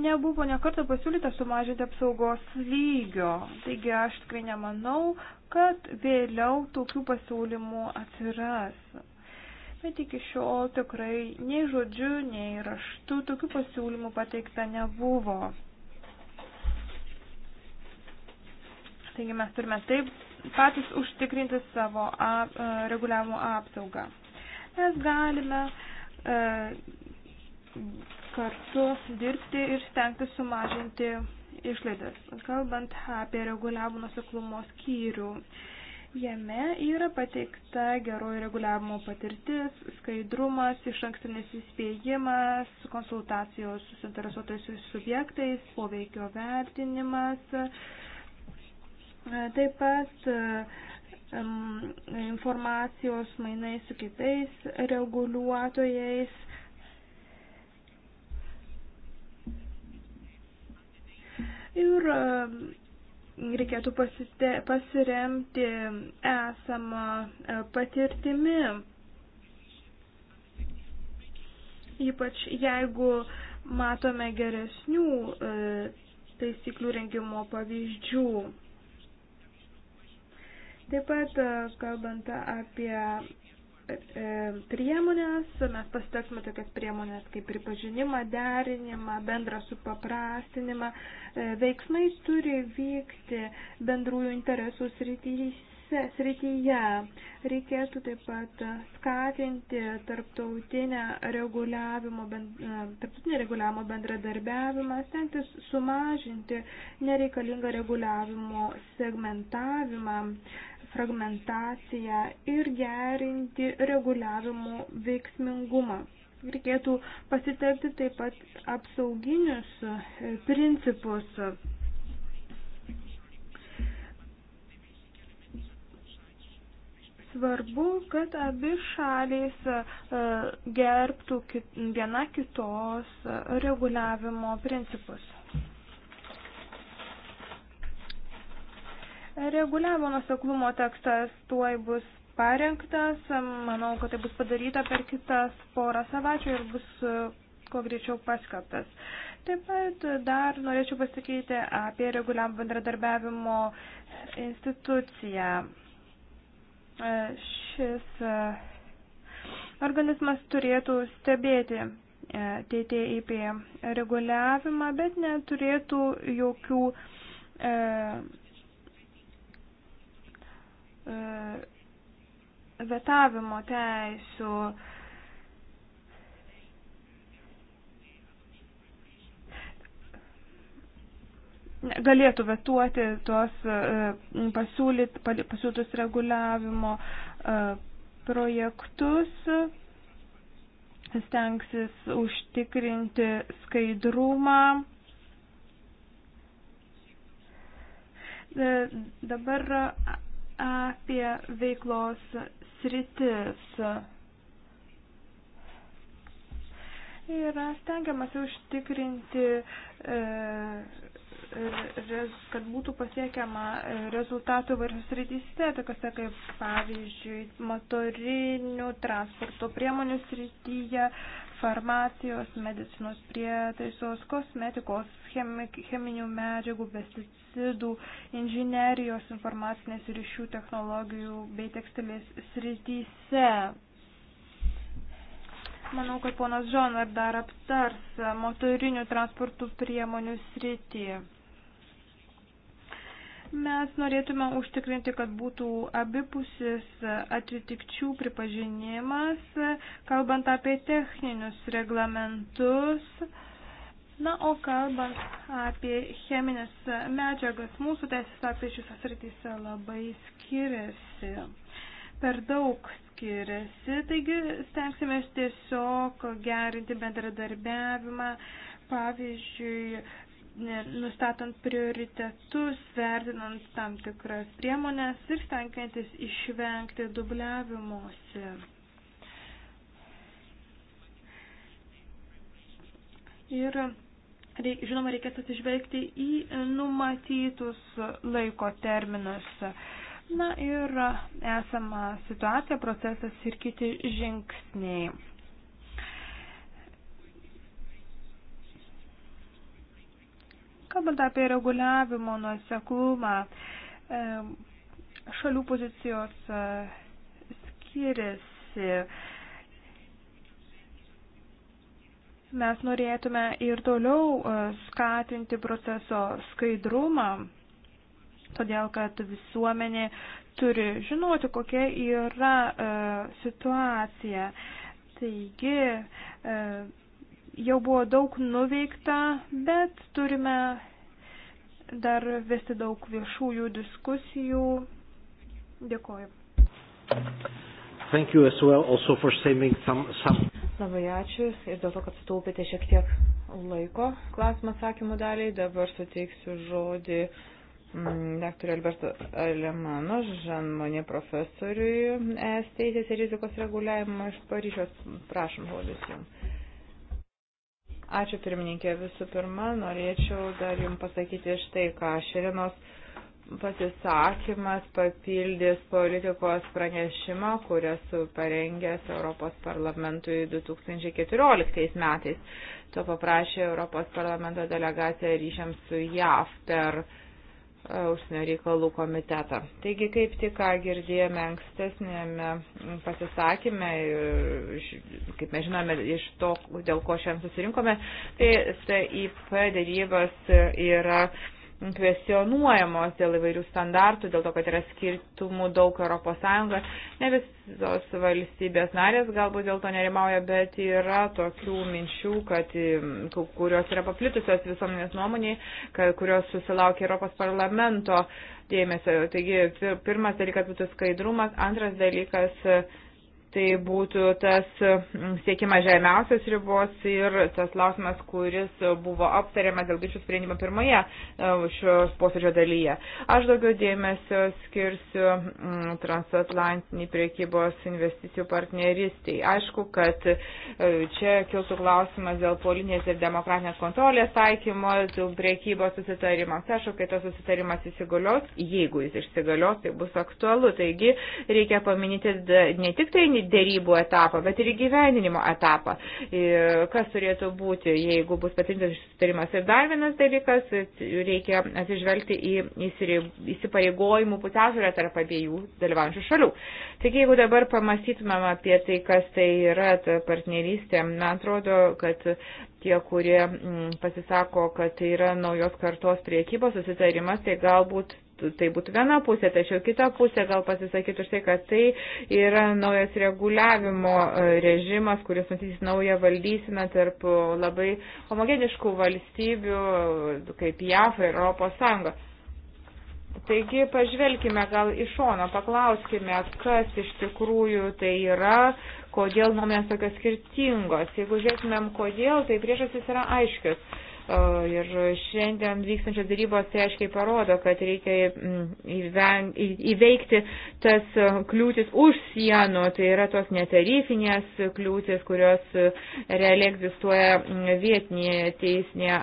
nebuvo nekarto pasiūlyta sumažinti apsaugos lygio. Taigi aš tikrai nemanau, kad vėliau tokių pasiūlymų atsiras. Bet iki šiol tikrai nei žodžiu, nei raštu tokių pasiūlymų pateikta nebuvo. Taigi mes turime taip patys užtikrinti savo ap, e, reguliavimo apsaugą. Mes galime e, kartu dirbti ir stengti sumažinti išlaidas. Kalbant apie reguliavimo nusiklumo skyrių, jame yra pateikta geroji reguliavimo patirtis, skaidrumas, iš ankstinis įspėjimas, konsultacijos su suinteresuotais subjektais, poveikio vertinimas, Taip pat informacijos mainai su kitais reguliuotojais. Ir reikėtų pasite, pasiremti esamą e, patirtimi. Ypač jeigu matome geresnių e, taisyklių rengimo pavyzdžių. Taip pat, e, kalbant apie e, e, priemonės, mes pasitelksime tokias priemonės kaip pripažinimą, derinimą, bendrą supaprastinimą. Veiksmai turi vykti bendrųjų interesų srityje. Reikėtų taip pat skatinti tarptautinę reguliavimo, tarptautinį reguliavimo bendradarbiavimą, stengtis sumažinti nereikalingą reguliavimo segmentavimą fragmentaciją ir gerinti reguliavimo veiksmingumą. Reikėtų pasitelkti taip pat apsauginius e, principus. Svarbu, kad abi šalys e, gerbtų viena kitos reguliavimo principus. Reguliavimo nuseklumo tekstas tuoj bus parengtas. Manau, kad tai bus padaryta per kitas porą savaičių ir bus e, kuo greičiau paskelbtas. Taip pat dar norėčiau pasakyti apie reguliavimo bendradarbiavimo instituciją. E, šis e, organizmas turėtų stebėti TTIP reguliavimą, bet neturėtų jokių E, vetavimo teisų. Galėtų vetuoti tuos e, pasiūlytus reguliavimo e, projektus, stengsis užtikrinti skaidrumą. Dabar apie veiklos sritis. Yra stengiamasi užtikrinti, e, kad būtų pasiekiama e, rezultatų vairiose srityse, tokiuose kaip pavyzdžiui motorinių transporto priemonių srityje, farmacijos, medicinos prietaisos, kosmetikos, cheminių medžiagų, pesticidų, inžinerijos, informacinės ryšių technologijų bei tekstilės srityse. Manau, kad ponas Žonar dar aptars motorinių transportų priemonių srityje. Mes norėtume užtikrinti, kad būtų abipusis atitikčių pripažinimas, kalbant apie techninius reglamentus. Na, o kalbant apie cheminės medžiagas, mūsų teisės aktai šiuose srityse labai skiriasi. Per daug skiriasi, taigi stengsime tiesiog gerinti bendradarbiavimą, pavyzdžiui, nustatant prioritetus, vertinant tam tikras priemonės ir stengiantis išvengti dubliavimuose. Ir reik, žinoma, reikės atsižvelgti į numatytus laiko terminus. Na ir esama situacija, procesas ir kiti žingsniai. Kalbant apie reguliavimo nuoseklumą, e, šalių pozicijos e, skiriasi. Mes norėtume ir toliau e, skatinti proceso skaidrumą, todėl kad visuomenė turi žinoti, kokia yra situacija. Taigi, Jau buvo daug nuveikta, bet turime dar vesti daug viešųjų diskusijų. Dėkoju. Thank you as well also for saving some, some. Labai ačiū ir dėl to, kad sutaupėte šiek tiek laiko klausimą atsakymų daliai. Dabar suteiksiu žodį mm, Dr. Alberto Alemano, Žanmonė profesoriui, es teisės ir rizikos reguliavimo iš Paryžiaus. Prašom, žodis jums. Ačiū pirmininkė. Visų pirma, norėčiau dar jums pasakyti štai ką. Širinos pasisakymas papildys politikos pranešimą, kurias parengęs Europos parlamentui 2014 metais. To paprašė Europos parlamento delegacija ryšiams su JAV per E, užsienio reikalų komitetą. Taigi, kaip tik ką girdėjome ankstesnėme pasisakymė, e, kaip mes žinome iš to, dėl ko šiandien susirinkome, tai TIP dėrybos yra kvestionuojamos dėl įvairių standartų, dėl to, kad yra skirtumų daug ES. Ne visos valstybės narės galbūt dėl to nerimauja, bet yra tokių minčių, kad, kurios yra paplitusios visuomenės nuomoniai, kurios susilaukia Europos parlamento dėmesio. Taigi pirmas dalykas būtų skaidrumas, antras dalykas Tai būtų tas mm, siekimas žemiausios ribos ir tas klausimas, kuris buvo aptariamas dėl ginčių sprendimo pirmoje e, šios posėdžio dalyje. Aš daugiau dėmesio skirsiu mm, transatlantiniai priekybos investicijų partneristiai. Aišku, kad e, čia kiltų klausimas dėl politinės ir demokratinės kontrolės taikymo, priekybos susitarimams. Aišku, kai tas susitarimas įsigalios, jeigu jis išsigalios, tai bus aktualu. Taigi reikia paminėti ne tik tai tik dėrybų etapą, bet ir įgyvendinimo etapą. Kas turėtų būti, jeigu bus patvirtintas susitarimas. Ir dar vienas dalykas, reikia atsižvelgti į įsipareigojimų pusiausvyrą tarp abiejų dalyvaujančių šalių. Taigi, jeigu dabar pamastytumėm apie tai, kas tai yra ta partnerystė, man atrodo, kad tie, kurie mm, pasisako, kad tai yra naujos kartos priekybos susitarimas, tai galbūt tai būtų viena pusė, tačiau kita pusė gal pasisakytų už tai, kad tai yra naujas reguliavimo e, režimas, kuris matys naują valdysiną tarp labai homogeniškų valstybių, e, kaip JAF ir Europos Sąjunga. Taigi pažvelkime gal iš šono, paklauskime, kas iš tikrųjų tai yra, kodėl nuomonės tokios skirtingos. Jeigu žiūrėtumėm, kodėl, tai priežastys yra aiškios Ir šiandien vykstančios darybos tai aiškiai parodo, kad reikia mm, įveikti tas e, kliūtis už sienų, tai yra tos netarifinės kliūtis, kurios e, realiai egzistuoja mm, vietinėje teisinėje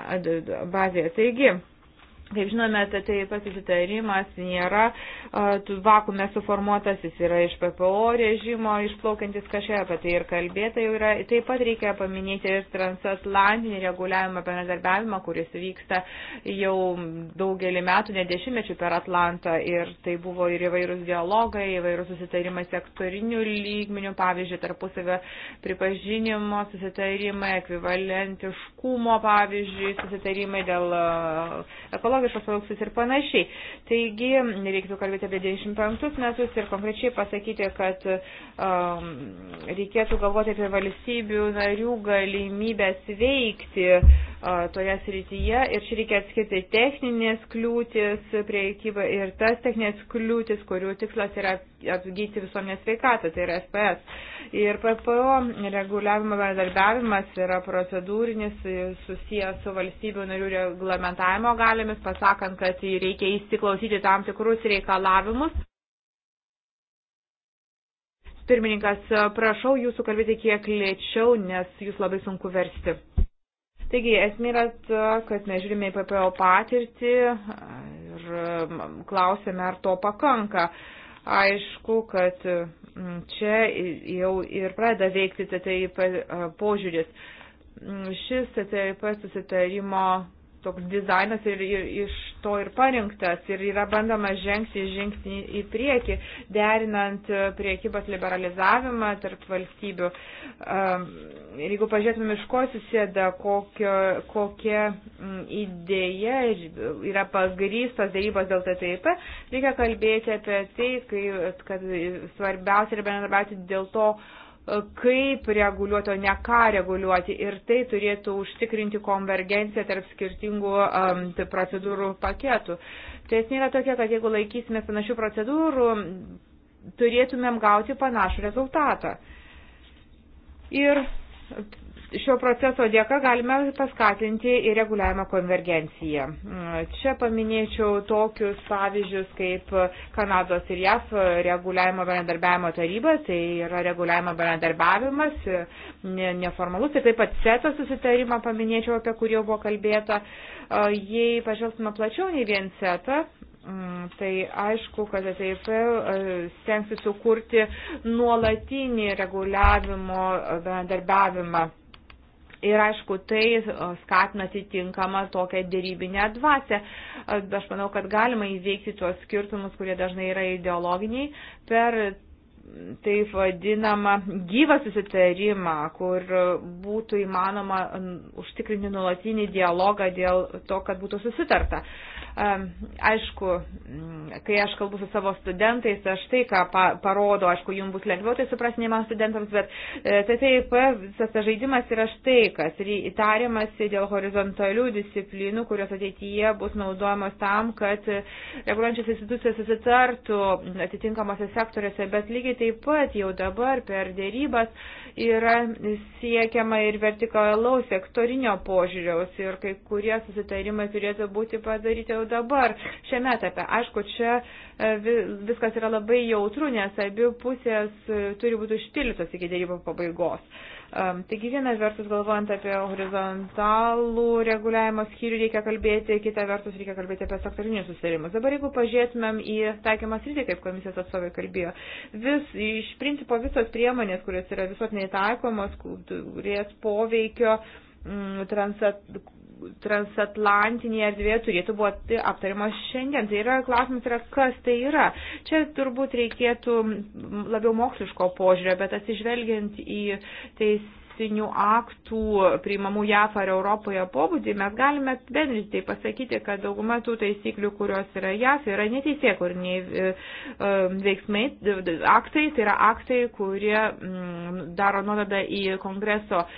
bazėje. Taigi, Kaip žinome, tai taip pat susitarimas nėra vakume suformuotas, jis yra iš PPO režimo išplaukiantis kažkiek, apie tai ir kalbėta jau yra. Taip pat reikia paminėti ir transatlantinį reguliavimą bendradarbiavimą, kuris vyksta jau daugelį metų, ne dešimtmečių per Atlantą. Ir tai buvo ir įvairūs dialogai, įvairūs susitarimai sektorinių lygmenių, pavyzdžiui, tarpusavio pripažinimo susitarimai, ekvivalentiškumo, pavyzdžiui, susitarimai dėl ekologijos ekologiškus produktus ir panašiai. Taigi, reiktų kalbėti apie 25 metus ir konkrečiai pasakyti, kad um, reikėtų galvoti apie valstybių narių galimybės veikti uh, toje srityje ir čia reikia atskirti techninės kliūtis priekybą ir tas techninės kliūtis, kurių tikslas yra apgyti visuomenės sveikatą, tai yra SPS. Ir PPO reguliavimo bendarbiavimas yra procedūrinis, susijęs su valstybių narių reglamentavimo galėmis, pasakant, kad reikia įsiklausyti tam tikrus reikalavimus. Pirmininkas, prašau jūsų kalbėti kiek lėčiau, nes jūs labai sunku versti. Taigi, esmė yra ta, kad mes žiūrime į PPO patirtį ir mm, klausėme, ar to pakanka. Aišku, kad mm, čia jau ir pradeda veikti TTIP e, požiūris. Mm, šis TTIP susitarimo toks dizainas ir, ir iš to ir parinktas ir yra bandoma žengti žingsnį į priekį, derinant e, priekybos liberalizavimą tarp valstybių. Ir jeigu pažiūrėtume, iš ko susėda, kokio, kokia idėja yra pagrystos dėrybos dėl TTIP, reikia kalbėti apie tai, kai, kad svarbiausia yra bendradarbiauti dėl to, kaip reguliuoti, o ne ką reguliuoti. Ir tai turėtų užtikrinti konvergenciją tarp skirtingų um, procedūrų paketų. Tai esmė yra tokia, kad jeigu laikysime panašių procedūrų, turėtumėm gauti panašų rezultatą. Ir šio proceso dėka galime paskatinti ir reguliavimo konvergenciją. Čia paminėčiau tokius pavyzdžius kaip Kanados ir JAF reguliavimo bendradarbiavimo taryba, tai yra reguliavimo bendradarbiavimas, neformalus ir tai taip pat CETA susitarimą paminėčiau, apie kurį jau buvo kalbėta. Jei pažvelgtume plačiau nei vien CETA, mm, Tai aišku, kad ATP e, stengsis sukurti nuolatinį reguliavimo bendarbiavimą Ir aišku, tai skatina atitinkamą tokią dėrybinę dvasę. Aš manau, kad galima įveikti tuos skirtumus, kurie dažnai yra ideologiniai, per taip vadinamą gyvą susitarimą, kur būtų įmanoma užtikrinti nuolatinį dialogą dėl to, kad būtų susitarta. Aišku, kai aš kalbu su savo studentais, aš tai, ką parodo, aišku, jums bus lengviau tai suprasti man studentams, bet e, TTIP visas tas žaidimas yra štai, kas įtariamasi dėl horizontalių disciplinų, kurios ateityje bus naudojamos tam, kad e, reguliuojančios institucijos susitartų atitinkamose sektoriuose, bet lygiai taip pat jau dabar per dėrybas yra siekiama ir vertikalaus sektorinio požiūriaus ir kai kurie susitarimai turėtų būti padaryti jau dabar šiame etape. Aišku, čia e, viskas yra labai jautru, nes abi pusės e, turi būti užpildytos iki dėrybų pabaigos. Taigi viena vertus galvojant apie horizontalų reguliavimo skyrių reikia kalbėti, kita vertus reikia kalbėti apie sektorinius susitarimus. Dabar jeigu pažiūrėtumėm į taikymą sritį, kaip komisijos atstovai kalbėjo, vis, iš principo visos priemonės, kurios yra visuotinai taikomos, turės poveikio mm, transat, transatlantinėje erdvėje turėtų būti aptariamas šiandien. Tai yra klausimas yra, kas tai yra. Čia turbūt reikėtų labiau moksliško požiūrio, bet atsižvelgiant į teisę teisinių aktų priimamų JAF ar Europoje pobūdį, mes galime bendrintai pasakyti, kad dauguma tų taisyklių, kurios yra JAF, yra neteisėkurniai e, e, veiksmai, aktai, tai yra aktai, kurie mm, daro nuodą į kongreso e,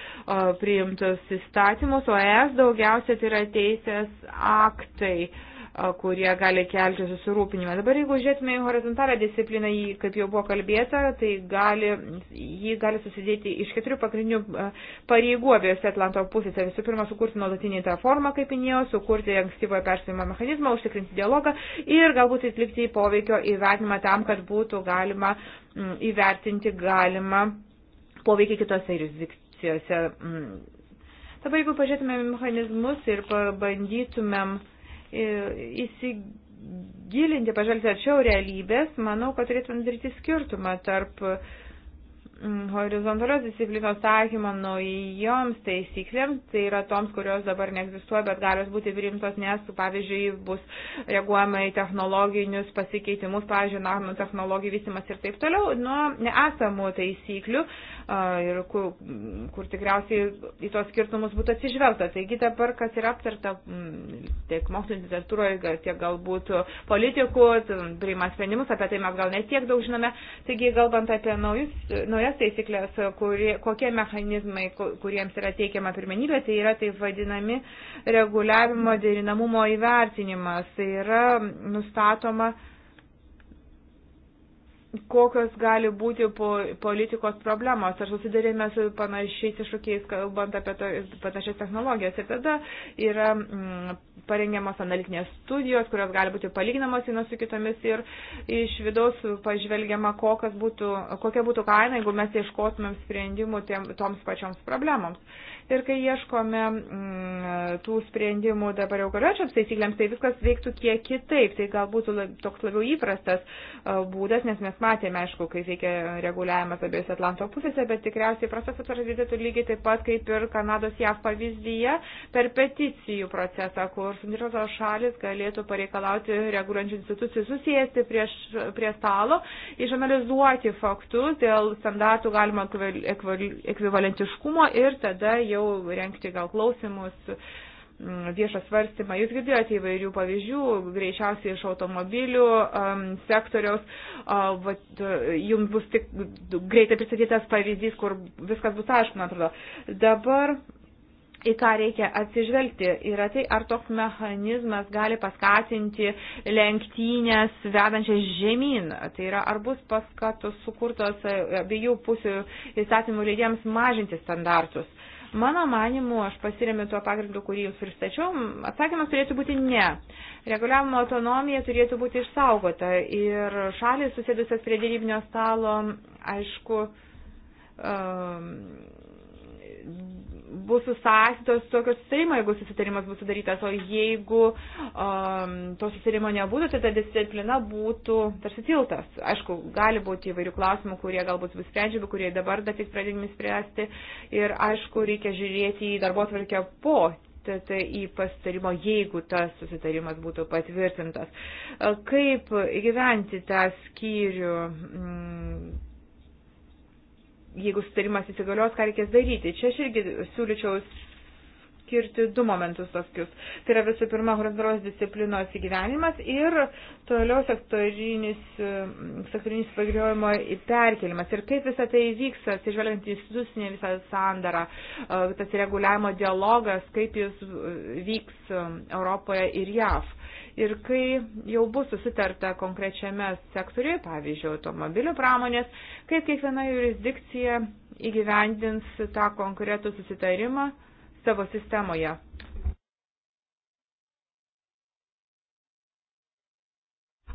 priimtus įstatymus, o ES daugiausia tai yra teisės aktai kurie gali kelti susirūpinimą. Dabar jeigu žiūrėtume į horizontalę discipliną, jį, kaip jau buvo kalbėta, tai gali, jį gali susidėti iš keturių pagrindinių pareigų abiejose Atlanto pusėse. Visų pirma, sukurti nuolatinį tą formą, kaip minėjau, sukurti ankstyvojo perspėjimo mechanizmą, užtikrinti dialogą ir galbūt atlikti poveikio įvertinimą tam, kad būtų galima įvertinti galimą poveikį kitose jurisdikcijose. Dabar jeigu pažiūrėtumėm mechanizmus ir pabandytumėm įsigilinti, pažvelgti arčiau realybės, manau, kad turėtume daryti skirtumą tarp uh, Mm, horizontalios disciplinos taikymą naujoms taisyklėms, tai yra toms, kurios dabar neegzistuoja, bet galios būti priimtos, nes, pavyzdžiui, bus reaguojama į technologinius pasikeitimus, pavyzdžiui, nanų technologijų vystimas ir taip toliau, nuo neesamų taisyklių ir kur, kur tikriausiai į tos skirtumus būtų atsižvelgta. Taigi dabar, kas yra aptarta mm, tiek mokslinio literatūroje, tiek galbūt politikų, priima sprendimus, apie tai mes gal netiek daug žinome. Taigi, kalbant apie naujus, naujas kokias taisyklės, kurie, kokie mechanizmai, kuriems yra teikiama pirmenybė, tai yra taip vadinami reguliavimo derinamumo įvertinimas. Tai yra nustatoma uh, kokios gali būti po, politikos problemos. Ar susidurėme su panašiais iššūkiais, kalbant apie to, panašias technologijas. Ir tada yra mm, parengiamos analitinės studijos, kurios gali būti palyginamos vienos su kitomis ir iš vidaus pažvelgiama, būtų, kokia būtų kaina, jeigu mes ieškotumėm sprendimų tiem, toms pačioms problemoms. Ir kai ieškome mm, tų sprendimų dabar jau galiojančiams taisyklėms, tai viskas veiktų kiek kitaip. Tai galbūt toks labiau įprastas būdas, nes mes matėme, aišku, kaip veikia reguliavimas abiejose Atlanto pusėse, bet tikriausiai procesas prasidėtų lygiai taip pat kaip ir Kanados JAV pavyzdyje per peticijų procesą, kur suinteresuotos šalis galėtų pareikalauti reguliuojančių institucijų susijęsti prieš, prie stalo, išanalizuoti faktus dėl standartų galima ekvivalentiškumo ir tada jau vėliau renkti gal klausimus, mm, viešą svarstymą. Jūs girdėjote įvairių pavyzdžių, greičiausiai iš automobilių um, sektoriaus. Uh, vat, jums bus tik greitai pristatytas pavyzdys, kur viskas bus aišku, man atrodo. Dabar į ką reikia atsižvelgti yra tai, ar toks mechanizmas gali paskatinti lenktynės vedančias žemyn. Tai yra, ar bus paskatos sukurtos abiejų pusių įstatymų leidėjams mažinti standartus. Mano manimu, aš pasiremiu tuo pagrindu, kurį jums pristačiau, atsakymas turėtų būti ne. Reguliavimo autonomija turėtų būti išsaugota ir šalis susėdusios prie dėrybinio stalo, aišku, um, bus susastytos tokios susitarimo, jeigu susitarimas bus sudarytas, o jeigu um, to susitarimo nebūtų, tai ta disciplina būtų tarsi tiltas. Aišku, gali būti įvairių klausimų, kurie galbūt bus sprendžiami, kurie dabar dar tik pradėdami spręsti. Ir aišku, reikia žiūrėti į darbo tvarkę po į pasitarimo, jeigu tas susitarimas būtų patvirtintas. Kaip gyventi tą skyrių? Mm, jeigu sutarimas įsigalios, ką reikės daryti. Čia aš irgi siūlyčiau išskirti du momentus tokius. Tai yra visų pirma horizontalios disciplinos įgyvenimas ir toliau sektorinis, mm, sektorinis pagriojimo perkelimas. Ir kaip visą tai vyks, atsižvelgiant į institucinę visą sandarą, e, tas reguliavimo dialogas, kaip jis e, vyks e, Europoje ir JAV. Ir kai jau bus susitarta konkrečiame sektoriuje, pavyzdžiui, automobilių pramonės, kaip kiekviena jurisdikcija įgyvendins tą konkretų susitarimą savo sistemoje.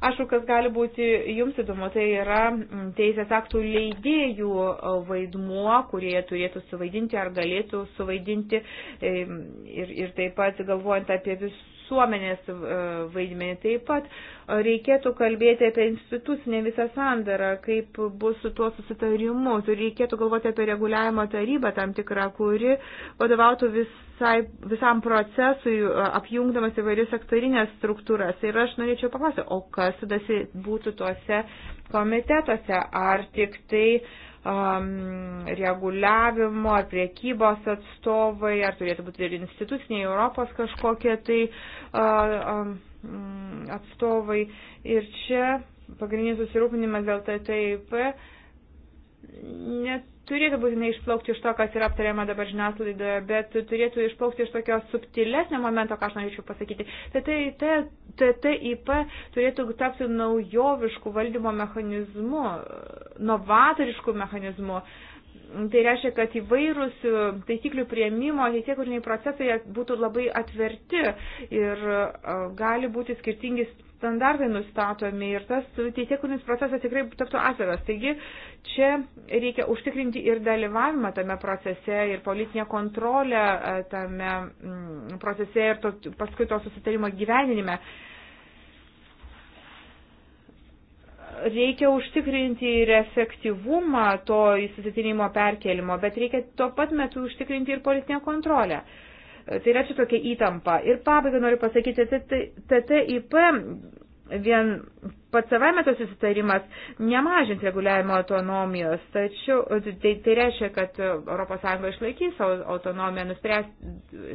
Aišku, kas gali būti jums įdomu, tai yra mm, teisės aktų leidėjų e, vaidmuo, kurie turėtų suvaidinti ar galėtų suvaidinti e, ir, ir taip pat galvojant apie visus visuomenės e, vaidmenį. Taip pat e, reikėtų kalbėti apie institucinę visą sandarą, kaip bus su tuo susitarimu. Reikėtų galvoti apie reguliavimo tarybą tam tikrą, kuri vadovautų visai, visam procesui, e, apjungdamas įvairius sektorinės struktūras. Ir aš norėčiau paklausyti, o kas tada būtų tuose komitetuose? Ar tik tai uh, um, reguliavimo, ar priekybos atstovai, ar turėtų būti ir instituciniai Europos kažkokie tai uh, um, atstovai. Ir čia pagrindinis susirūpinimas dėl TTIP net turėtų būtinai išplaukti iš to, kas yra aptariama dabar žiniasklaidoje, bet turėtų išplaukti iš tokio subtilesnio momento, ką aš norėčiau pasakyti. TTIP tai, tai, tai, turėtų tapti naujoviškų valdymo mechanizmu, novatoriškų mechanizmu. Tai reiškia, kad įvairūs taisyklių prieimimo, teisėkuriniai procesai būtų labai atverti ir e, gali būti skirtingi standartai nustatomi ir tas teisėkūrinis procesas tikrai taptų atviras. Taigi čia reikia užtikrinti ir dalyvavimą tame procese ir politinę kontrolę e, tame mm, procese ir to, paskui to susitarimo gyveninime. Reikia užtikrinti ir efektyvumą to įsitikinimo perkelimo, bet reikia tuo pat metu užtikrinti ir politinę kontrolę. Uh, E, tai yra čia tokia įtampa. Ir pabaigai noriu pasakyti, TTIP vien pats savaime tas susitarimas nemažins reguliavimo autonomijos, tačiau tai, tai, tai reiškia, kad ES išlaikys autonomiją, nuspręs,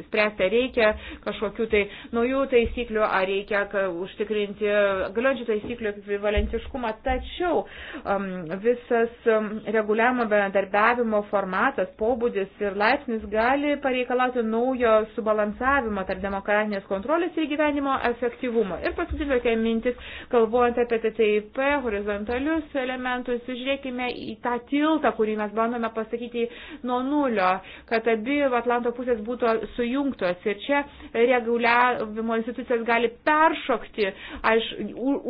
spręsti, ar reikia kažkokių tai naujų taisyklių, ar reikia užtikrinti galiojančių taisyklių ekvivalentiškumą, tačiau um, visas um, reguliavimo bendarbiavimo formatas, pobūdis ir laipsnis gali pareikalauti naujo subalansavimo tarp demokratinės kontrolės ir gyvenimo efektyvumo. Ir paskutinė tokia mintis, kalbuojant apie apie TTIP, horizontalius elementus, žiūrėkime į tą tiltą, kurį mes bandome pasakyti nuo nulio, kad abi Atlanto pusės būtų sujungtos. Ir čia reguliavimo institucijas gali peršokti, aš,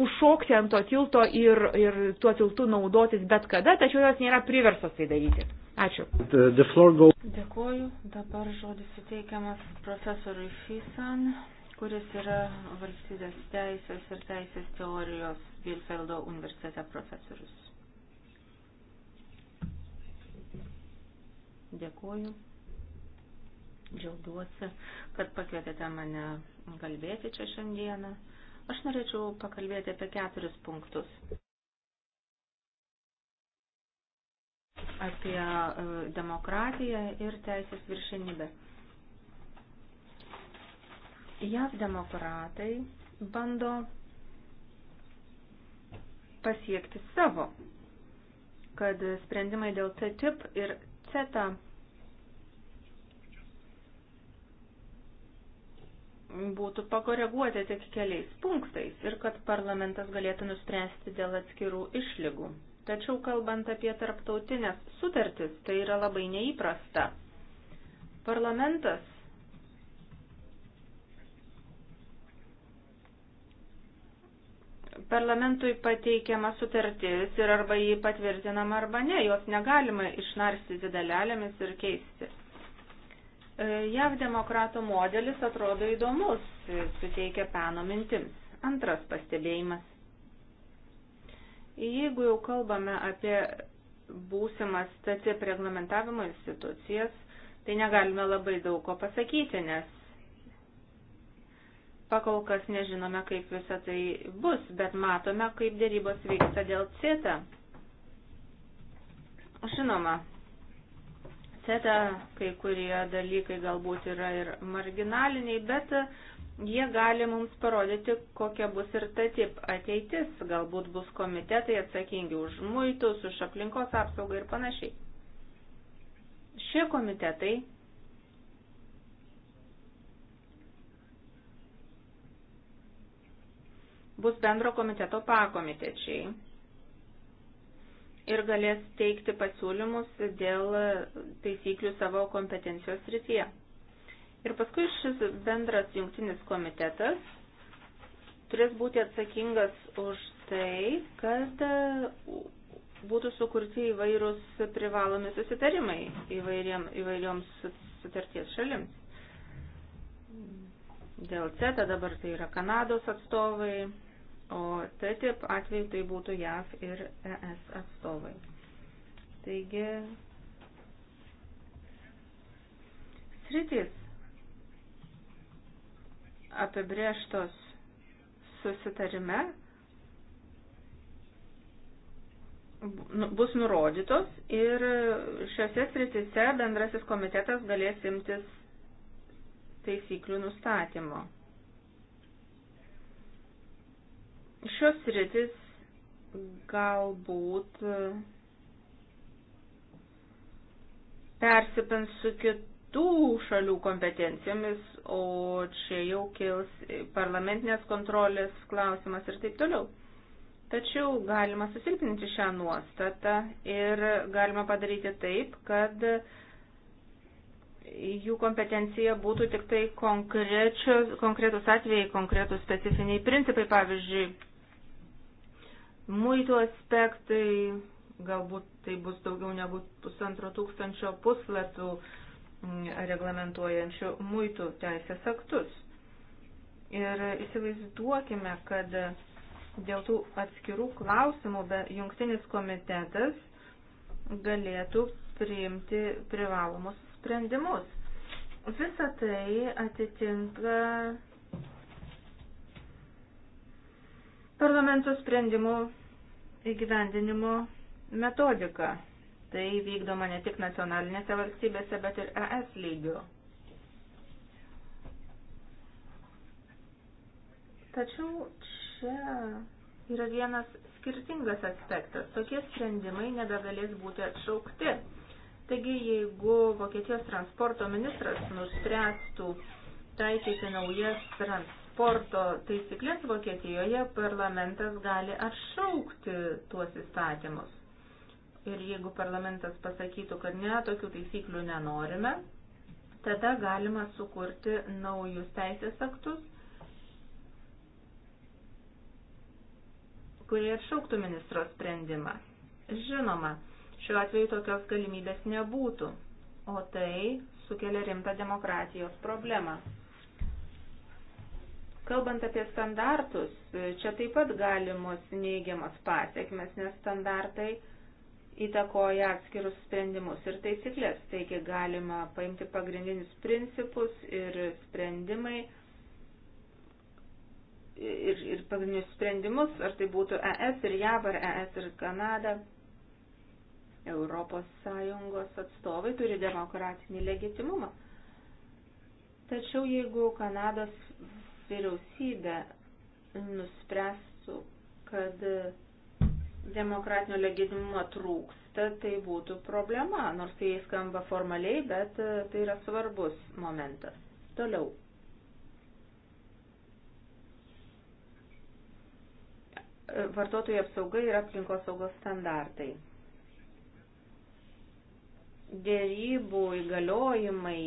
užšokti ant to tilto ir, ir tuo tiltu naudotis bet kada, tačiau jos nėra priversos tai daryti. Ačiū. Dėkuoju. Dabar žodis suteikiamas profesoriui Fisan kuris yra valstybės teisės ir teisės teorijos Vilfeldo universitete profesorius. Dėkuoju. Džiaugiuosi, kad pakvietėte mane kalbėti čia šiandieną. Aš norėčiau pakalbėti apie keturis punktus. Apie e, demokratiją ir teisės viršenybę. JAV demokratai bando pasiekti savo, kad sprendimai dėl TTIP ir CETA būtų pakoreguoti tik keliais punktais ir kad parlamentas galėtų nuspręsti dėl atskirų išlygų. Tačiau kalbant apie tarptautinės sutartis, tai yra labai neįprasta. Parlamentas parlamentui pateikiama sutartis ir arba jį patvirtinama arba ne, jos negalima išnarstyti dalelėmis ir keisti. E, JAV demokratų modelis atrodo įdomus, suteikia peno mintims. Antras pastebėjimas. Jeigu jau kalbame apie būsimas TTIP reglamentavimo institucijas, tai negalime labai daug ko pasakyti, nes pakol kas nežinome, kaip visa tai bus, bet matome, kaip dėrybos vyksta dėl CETA. Žinoma, CETA kai kurie dalykai galbūt yra ir marginaliniai, bet jie gali mums parodyti, kokia bus ir ta tip ateitis. Galbūt bus komitetai atsakingi už muitus, už aplinkos apsaugą ir panašiai. Šie komitetai bus bendro komiteto pakomitečiai ir galės teikti pasiūlymus dėl taisyklių savo kompetencijos srityje. Ir paskui šis bendras jungtinis komitetas turės būti atsakingas už tai, kad būtų sukurti įvairūs privalomi susitarimai įvairiam, įvairioms sutarties šalims. Dėl CETA dabar tai yra Kanados atstovai, o TTIP atveju tai būtų JAV ir ES atstovai. Taigi, sritis apibrieštos susitarime nu, bus nurodytos ir šiuose sritise bendrasis komitetas galės imtis taisyklių nustatymo. Šios rytis galbūt e, persipins su kitų šalių kompetencijomis, o čia jau kils parlamentinės kontrolės klausimas ir taip toliau. Tačiau galima susilpninti šią nuostatą ir galima padaryti taip, kad jų kompetencija būtų tik tai konkretus atvejai, konkretus specifiniai principai, pavyzdžiui, muitų aspektai, e galbūt tai bus daugiau negu pusantro tūkstančio puslapių mm, reglamentuojančių muitų teisės aktus. Ir įsivaizduokime, kad dėl tų atskirų klausimų be jungtinis komitetas galėtų priimti privalomus sprendimus. Visa tai atitinka parlamento sprendimų įgyvendinimo metodika. Tai vykdoma ne tik nacionalinėse valstybėse, bet ir ES lygių. Tačiau čia yra vienas skirtingas aspektas. Tokie sprendimai nebegalės būti atšaukti. Taigi, jeigu Vokietijos transporto ministras nuspręstų taikyti naujas trans transporto taisyklės Vokietijoje parlamentas gali atšaukti tuos įstatymus. Ir jeigu parlamentas pasakytų, kad ne, tokių taisyklių nenorime, tada galima sukurti naujus teisės aktus, kurie atšauktų ministro sprendimą. Žinoma, šiuo atveju tokios galimybės nebūtų, o tai sukelia rimtą demokratijos problemą. Kalbant apie standartus, čia taip pat galimos neigiamas pasiekmes, nes standartai įtakoja atskirus sprendimus ir taisyklės. Taigi galima paimti pagrindinius principus ir sprendimai ir, ir pagrindinius sprendimus, ar tai būtų ES ir JAV, ar ES ir Kanada. Europos Sąjungos atstovai turi demokratinį legitimumą. Tačiau jeigu Kanados vyriausybė nuspręstų, kad demokratinio legitimumo trūksta, tai būtų problema, nors tai skamba formaliai, bet tai yra svarbus momentas. Toliau. Vartotojų apsauga ir aplinkos saugos standartai. Dėrybų įgaliojimai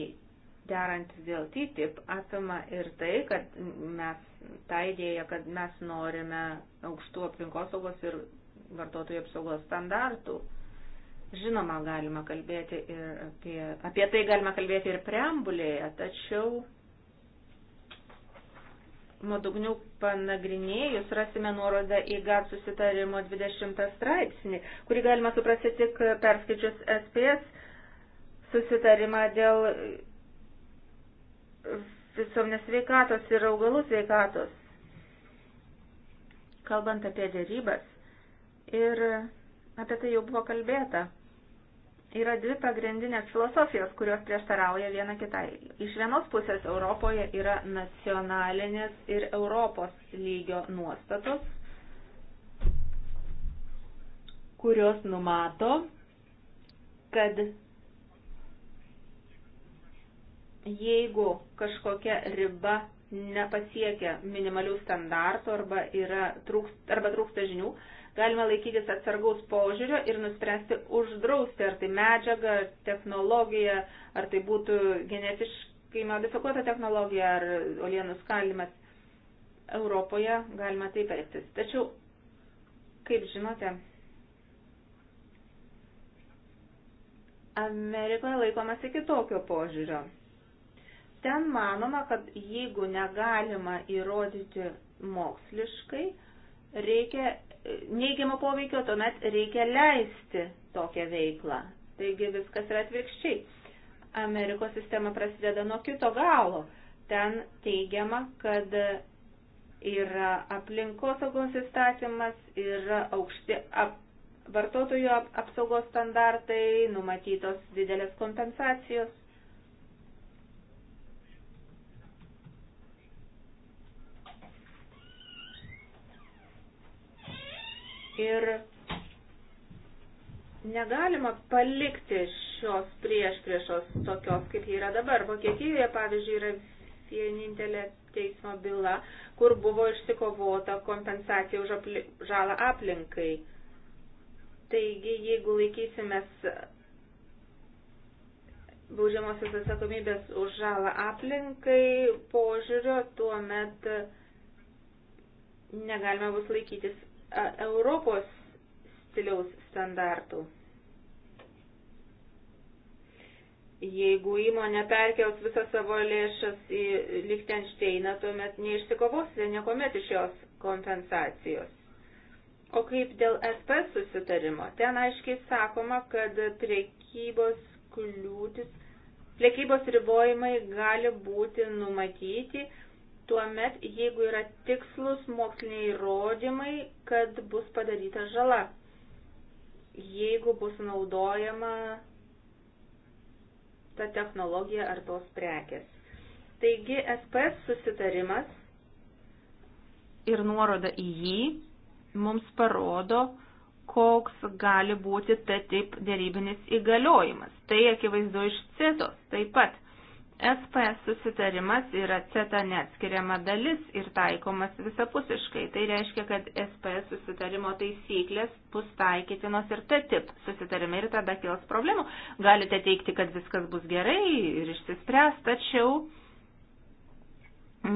derant dėl TTIP apima ir tai, kad mes tą idėją, kad mes norime aukštų aplinkosaugos ir vartotojų apsaugos standartų. Žinoma, galima kalbėti ir apie, apie tai galima kalbėti ir preambulėje, tačiau nuodugniau panagrinėjus rasime nuorodą į GAT susitarimo 20 straipsnį, kurį galima suprasti tik perskaičius SPS susitarimą dėl visuomenės sveikatos ir augalų sveikatos, kalbant apie dėrybas. Ir apie tai jau buvo kalbėta. Yra dvi pagrindinės filosofijos, kurios prieštarauja viena kitai. Iš vienos pusės Europoje yra nacionalinės ir Europos lygio nuostatos, kurios numato, kad jeigu kažkokia riba nepasiekia minimalių standartų arba, yra, trūks, arba trūksta žinių, galima laikytis atsargaus požiūrio ir nuspręsti uždrausti, ar tai medžiaga, technologija, ar tai būtų genetiškai modifikuota technologija, ar olienų skalimas. Europoje galima taip elgtis. Tačiau, kaip žinote, Amerikoje laikomasi kitokio požiūrio. Ten manoma, kad jeigu negalima įrodyti moksliškai, reikia neigiamo poveikio, tuomet reikia leisti tokią veiklą. Taigi viskas yra atvirkščiai. Amerikos sistema prasideda nuo kito galo. Ten teigiama, kad yra aplinkosaugos įstatymas, yra aukšti ap, vartotojų ap, apsaugos standartai, numatytos didelės kompensacijos. Ir negalima palikti šios priešpriešos tokios, kaip ji yra dabar. Vokietijoje, pavyzdžiui, yra vienintelė teismo byla, kur buvo išsikovota kompensacija už apli žalą aplinkai. Taigi, jeigu laikysimės baudžiamosios atsakomybės už žalą aplinkai požiūrio, tuomet negalima bus laikytis Europos stiliaus standartų. Jeigu įmonė perkels visą savo lėšas į Lichtensteiną, tuomet neišsikovosite niekuomet iš jos kompensacijos. O kaip dėl SPS susitarimo? Ten aiškiai sakoma, kad priekybos kliūtis, priekybos ribojimai gali būti numatyti tuomet, jeigu yra tikslus moksliniai įrodymai, kad bus padaryta žala, jeigu bus naudojama ta technologija ar tos prekės. Taigi SPS susitarimas ir nuoroda į jį mums parodo, koks gali būti T-tip dėrybinis įgaliojimas. Tai akivaizdu iš CITOS taip pat. SPS susitarimas yra CETA neatskiriama dalis ir taikomas visapusiškai. Tai reiškia, kad SPS susitarimo taisyklės bus taikytinos ir TTIP susitarime ir tada kils problemų. Galite teikti, kad viskas bus gerai ir išsispręs, tačiau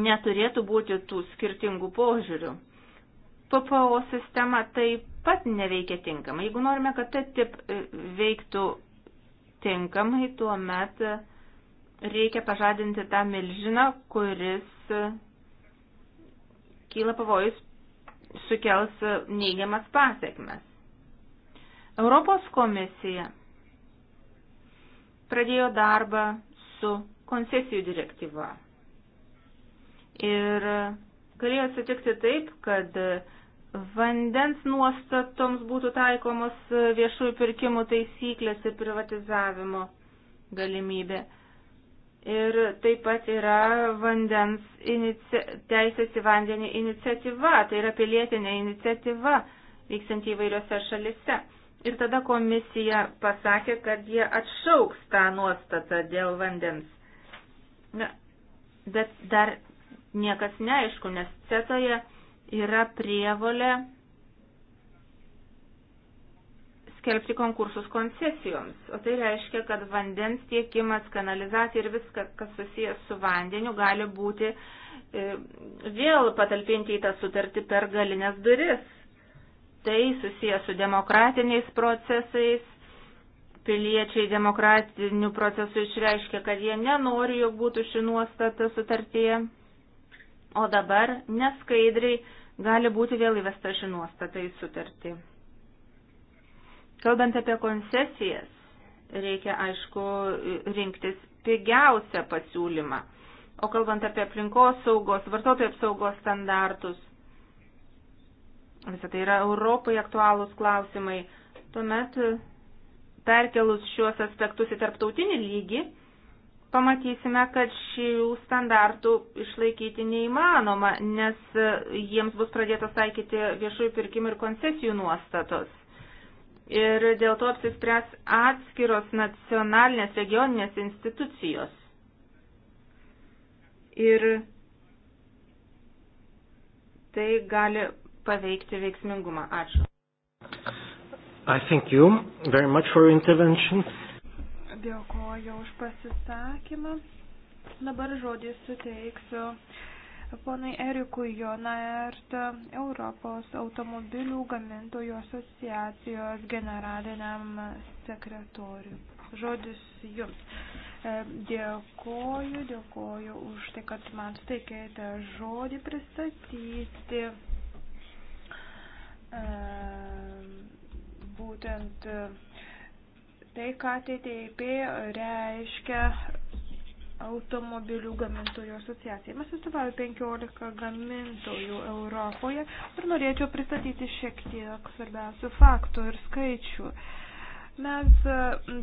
neturėtų būti tų skirtingų požiūrių. PPO sistema taip pat neveikia tinkamai. Jeigu norime, kad TTIP veiktų tinkamai, tuomet met reikia pažadinti tą milžiną, kuris e, kyla pavojus sukels neigiamas pasiekmes. Europos komisija pradėjo darbą su koncesijų direktyva. Ir galėjo atsitikti taip, kad vandens nuostatoms būtų taikomos viešųjų pirkimų taisyklės ir privatizavimo galimybė. Ir taip pat yra vandens inici... teisės į vandenį iniciatyva, tai yra pilietinė iniciatyva vykstanti įvairiose šalise. Ir tada komisija pasakė, kad jie atšauks tą nuostatą dėl vandens. Na, bet dar niekas neaišku, nes CETOje yra prievolė skelbti konkursus koncesijoms. O tai reiškia, kad vandens tiekimas, kanalizacija ir viskas, kas susijęs su vandeniu, gali būti e, vėl patalpinti į tą sutartį per galinės duris. Tai susijęs su demokratiniais procesais. Piliečiai demokratinių procesų išreiškia, kad jie nenori, jog būtų ši nuostata sutartyje. O dabar neskaidriai gali būti vėl įvesta ši nuostata į sutartį. Kalbant apie koncesijas, reikia, aišku, rinktis pigiausią pasiūlymą. O kalbant apie aplinkos saugos, vartotojų apsaugos standartus, visą tai yra Europai aktualūs klausimai, tuomet perkelus šiuos aspektus į tarptautinį lygį, pamatysime, kad šių standartų išlaikyti neįmanoma, nes e, jiems bus pradėtos taikyti viešųjų pirkimų ir koncesijų nuostatos ir dėl to apsispręs atskiros nacionalinės regioninės institucijos. Ir tai gali paveikti veiksmingumą. Ačiū. I thank you very much for your intervention. Dėkoju už pasisakymą. Dabar žodį suteiksiu ponui Erikui Jonaert, Europos automobilių gamintojų asociacijos generaliniam sekretoriui. Žodis jums. E, dėkoju, dėkoju už tai, kad man suteikėte žodį pristatyti e, būtent tai, ką TTIP reiškia automobilių gamintojų asociacija. Mes atstovauju 15 gamintojų Europoje ir norėčiau pristatyti šiek tiek svarbiausių faktų ir skaičių. Mes e,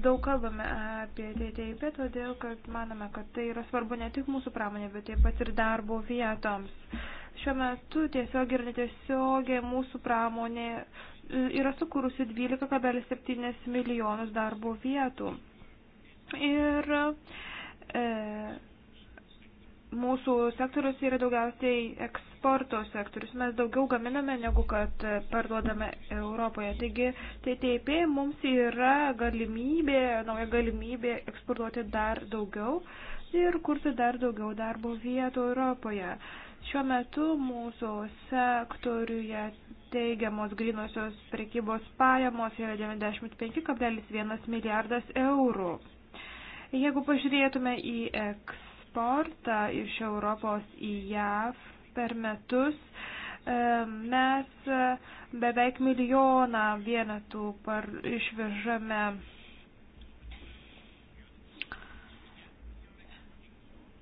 daug kalbame apie TTIP, todėl kad manome, kad tai yra svarbu ne tik mūsų pramonė, bet taip pat ir darbo vietoms. Šiuo metu tiesiog ir netiesiogiai mūsų pramonė e, yra sukūrusi 12,7 milijonus darbo vietų. Ir uh, E, mūsų sektorius yra daugiausiai eksporto sektorius. Mes daugiau gaminame negu kad parduodame Europoje. Taigi TTIP mums yra galimybė, nauja galimybė eksportuoti dar daugiau ir kurti dar daugiau darbo vietų Europoje. Šiuo metu mūsų sektoriuje teigiamos grinosios prekybos pajamos yra 95,1 milijardas eurų. Jeigu pažiūrėtume į eksportą iš Europos į JAV per metus, e, mes e, beveik milijoną vienetų par, išvežame.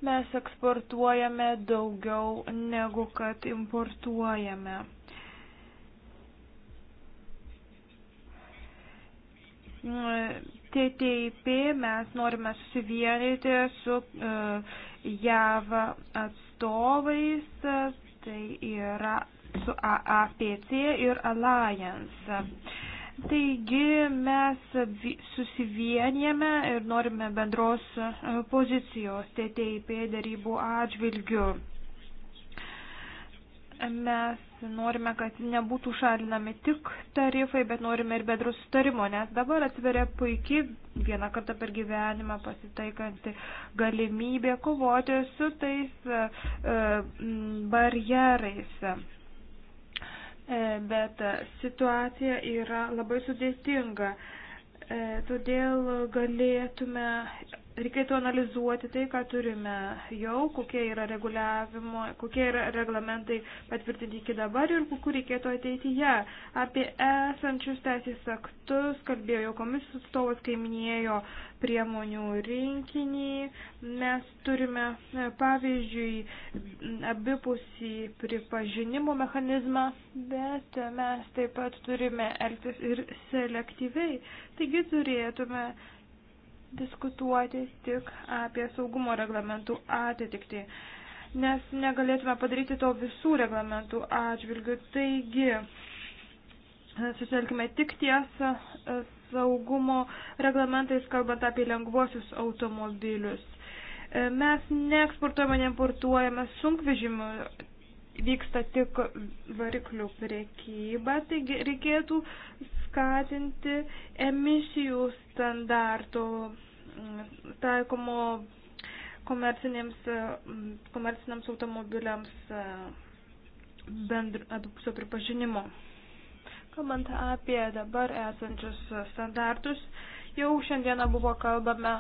Mes eksportuojame daugiau negu kad importuojame. TTIP mes norime susivienyti su e, JAV atstovais, tai yra su AAPC ir Alliance. Taigi mes susivienėme ir norime bendros e, pozicijos TTIP darybų atžvilgių. Mes norime, kad nebūtų šalinami tik tarifai, bet norime ir bedrų sutarimo, nes dabar atsiveria puikiai vieną kartą per gyvenimą pasitaikanti galimybė kovoti su tais e, e barjerais. E, bet situacija yra labai sudėtinga, e, todėl galėtume Reikėtų analizuoti tai, ką turime jau, kokie yra reguliavimo, kokie yra reglamentai patvirtinti iki dabar ir kokiu reikėtų ateityje. Apie esančius teisės aktus kalbėjo jau komisijos atstovas, kai minėjo priemonių rinkinį. Mes turime, pavyzdžiui, abipusį pripažinimo mechanizmą, bet mes taip pat turime elgtis ir selektyviai. Taigi turėtume diskutuoti tik apie saugumo reglamentų atitikti, nes negalėtume padaryti to visų reglamentų atžvilgių. Taigi, susitelkime tik ties e, saugumo reglamentais, kalbant apie lengvuosius automobilius. E, mes neeksportuojame, neimportuojame sunkvežimių, vyksta tik variklių priekyba, taigi reikėtų skatinti emisijų standartų mm, taikomo komerciniams, mm, komerciniams automobiliams e, bendr, abipusio e, pripažinimo. Kalbant apie dabar esančius standartus, jau šiandieną buvo kalbame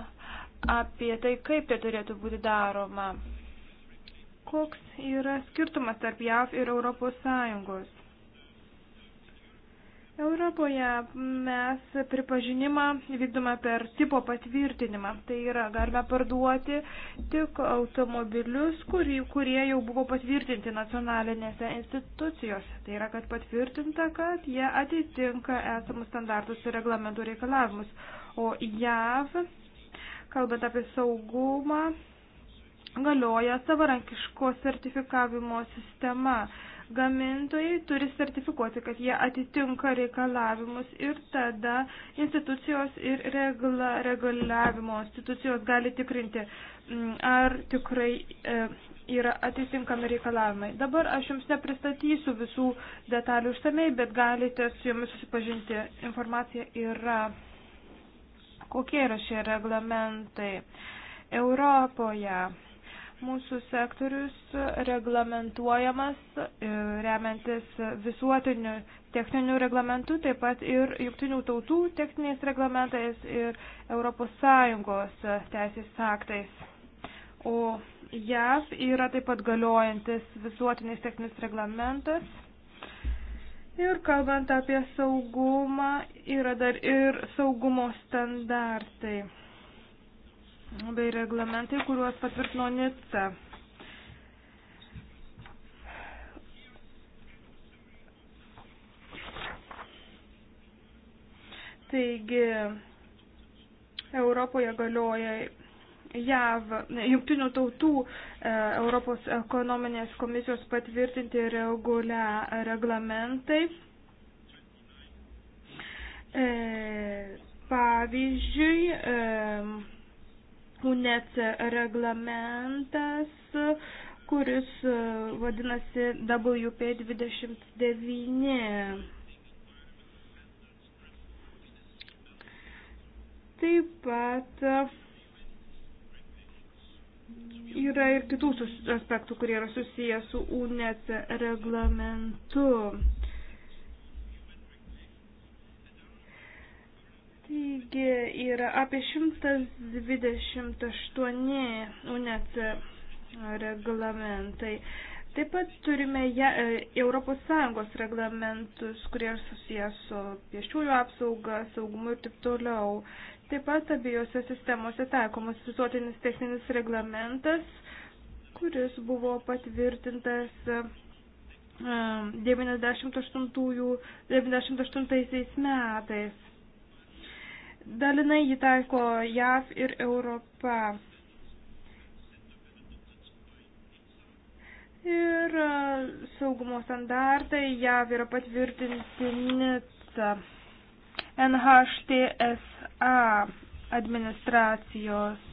apie tai, kaip tai turėtų būti daroma. Koks yra skirtumas tarp JAV ir Europos Sąjungos? Europoje mes pripažinimą vykdome per tipo patvirtinimą. Tai yra, galime parduoti tik automobilius, kurį, kurie jau buvo patvirtinti nacionalinėse institucijose. Tai yra, kad patvirtinta, kad jie atitinka esamus standartus ir reglamentų reikalavimus. O JAV, kalbant apie saugumą, galioja savarankiško sertifikavimo sistema gamintojai turi sertifikuoti, kad jie atitinka reikalavimus ir tada institucijos ir regla, reguliavimo institucijos gali tikrinti, mm, ar tikrai e, yra atitinkami reikalavimai. Dabar aš jums nepristatysiu visų detalių užsamei, bet galite su jomis susipažinti. Informacija yra, kokie yra šie reglamentai Europoje mūsų sektorius reglamentuojamas e, remiantis visuotiniu techniniu reglamentu, taip pat ir jungtinių tautų techniniais reglamentais ir ES teisės aktais. O JAV yra taip pat galiojantis visuotinis techninis reglamentas. Ir kalbant apie saugumą, yra dar ir saugumo standartai bei reglamentai, kuriuos patvirtino NICA. Taigi, Europoje galioja JAV, Junktinių tautų e, Europos ekonominės komisijos patvirtinti regulia, reglamentai. E, pavyzdžiui, e, UNET reglamentas, kuris e, vadinasi WP29. Taip pat yra ir kitų aspektų, kurie yra susijęs su UNET reglamentu. Taigi yra apie 128 UNET reglamentai. Taip pat turime ja, ES reglamentus, kurie yra susijęs su pėsčiųjų apsauga, saugumu ir taip toliau. Taip pat abiejose sistemose taikomas visuotinis techninis reglamentas, kuris buvo patvirtintas 98, e, 98 metais. Dalinai jį taiko JAV ir Europa. Ir e, saugumo standartai JAV yra patvirtinti NICA, NHTSA administracijos.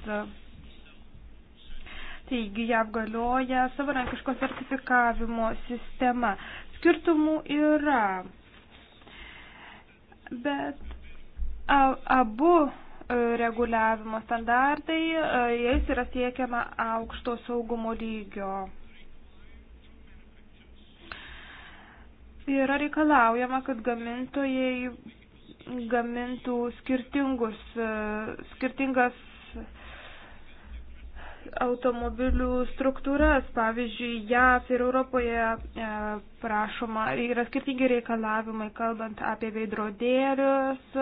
Taigi JAV galioja savarankiško sertifikavimo sistema. Skirtumų yra, bet abu e, reguliavimo standartai, e, jais yra siekiama aukšto saugumo lygio. Yra reikalaujama, kad gamintojai gamintų skirtingus, e, skirtingas automobilių struktūras. Pavyzdžiui, JAV ir Europoje e, prašoma, yra skirtingi reikalavimai, kalbant apie veidrodėlius,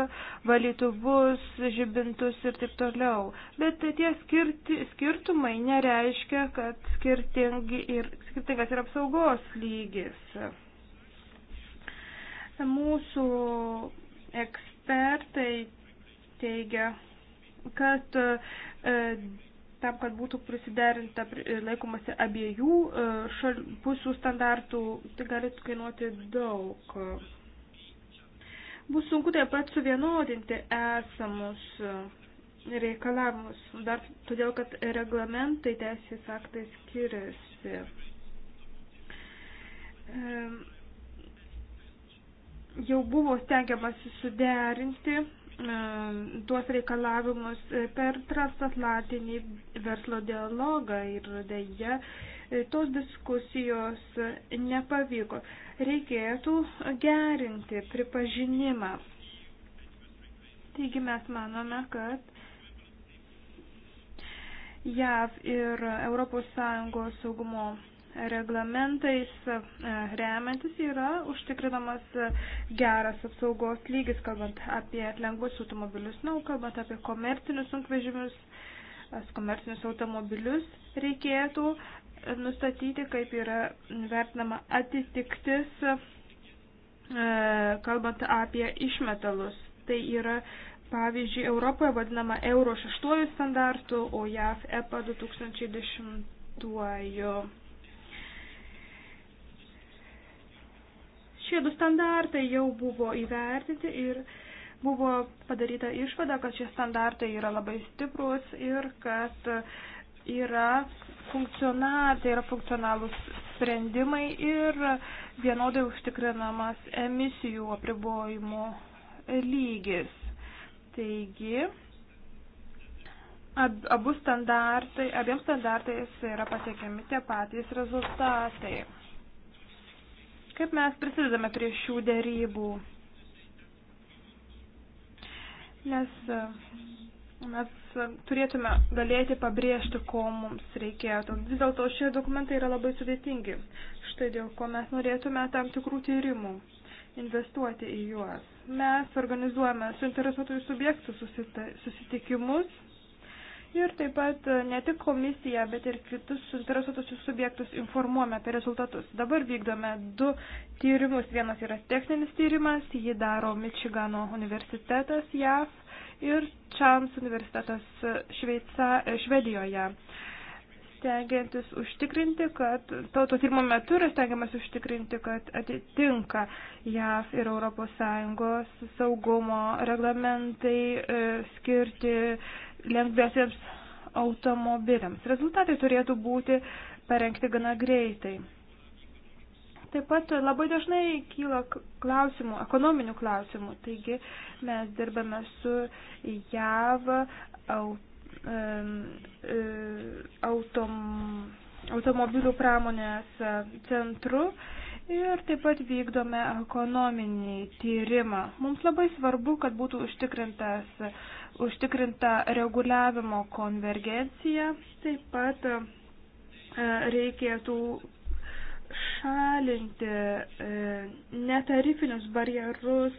valytuvus, žibintus ir taip toliau. Bet tie skirti, skirtumai nereiškia, kad skirtingi ir, skirtingas yra apsaugos lygis. Mūsų ekspertai teigia, kad e, tam, kad būtų prisiderinta laikomasi abiejų e, šal, pusių standartų, tai gali kainuoti daug. Bus sunku taip pat suvienodinti esamus reikalavimus, dar todėl, kad reglamentai teisės aktai skiriasi. Jau buvo stengiamasi suderinti E, tuos reikalavimus e, per transatlantinį verslo dialogą ir dėja e, tos diskusijos nepavyko. Reikėtų gerinti pripažinimą. Taigi mes manome, kad JAV ir ES saugumo reglamentais e, remiantis yra užtikrinamas e, geras apsaugos lygis, kalbant apie lengvus automobilius, na, kalbant apie komercinius sunkvežimius, e, komercinius automobilius reikėtų nustatyti, kaip yra vertinama atitiktis, kalbant apie išmetalus. Tai yra pavyzdžiui, Europoje vadinama Euro 6 standartu, o JAV EPA 2010. Šie du standartai jau buvo įvertinti ir buvo padaryta išvada, kad šie standartai yra labai stiprus ir kad yra, tai yra funkcionalūs sprendimai ir vienodai užtikrinamas emisijų apribojimo lygis. Taigi, ab, abu standartai, abiems standartais yra pasiekiami tie patys rezultatai. Kaip mes prisidedame prie šių dėrybų? Nes e, mes turėtume galėti pabrėžti, ko mums reikėtų. Vis dėlto šie dokumentai yra labai sudėtingi. Štai dėl ko mes norėtume tam tikrų tyrimų investuoti į juos. Mes organizuojame suinteresuotųjų subjektų susitikimus Ir taip pat e, ne tik komisiją, bet ir kitus suinteresuotusius subjektus informuojame apie rezultatus. Dabar vykdome du tyrimus. Vienas yra techninis tyrimas, jį daro Mičigano universitetas JAV ir Čams universitetas e, Šveica, e, Švedijoje. Stengiantis užtikrinti, kad to, to tyrimo metu yra stengiamas užtikrinti, kad atitinka JAV ir ES saugumo reglamentai e, skirti lengviesiems automobiliams. Rezultatai turėtų būti parengti gana greitai. Taip pat labai dažnai kyla klausimų, ekonominių klausimų. Taigi mes dirbame su JAV e, autom, automobilių pramonės centru ir taip pat vykdome ekonominį tyrimą. Mums labai svarbu, kad būtų užtikrintas užtikrinta reguliavimo konvergencija, taip pat e, reikėtų šalinti e, netarifinius barjerus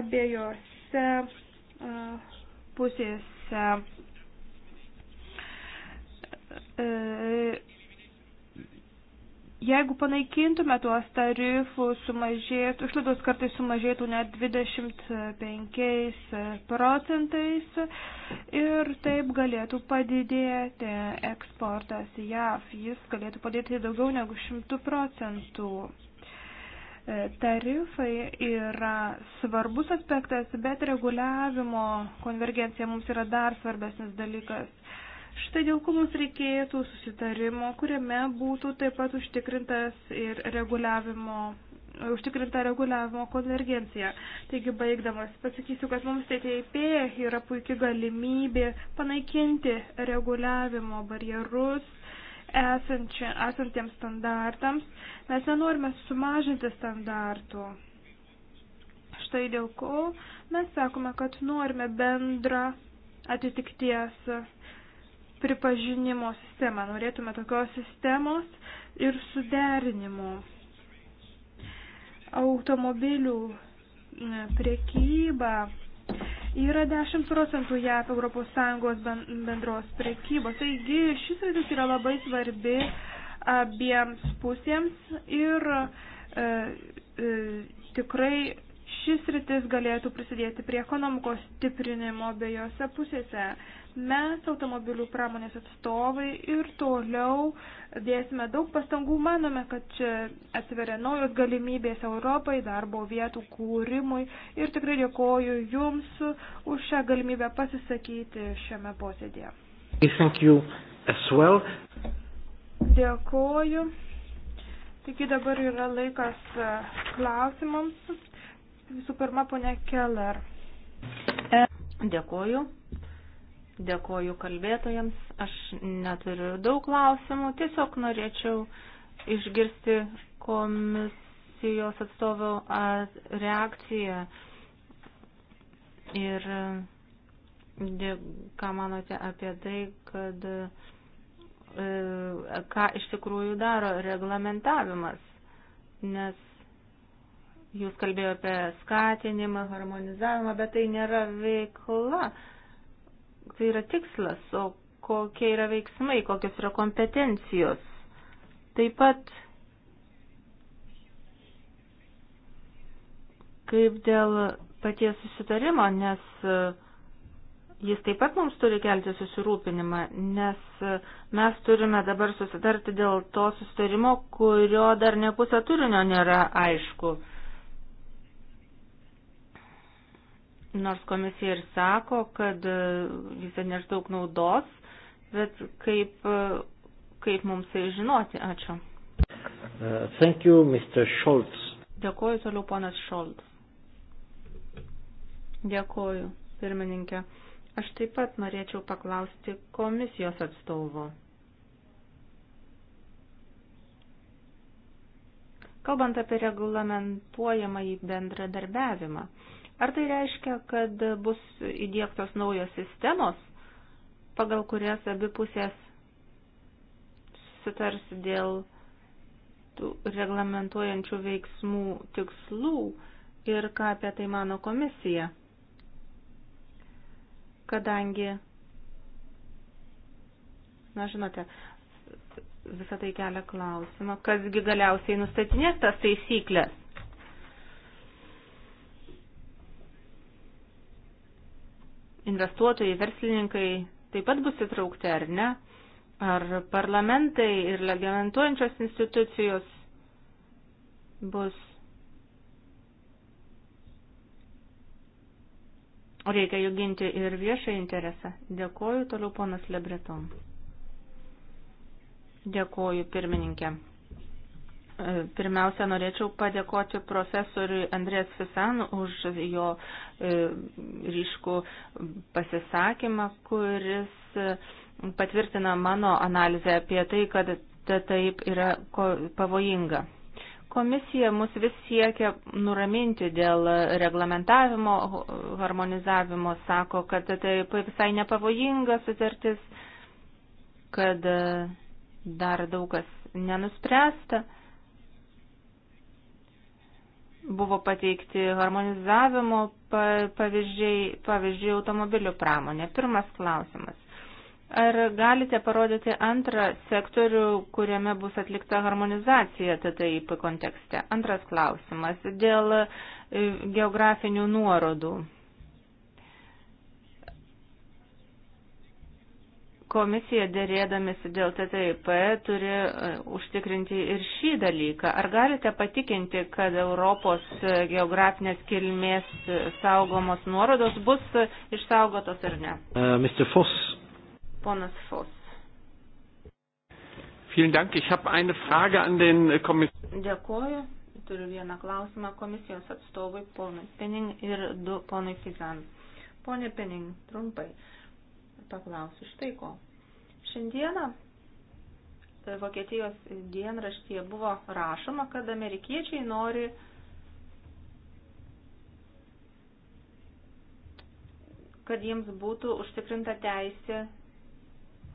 abiejose e, pusėse Jeigu panaikintume tuos tarifus, sumažėtų, išlaidos kartai sumažėtų net 25 procentais ir taip galėtų padidėti eksportas į JAV. Jis galėtų padėti daugiau negu 100 procentų. Tarifai yra svarbus aspektas, bet reguliavimo konvergencija mums yra dar svarbesnis dalykas Štai dėl ko mums reikėtų susitarimo, kuriame būtų taip pat užtikrintas ir reguliavimo užtikrinta reguliavimo konvergencija. Taigi, baigdamas, pasakysiu, kad mums TTIP yra puikia galimybė panaikinti reguliavimo barjerus esančia, esantiems standartams. Mes nenorime sumažinti standartų. Štai dėl ko mes sakome, kad norime bendrą atitikties pripažinimo sistemą. Norėtume tokios sistemos ir suderinimo. Automobilių prekyba yra 10 procentų JAP ES bendros prekybos. Taigi šis rytis yra labai svarbi abiems pusėms ir e, e, tikrai Šis rytis galėtų prisidėti prie ekonomikos stiprinimo bejose pusėse. Mes, automobilių pramonės atstovai, ir toliau dėsime daug pastangų, manome, kad čia atsiveria naujos galimybės Europai, darbo vietų kūrimui ir tikrai dėkoju Jums už šią galimybę pasisakyti šiame posėdėje. Well. Dėkoju. Taigi dabar yra laikas klausimams. Visų pirma, ponė Keller. E, dėkoju. Dėkoju kalbėtojams. Aš neturiu daug klausimų. Tiesiog norėčiau išgirsti komisijos atstovų reakciją ir e, ką manote apie tai, kad e, ką iš tikrųjų daro reglamentavimas, nes Jūs kalbėjote apie skatinimą, harmonizavimą, bet tai nėra veikla, tai yra tikslas, o kokie yra veiksmai, kokios yra kompetencijos. Taip pat, kaip dėl paties susitarimo, nes e, jis taip pat mums turi kelti susirūpinimą, nes e, mes turime dabar susitarti dėl to susitarimo, kurio dar ne pusė turinio nėra aišku. Nors komisija ir sako, kad e, jis atneš daug naudos, bet kaip, e, kaip mums tai žinoti? Ačiū. Uh, thank you, Mr. Scholz. Dėkuoju toliau, ponas Šoldas. Dėkuoju, pirmininkė. Aš taip pat norėčiau paklausti komisijos atstovo. Kalbant apie reglamentuojamą į bendradarbiavimą, Ar tai reiškia, kad bus įdėktos naujos sistemos, pagal kurias abi pusės sutars dėl tų reglamentuojančių veiksmų tikslų ir ką apie tai mano komisija? Kadangi, na žinote, visą tai kelia klausimą, kasgi galiausiai nustatinės tas taisyklės. investuotojai, verslininkai taip pat bus įtraukti, ar ne? Ar parlamentai ir reglamentuojančios institucijos bus. Reikia jų ginti ir viešą interesą. Dėkoju toliau ponas Lebreton. Dėkoju pirmininkė. Pirmiausia, norėčiau padėkoti profesoriui Andrės Fisan už jo e, ryškų pasisakymą, kuris patvirtina mano analizę apie tai, kad ta taip yra pavojinga. Komisija mus vis siekia nuraminti dėl reglamentavimo, harmonizavimo, sako, kad taip visai nepavojinga sutartis, kad dar daug kas nenuspręsta. Buvo pateikti harmonizavimo pavyzdžiai, pavyzdžiui, automobilių pramonė. Pirmas klausimas. Ar galite parodyti antrą sektorių, kuriame bus atlikta harmonizacija TTIP kontekste? Antras klausimas dėl e, geografinių nuorodų Komisija dėrėdamėsi dėl TTIP turi e, užtikrinti ir šį dalyką. Ar galite patikinti, kad Europos geografinės kilmės saugomos nuorodos bus išsaugotos ar ne? Uh, Mr. Foss. Ponas Foss. Vielen Dank. Ich habe eine Frage an den äh, Kommissar. Dėkuoju. Turiu vieną klausimą komisijos atstovui, ponui Pening ir du ponui Fizan. Pone Pening, trumpai. Uh, paklausiu štai ko. Šiandieną e, Vokietijos dienraštyje buvo rašoma, kad amerikiečiai nori kad jiems būtų užtikrinta teisė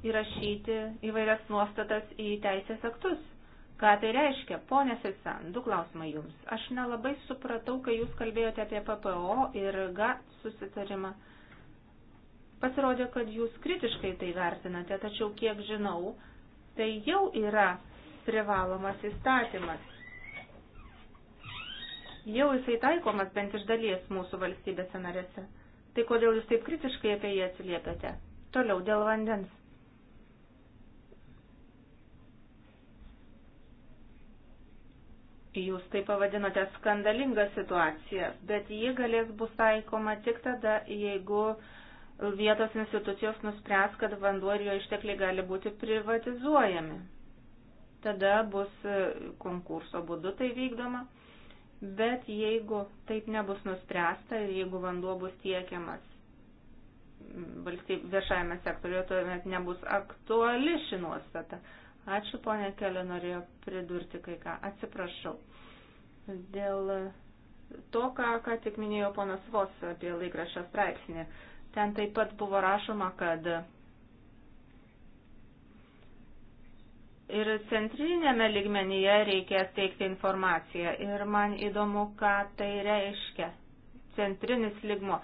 įrašyti įvairias nuostatas į teisės aktus. Ką tai reiškia? Pone Sisan, du klausimai jums. Aš nelabai supratau, kai jūs kalbėjote apie PPO ir GATT susitarimą. Pasirodė, kad jūs kritiškai tai vertinate, tačiau kiek žinau, tai jau yra privalomas įstatymas. Jau jisai taikomas bent iš dalies mūsų valstybėse narėse. Tai kodėl jūs taip kritiškai apie jį atsiliepiate? Toliau dėl vandens. Jūs tai pavadinote skandalingą situaciją, bet ji galės bus taikoma tik tada, jeigu uh, vietos institucijos nuspręs, kad vanduo ir jo ištekliai gali būti privatizuojami. Tada bus e, konkurso būdu tai vykdoma, bet jeigu taip nebus nuspręsta ir jeigu vanduo bus tiekiamas valstybė viešajame sektoriuje, tuomet nebus aktuali ši nuostata. Ačiū, ponė Kelė, norėjo pridurti kai ką. Atsiprašau. Dėl to, ką, ką tik minėjo ponas Vos apie laikraščio straipsnį. Ten taip pat buvo rašoma, kad ir centrinėme ligmenyje reikės teikti informaciją. Ir man įdomu, ką tai reiškia. Centrinis ligmo.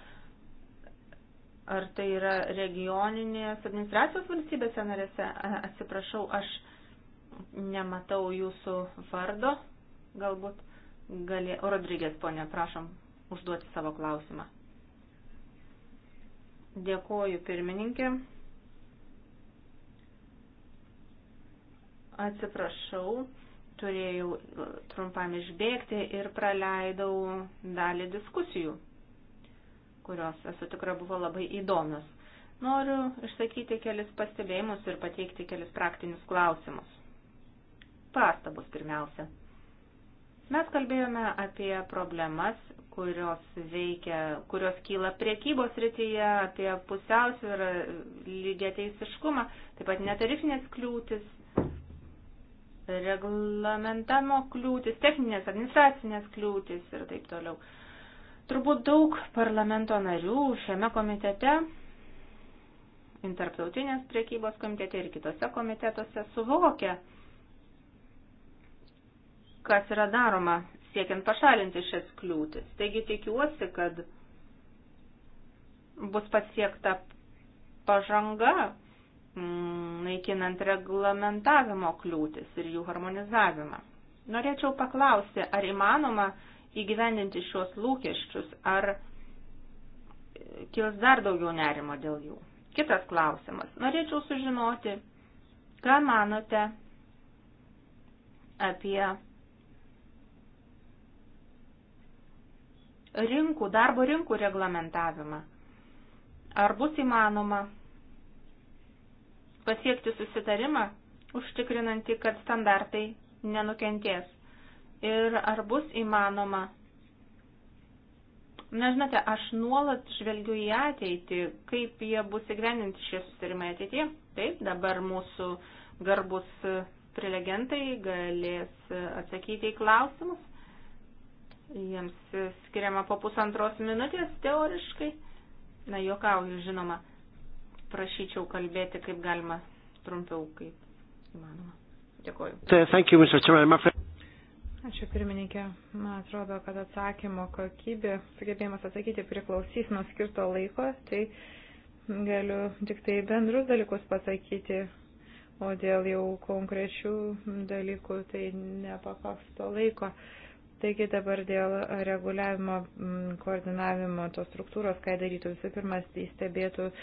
Ar tai yra regioninės administracijos valstybėse narėse? Atsiprašau, aš nematau jūsų vardo. Galbūt galė. Rodrygės, ponė, prašom užduoti savo klausimą. Dėkoju pirmininkė. Atsiprašau, turėjau e, trumpam išbėgti ir praleidau dalį diskusijų, kurios esu tikra buvo labai įdomios. Noriu išsakyti kelis pastebėjimus ir pateikti kelis praktinius klausimus. Pastabus pirmiausia. Mes kalbėjome apie problemas, kurios veikia, kurios kyla priekybos rytyje, apie pusiausvyrą, lygiateisiškumą, taip pat netarifinės kliūtis, reglamentavimo kliūtis, techninės, administracinės kliūtis ir taip toliau. Turbūt daug parlamento narių šiame komitete, interptautinės priekybos komitete ir kitose komitetuose suvokia, kas yra daroma siekiant pašalinti šias kliūtis. Taigi tikiuosi, kad bus pasiekta pažanga, mm, naikinant reglamentavimo kliūtis ir jų harmonizavimą. Norėčiau paklausti, ar įmanoma įgyvendinti šios lūkesčius, ar kils dar daugiau nerimo dėl jų. Kitas klausimas. Norėčiau sužinoti, ką manote apie rinkų, darbo rinkų reglamentavimą. Ar bus įmanoma pasiekti susitarimą, užtikrinantį, kad standartai nenukentės? Ir ar bus įmanoma? Na, žinote, aš nuolat žvelgiu į ateitį, kaip jie bus įgyveninti šie susitarimai ateityje. Taip, dabar mūsų garbus prelegentai galės atsakyti į klausimus. Jiems skiriama po pusantros minutės teoriškai. Na, juokauju, žinoma. Prašyčiau kalbėti kaip galima trumpiau, kaip įmanoma. Dėkuoju. Thank you, Mr. Chairman. Ačiū pirmininkė. Man atrodo, kad atsakymo kokybė, sugebėjimas atsakyti priklausys nuo skirto laiko, tai galiu tik tai bendrus dalykus pasakyti, o dėl jau konkrečių dalykų tai nepakaks to laiko. Uh, Taigi dabar dėl reguliavimo, mm, koordinavimo tos struktūros, ką darytų visų pirma, įstebėtų e,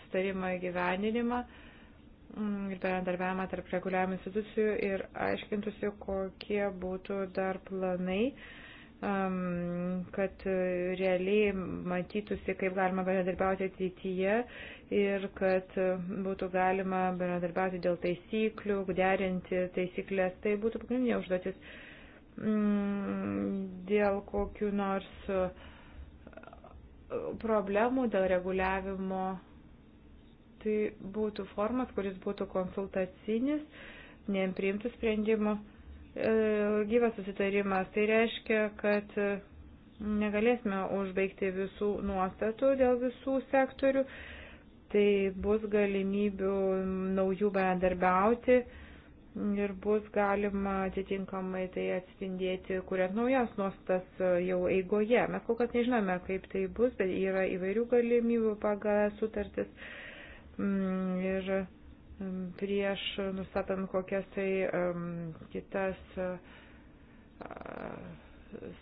sustarimo įgyvendinimą mm, ir bendarbiavimą tarp reguliavimo institucijų ir aiškintųsi, kokie būtų dar planai, kad e, realiai matytųsi, kaip galima bendradarbiauti ateityje ir kad e, būtų galima bendradarbiauti dėl taisyklių, derinti taisyklės. Tai būtų pagrindinė užduotis Mm, dėl kokių nors uh, problemų, dėl reguliavimo, tai būtų formas, kuris būtų konsultacinis, neimpriimtų sprendimų, uh, gyvas susitarimas. Tai reiškia, kad uh, negalėsime užbaigti visų nuostatų dėl visų sektorių, tai bus galimybių naujų bendarbiauti ir bus galima atitinkamai tai atspindėti, kuriant naujas nuostas jau eigoje. Mes kol kas nežinome, kaip tai bus, bet yra įvairių galimybių pagal sutartis. Mm, ir mm, prieš nustatant kokias tai mm, kitas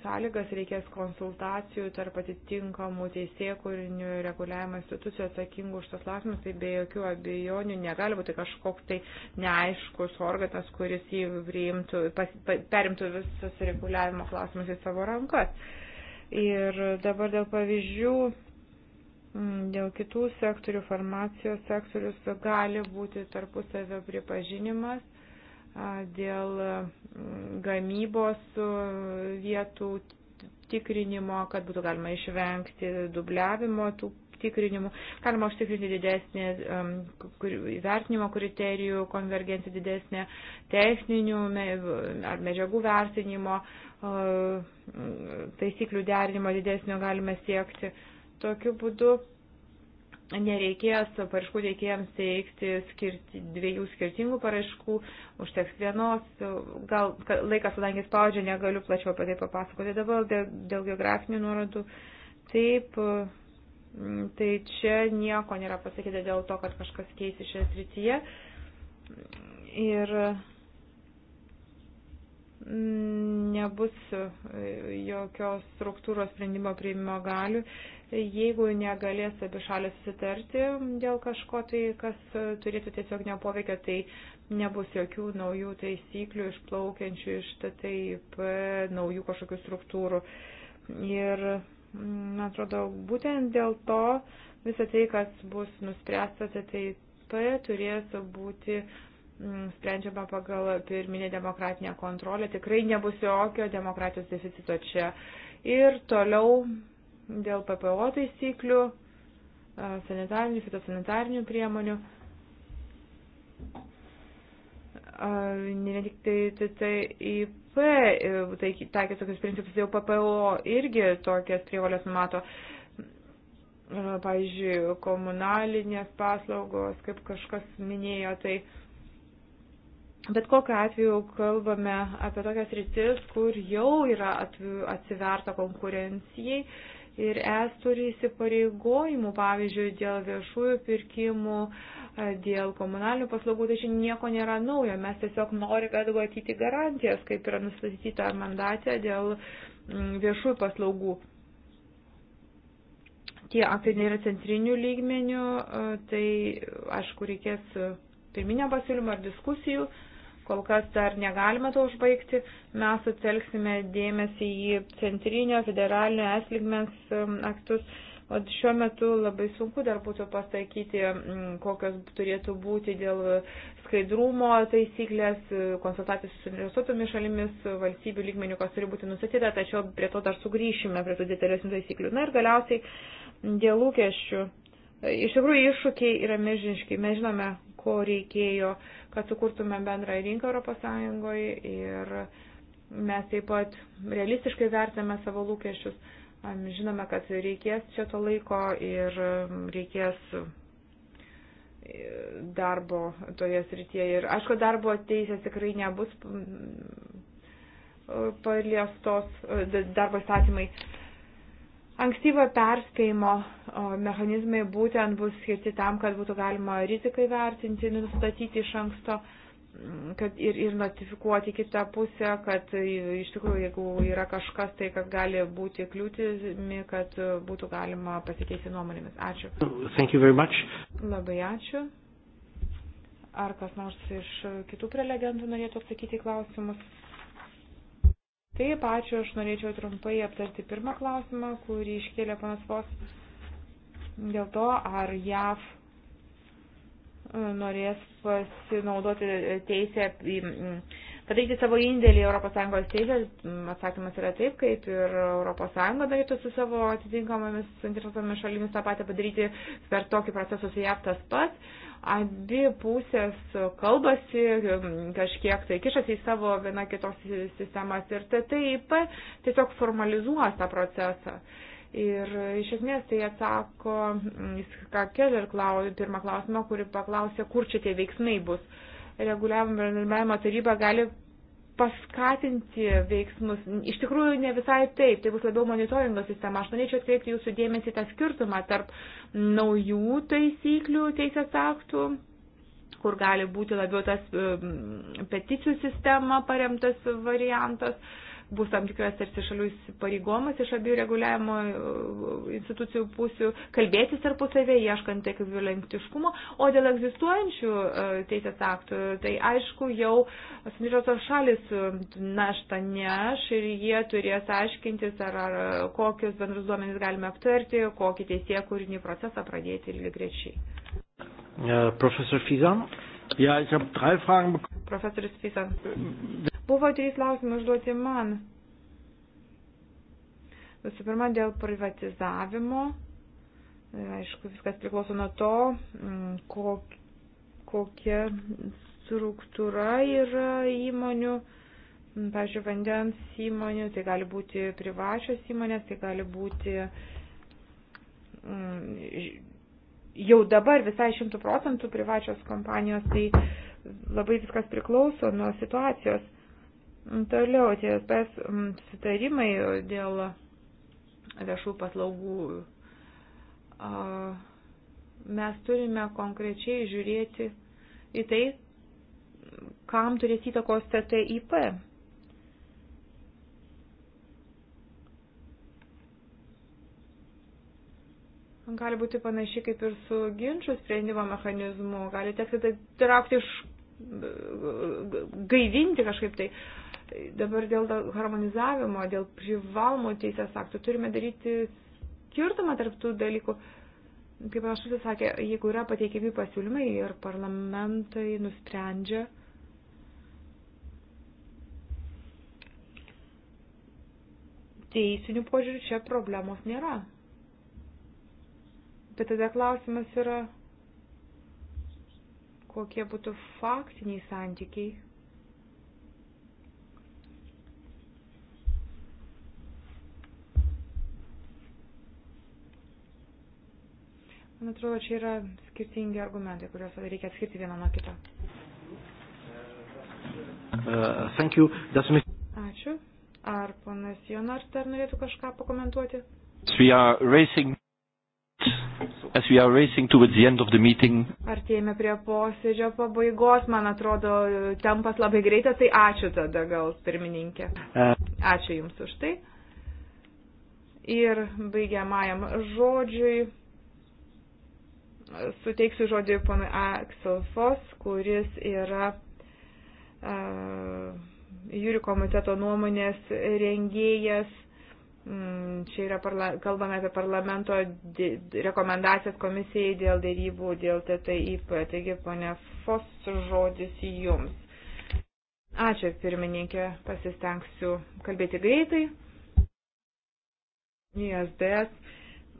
sąlygas, reikės konsultacijų tarp atitinkamų teisėkūrinių reguliavimo institucijų atsakingų už tos klausimus, tai be jokių abejonių negali būti kažkoks tai neaiškus organas, kuris jį priimtų, pas, perimtų visus reguliavimo klausimus į savo rankas. Ir dabar dėl pavyzdžių, mm, dėl kitų sektorių, farmacijos sektorius gali būti tarpusavio pripažinimas dėl mm, gamybos vietų tikrinimo, kad būtų galima išvengti dubliavimo tų tikrinimų, galima užtikrinti didesnį vertinimo kriterijų, konvergenciją didesnį techninių ar medžiagų vertinimo, taisyklių derinimo didesnio galime siekti. Tokiu būdu nereikės paraiškų teikėjams teikti skirti, dviejų skirtingų paraiškų, užteks vienos, gal laikas, kadangi spaudžia, negaliu plačiau apie tai papasakoti dabar dėl, dėl geografinių nuorodų. Taip, mm, tai čia nieko nėra pasakyta dėl to, kad kažkas keisi šioje srityje. Ir mm, nebus e, jokios struktūros sprendimo priimimo galių Jeigu negalės abi šalis susitarti dėl kažko, tai kas turėtų tiesiog nepoveikio, tai nebus jokių naujų taisyklių išplaukiančių iš TTIP, naujų kažkokių struktūrų. Ir, mm, man atrodo, būtent dėl to visą tai, kas bus nuspręsta TTIP, turės būti mm, sprendžiama pagal pirminę demokratinę kontrolę, tikrai nebus jokio demokratijos deficito čia. Ir toliau dėl PPO taisyklių, sanitarinių, fitosanitarinių priemonių. Ne tik tai, tai, tai IP e, tai, taikė tokius principus, jau PPO irgi tokias prievalės numato. Pavyzdžiui, komunalinės paslaugos, kaip kažkas minėjo, tai Bet kokiu atveju kalbame apie tokias rytis, kur jau yra atsiverta konkurencijai ir es turi įsipareigojimų, pavyzdžiui, dėl viešųjų pirkimų, e, dėl komunalinių paslaugų, tačiau nieko nėra naujo. Mes tiesiog norime atgatyti garantijas, kaip yra nustatyta mandatė dėl mm, viešųjų paslaugų. Tie aktai nėra centrinių lygmenių, e, tai aišku, reikės pirminio pasiūlymo ar diskusijų kol kas dar negalime to užbaigti. Mes sutelksime dėmesį į centrinio, federalinio eslygmens um, aktus. O šiuo metu labai sunku dar būtų pasakyti, mm, kokios turėtų būti dėl skaidrumo taisyklės, konsultacijos su universituotomis šalimis, valstybių lygmenių, kas turi būti nustatyta, tačiau prie to dar sugrįšime, prie tų detalesnių taisyklių. Na ir galiausiai dėl lūkesčių. Iš tikrųjų iššūkiai yra milžiniški, mes žinome, ko reikėjo uh, kad sukurtume bendrą rinką ES ir mes taip pat realistiškai vertiname savo lūkesčius. Žinome, kad reikės čia to laiko ir reikės e, darbo toje srityje. Ir aišku, darbo teisės tikrai nebus paliestos e, darbo statymai Ankstyvo perspėjimo mechanizmai būtent bus skirti tam, kad būtų galima rizikai vertinti, nustatyti iš anksto kad ir, ir notifikuoti kitą pusę, kad e, iš tikrųjų, jeigu yra kažkas tai, kas gali būti kliūtimi, kad būtų galima pasikeisti nuomonėmis. Ačiū. Thank you very much. Labai ačiū. Ar kas nors iš kitų prelegentų norėtų atsakyti klausimus? Taip, ačiū, aš norėčiau trumpai aptarti pirmą klausimą, kurį iškėlė panas Vos. Dėl to, ar JAV e, norės pasinaudoti teisę padaryti savo indėlį ES teisę, atsakymas yra taip, kaip ir ES darytų su savo atitinkamomis interesuotomis šalimis tą patį padaryti per tokį procesą su JAV tas pats. Abi pusės kalbasi, kažkiek tai kišasi į savo viena kitos sistemas ir TTIP tiesiog formalizuos tą procesą. Ir iš esmės tai atsako, mm, ką Keller klausė, pirmą klausimą, kurį paklausė, kur čia tie veiksmai bus. Reguliavimo bendradarbiavimo taryba gali paskatinti veiksmus. Iš tikrųjų, ne visai taip, tai bus labiau monitoringo sistema. Aš norėčiau atkreipti jūsų dėmesį tą skirtumą tarp naujų taisyklių teisės aktų kur gali būti labiau tas um, peticijų sistema paremtas variantas, bus tam tikras tarsi šalių įsipareigomas iš abiejų reguliavimo e, institucijų pusių kalbėtis tarpusavėje, ieškant ekvivalentiškumo, o dėl egzistuojančių e, teisės aktų, tai aišku, jau asmenžiosios šalis e, naštą neš ir jie turės aiškintis, ar, ar kokius bendrus duomenys galime aptarti, kokį teisė kūrinį procesą pradėti lygiai grečiai. Profesor Fizan. Ja, ich habe drei Fragen bekommen. Professor Fizan. Buvo trys klausimai užduoti man. Visų pirma, dėl privatizavimo. E, aišku, viskas priklauso nuo to, mm, kokia struktūra yra įmonių. Mm, pavyzdžiui, vandens įmonių, tai gali būti privačios įmonės, tai gali būti mm, jau dabar visai šimtų procentų privačios kompanijos, tai labai viskas priklauso nuo situacijos. Toliau TSP sutarimai dėl viešų paslaugų. Mes turime konkrečiai žiūrėti į tai, kam turės įtakos TTIP. Gali būti panašiai kaip ir su ginčių sprendimo mechanizmu, gali tekti tai traukti iš gaivinti kažkaip tai. Uh, Dabar dėl harmonizavimo, dėl privalomų teisės aktų turime daryti skirtumą tarptų dalykų. Kaip aš sakė, jeigu yra pateikiami pasiūlymai ir parlamentai nusprendžia, teisinių požiūrių čia problemos nėra. Bet tada klausimas yra, kokie būtų faktiniai santykiai Man atrodo, čia yra skirtingi argumentai, kuriuos reikia atskirti vieną nuo kito. Uh, Ačiū. Ar ponas Jonart dar norėtų kažką pakomentuoti? Racing, Artėjame prie posėdžio pabaigos, man atrodo, tempas labai greitas, tai ačiū tada gal pirmininkė. Uh. Ačiū Jums už tai. Ir baigiamajam žodžiui suteiksiu žodį ponui Aksel Fos, kuris yra jūrių komiteto nuomonės rengėjas. Mm, čia yra parla, kalbame apie parlamento di, rekomendacijas komisijai dėl dėrybų, dėl TTIP. Taigi, ponė Fos, žodis jums. Ačiū, pirmininkė, pasistengsiu kalbėti greitai. ISDS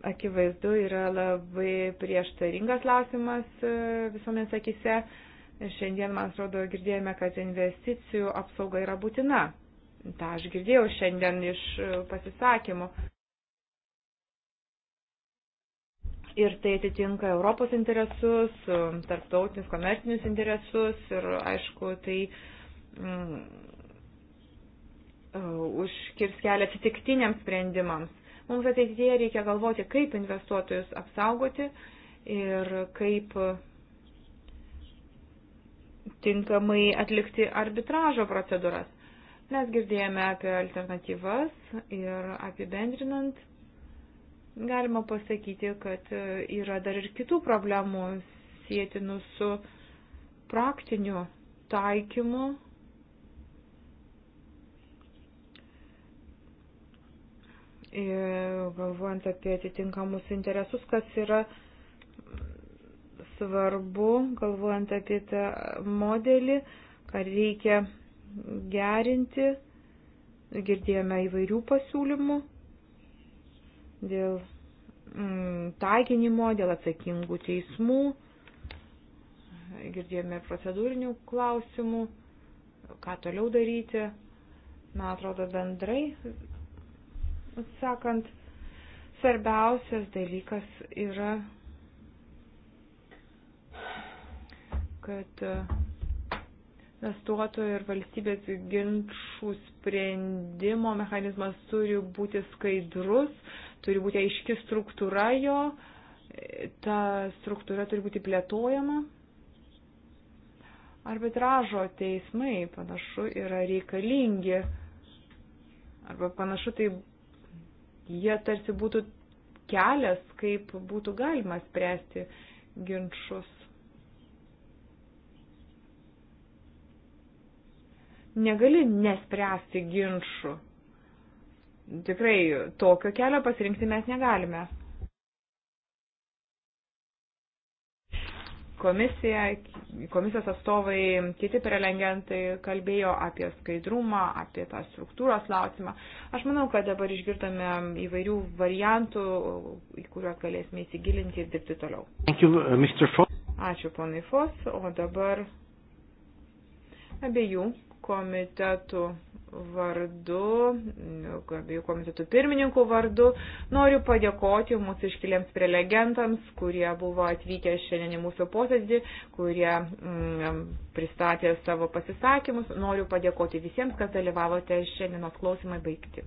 akivaizdu yra labai prieštaringas klausimas e, visuomenės akise. Šiandien, man atrodo, girdėjome, kad investicijų apsauga yra būtina. Ta aš girdėjau šiandien iš e, pasisakymų. ir tai atitinka Europos interesus, e, tarptautinius komercinius interesus ir aišku, tai mm, užkirs kelią atsitiktiniams sprendimams. Mums ateityje reikia galvoti, kaip investuotojus apsaugoti ir kaip tinkamai atlikti arbitražo procedūras. Mes girdėjome apie alternatyvas ir apibendrinant galima pasakyti, kad yra dar ir kitų problemų sėtinų su praktiniu taikymu galvojant apie atitinkamus interesus, kas yra svarbu, galvojant apie tą modelį, ką reikia gerinti. Girdėjome įvairių pasiūlymų dėl mm, taikinimo, dėl atsakingų teismų. Girdėjome ir procedūrinių klausimų, ką toliau daryti. Man atrodo, bendrai sakant, svarbiausias dalykas yra, kad e, investuotojų ir valstybės ginčių sprendimo mechanizmas turi būti skaidrus, turi būti aiški struktūra jo, e, ta struktūra turi būti plėtojama. Arbitražo teismai panašu yra reikalingi arba panašu tai jie tarsi būtų kelias, kaip būtų galima spręsti ginčius. Negali nespręsti ginčių. Tikrai tokio kelio pasirinkti mes negalime. komisija, komisijos atstovai, kiti prelegentai kalbėjo apie skaidrumą, apie tą struktūros klausimą. Aš manau, kad dabar išgirdome įvairių variantų, į kuriuos galėsime įsigilinti ir dirbti toliau. Thank you, uh, Ačiū, ponai Fos. O dabar abiejų komitetų vardu, abiejų komitetų pirmininkų vardu, noriu padėkoti mūsų iškiliams prelegentams, kurie buvo atvykę šiandien į mūsų posėdį, kurie mm, pristatė savo pasisakymus. Noriu padėkoti visiems, kas dalyvavote šiandienos klausimai baigti.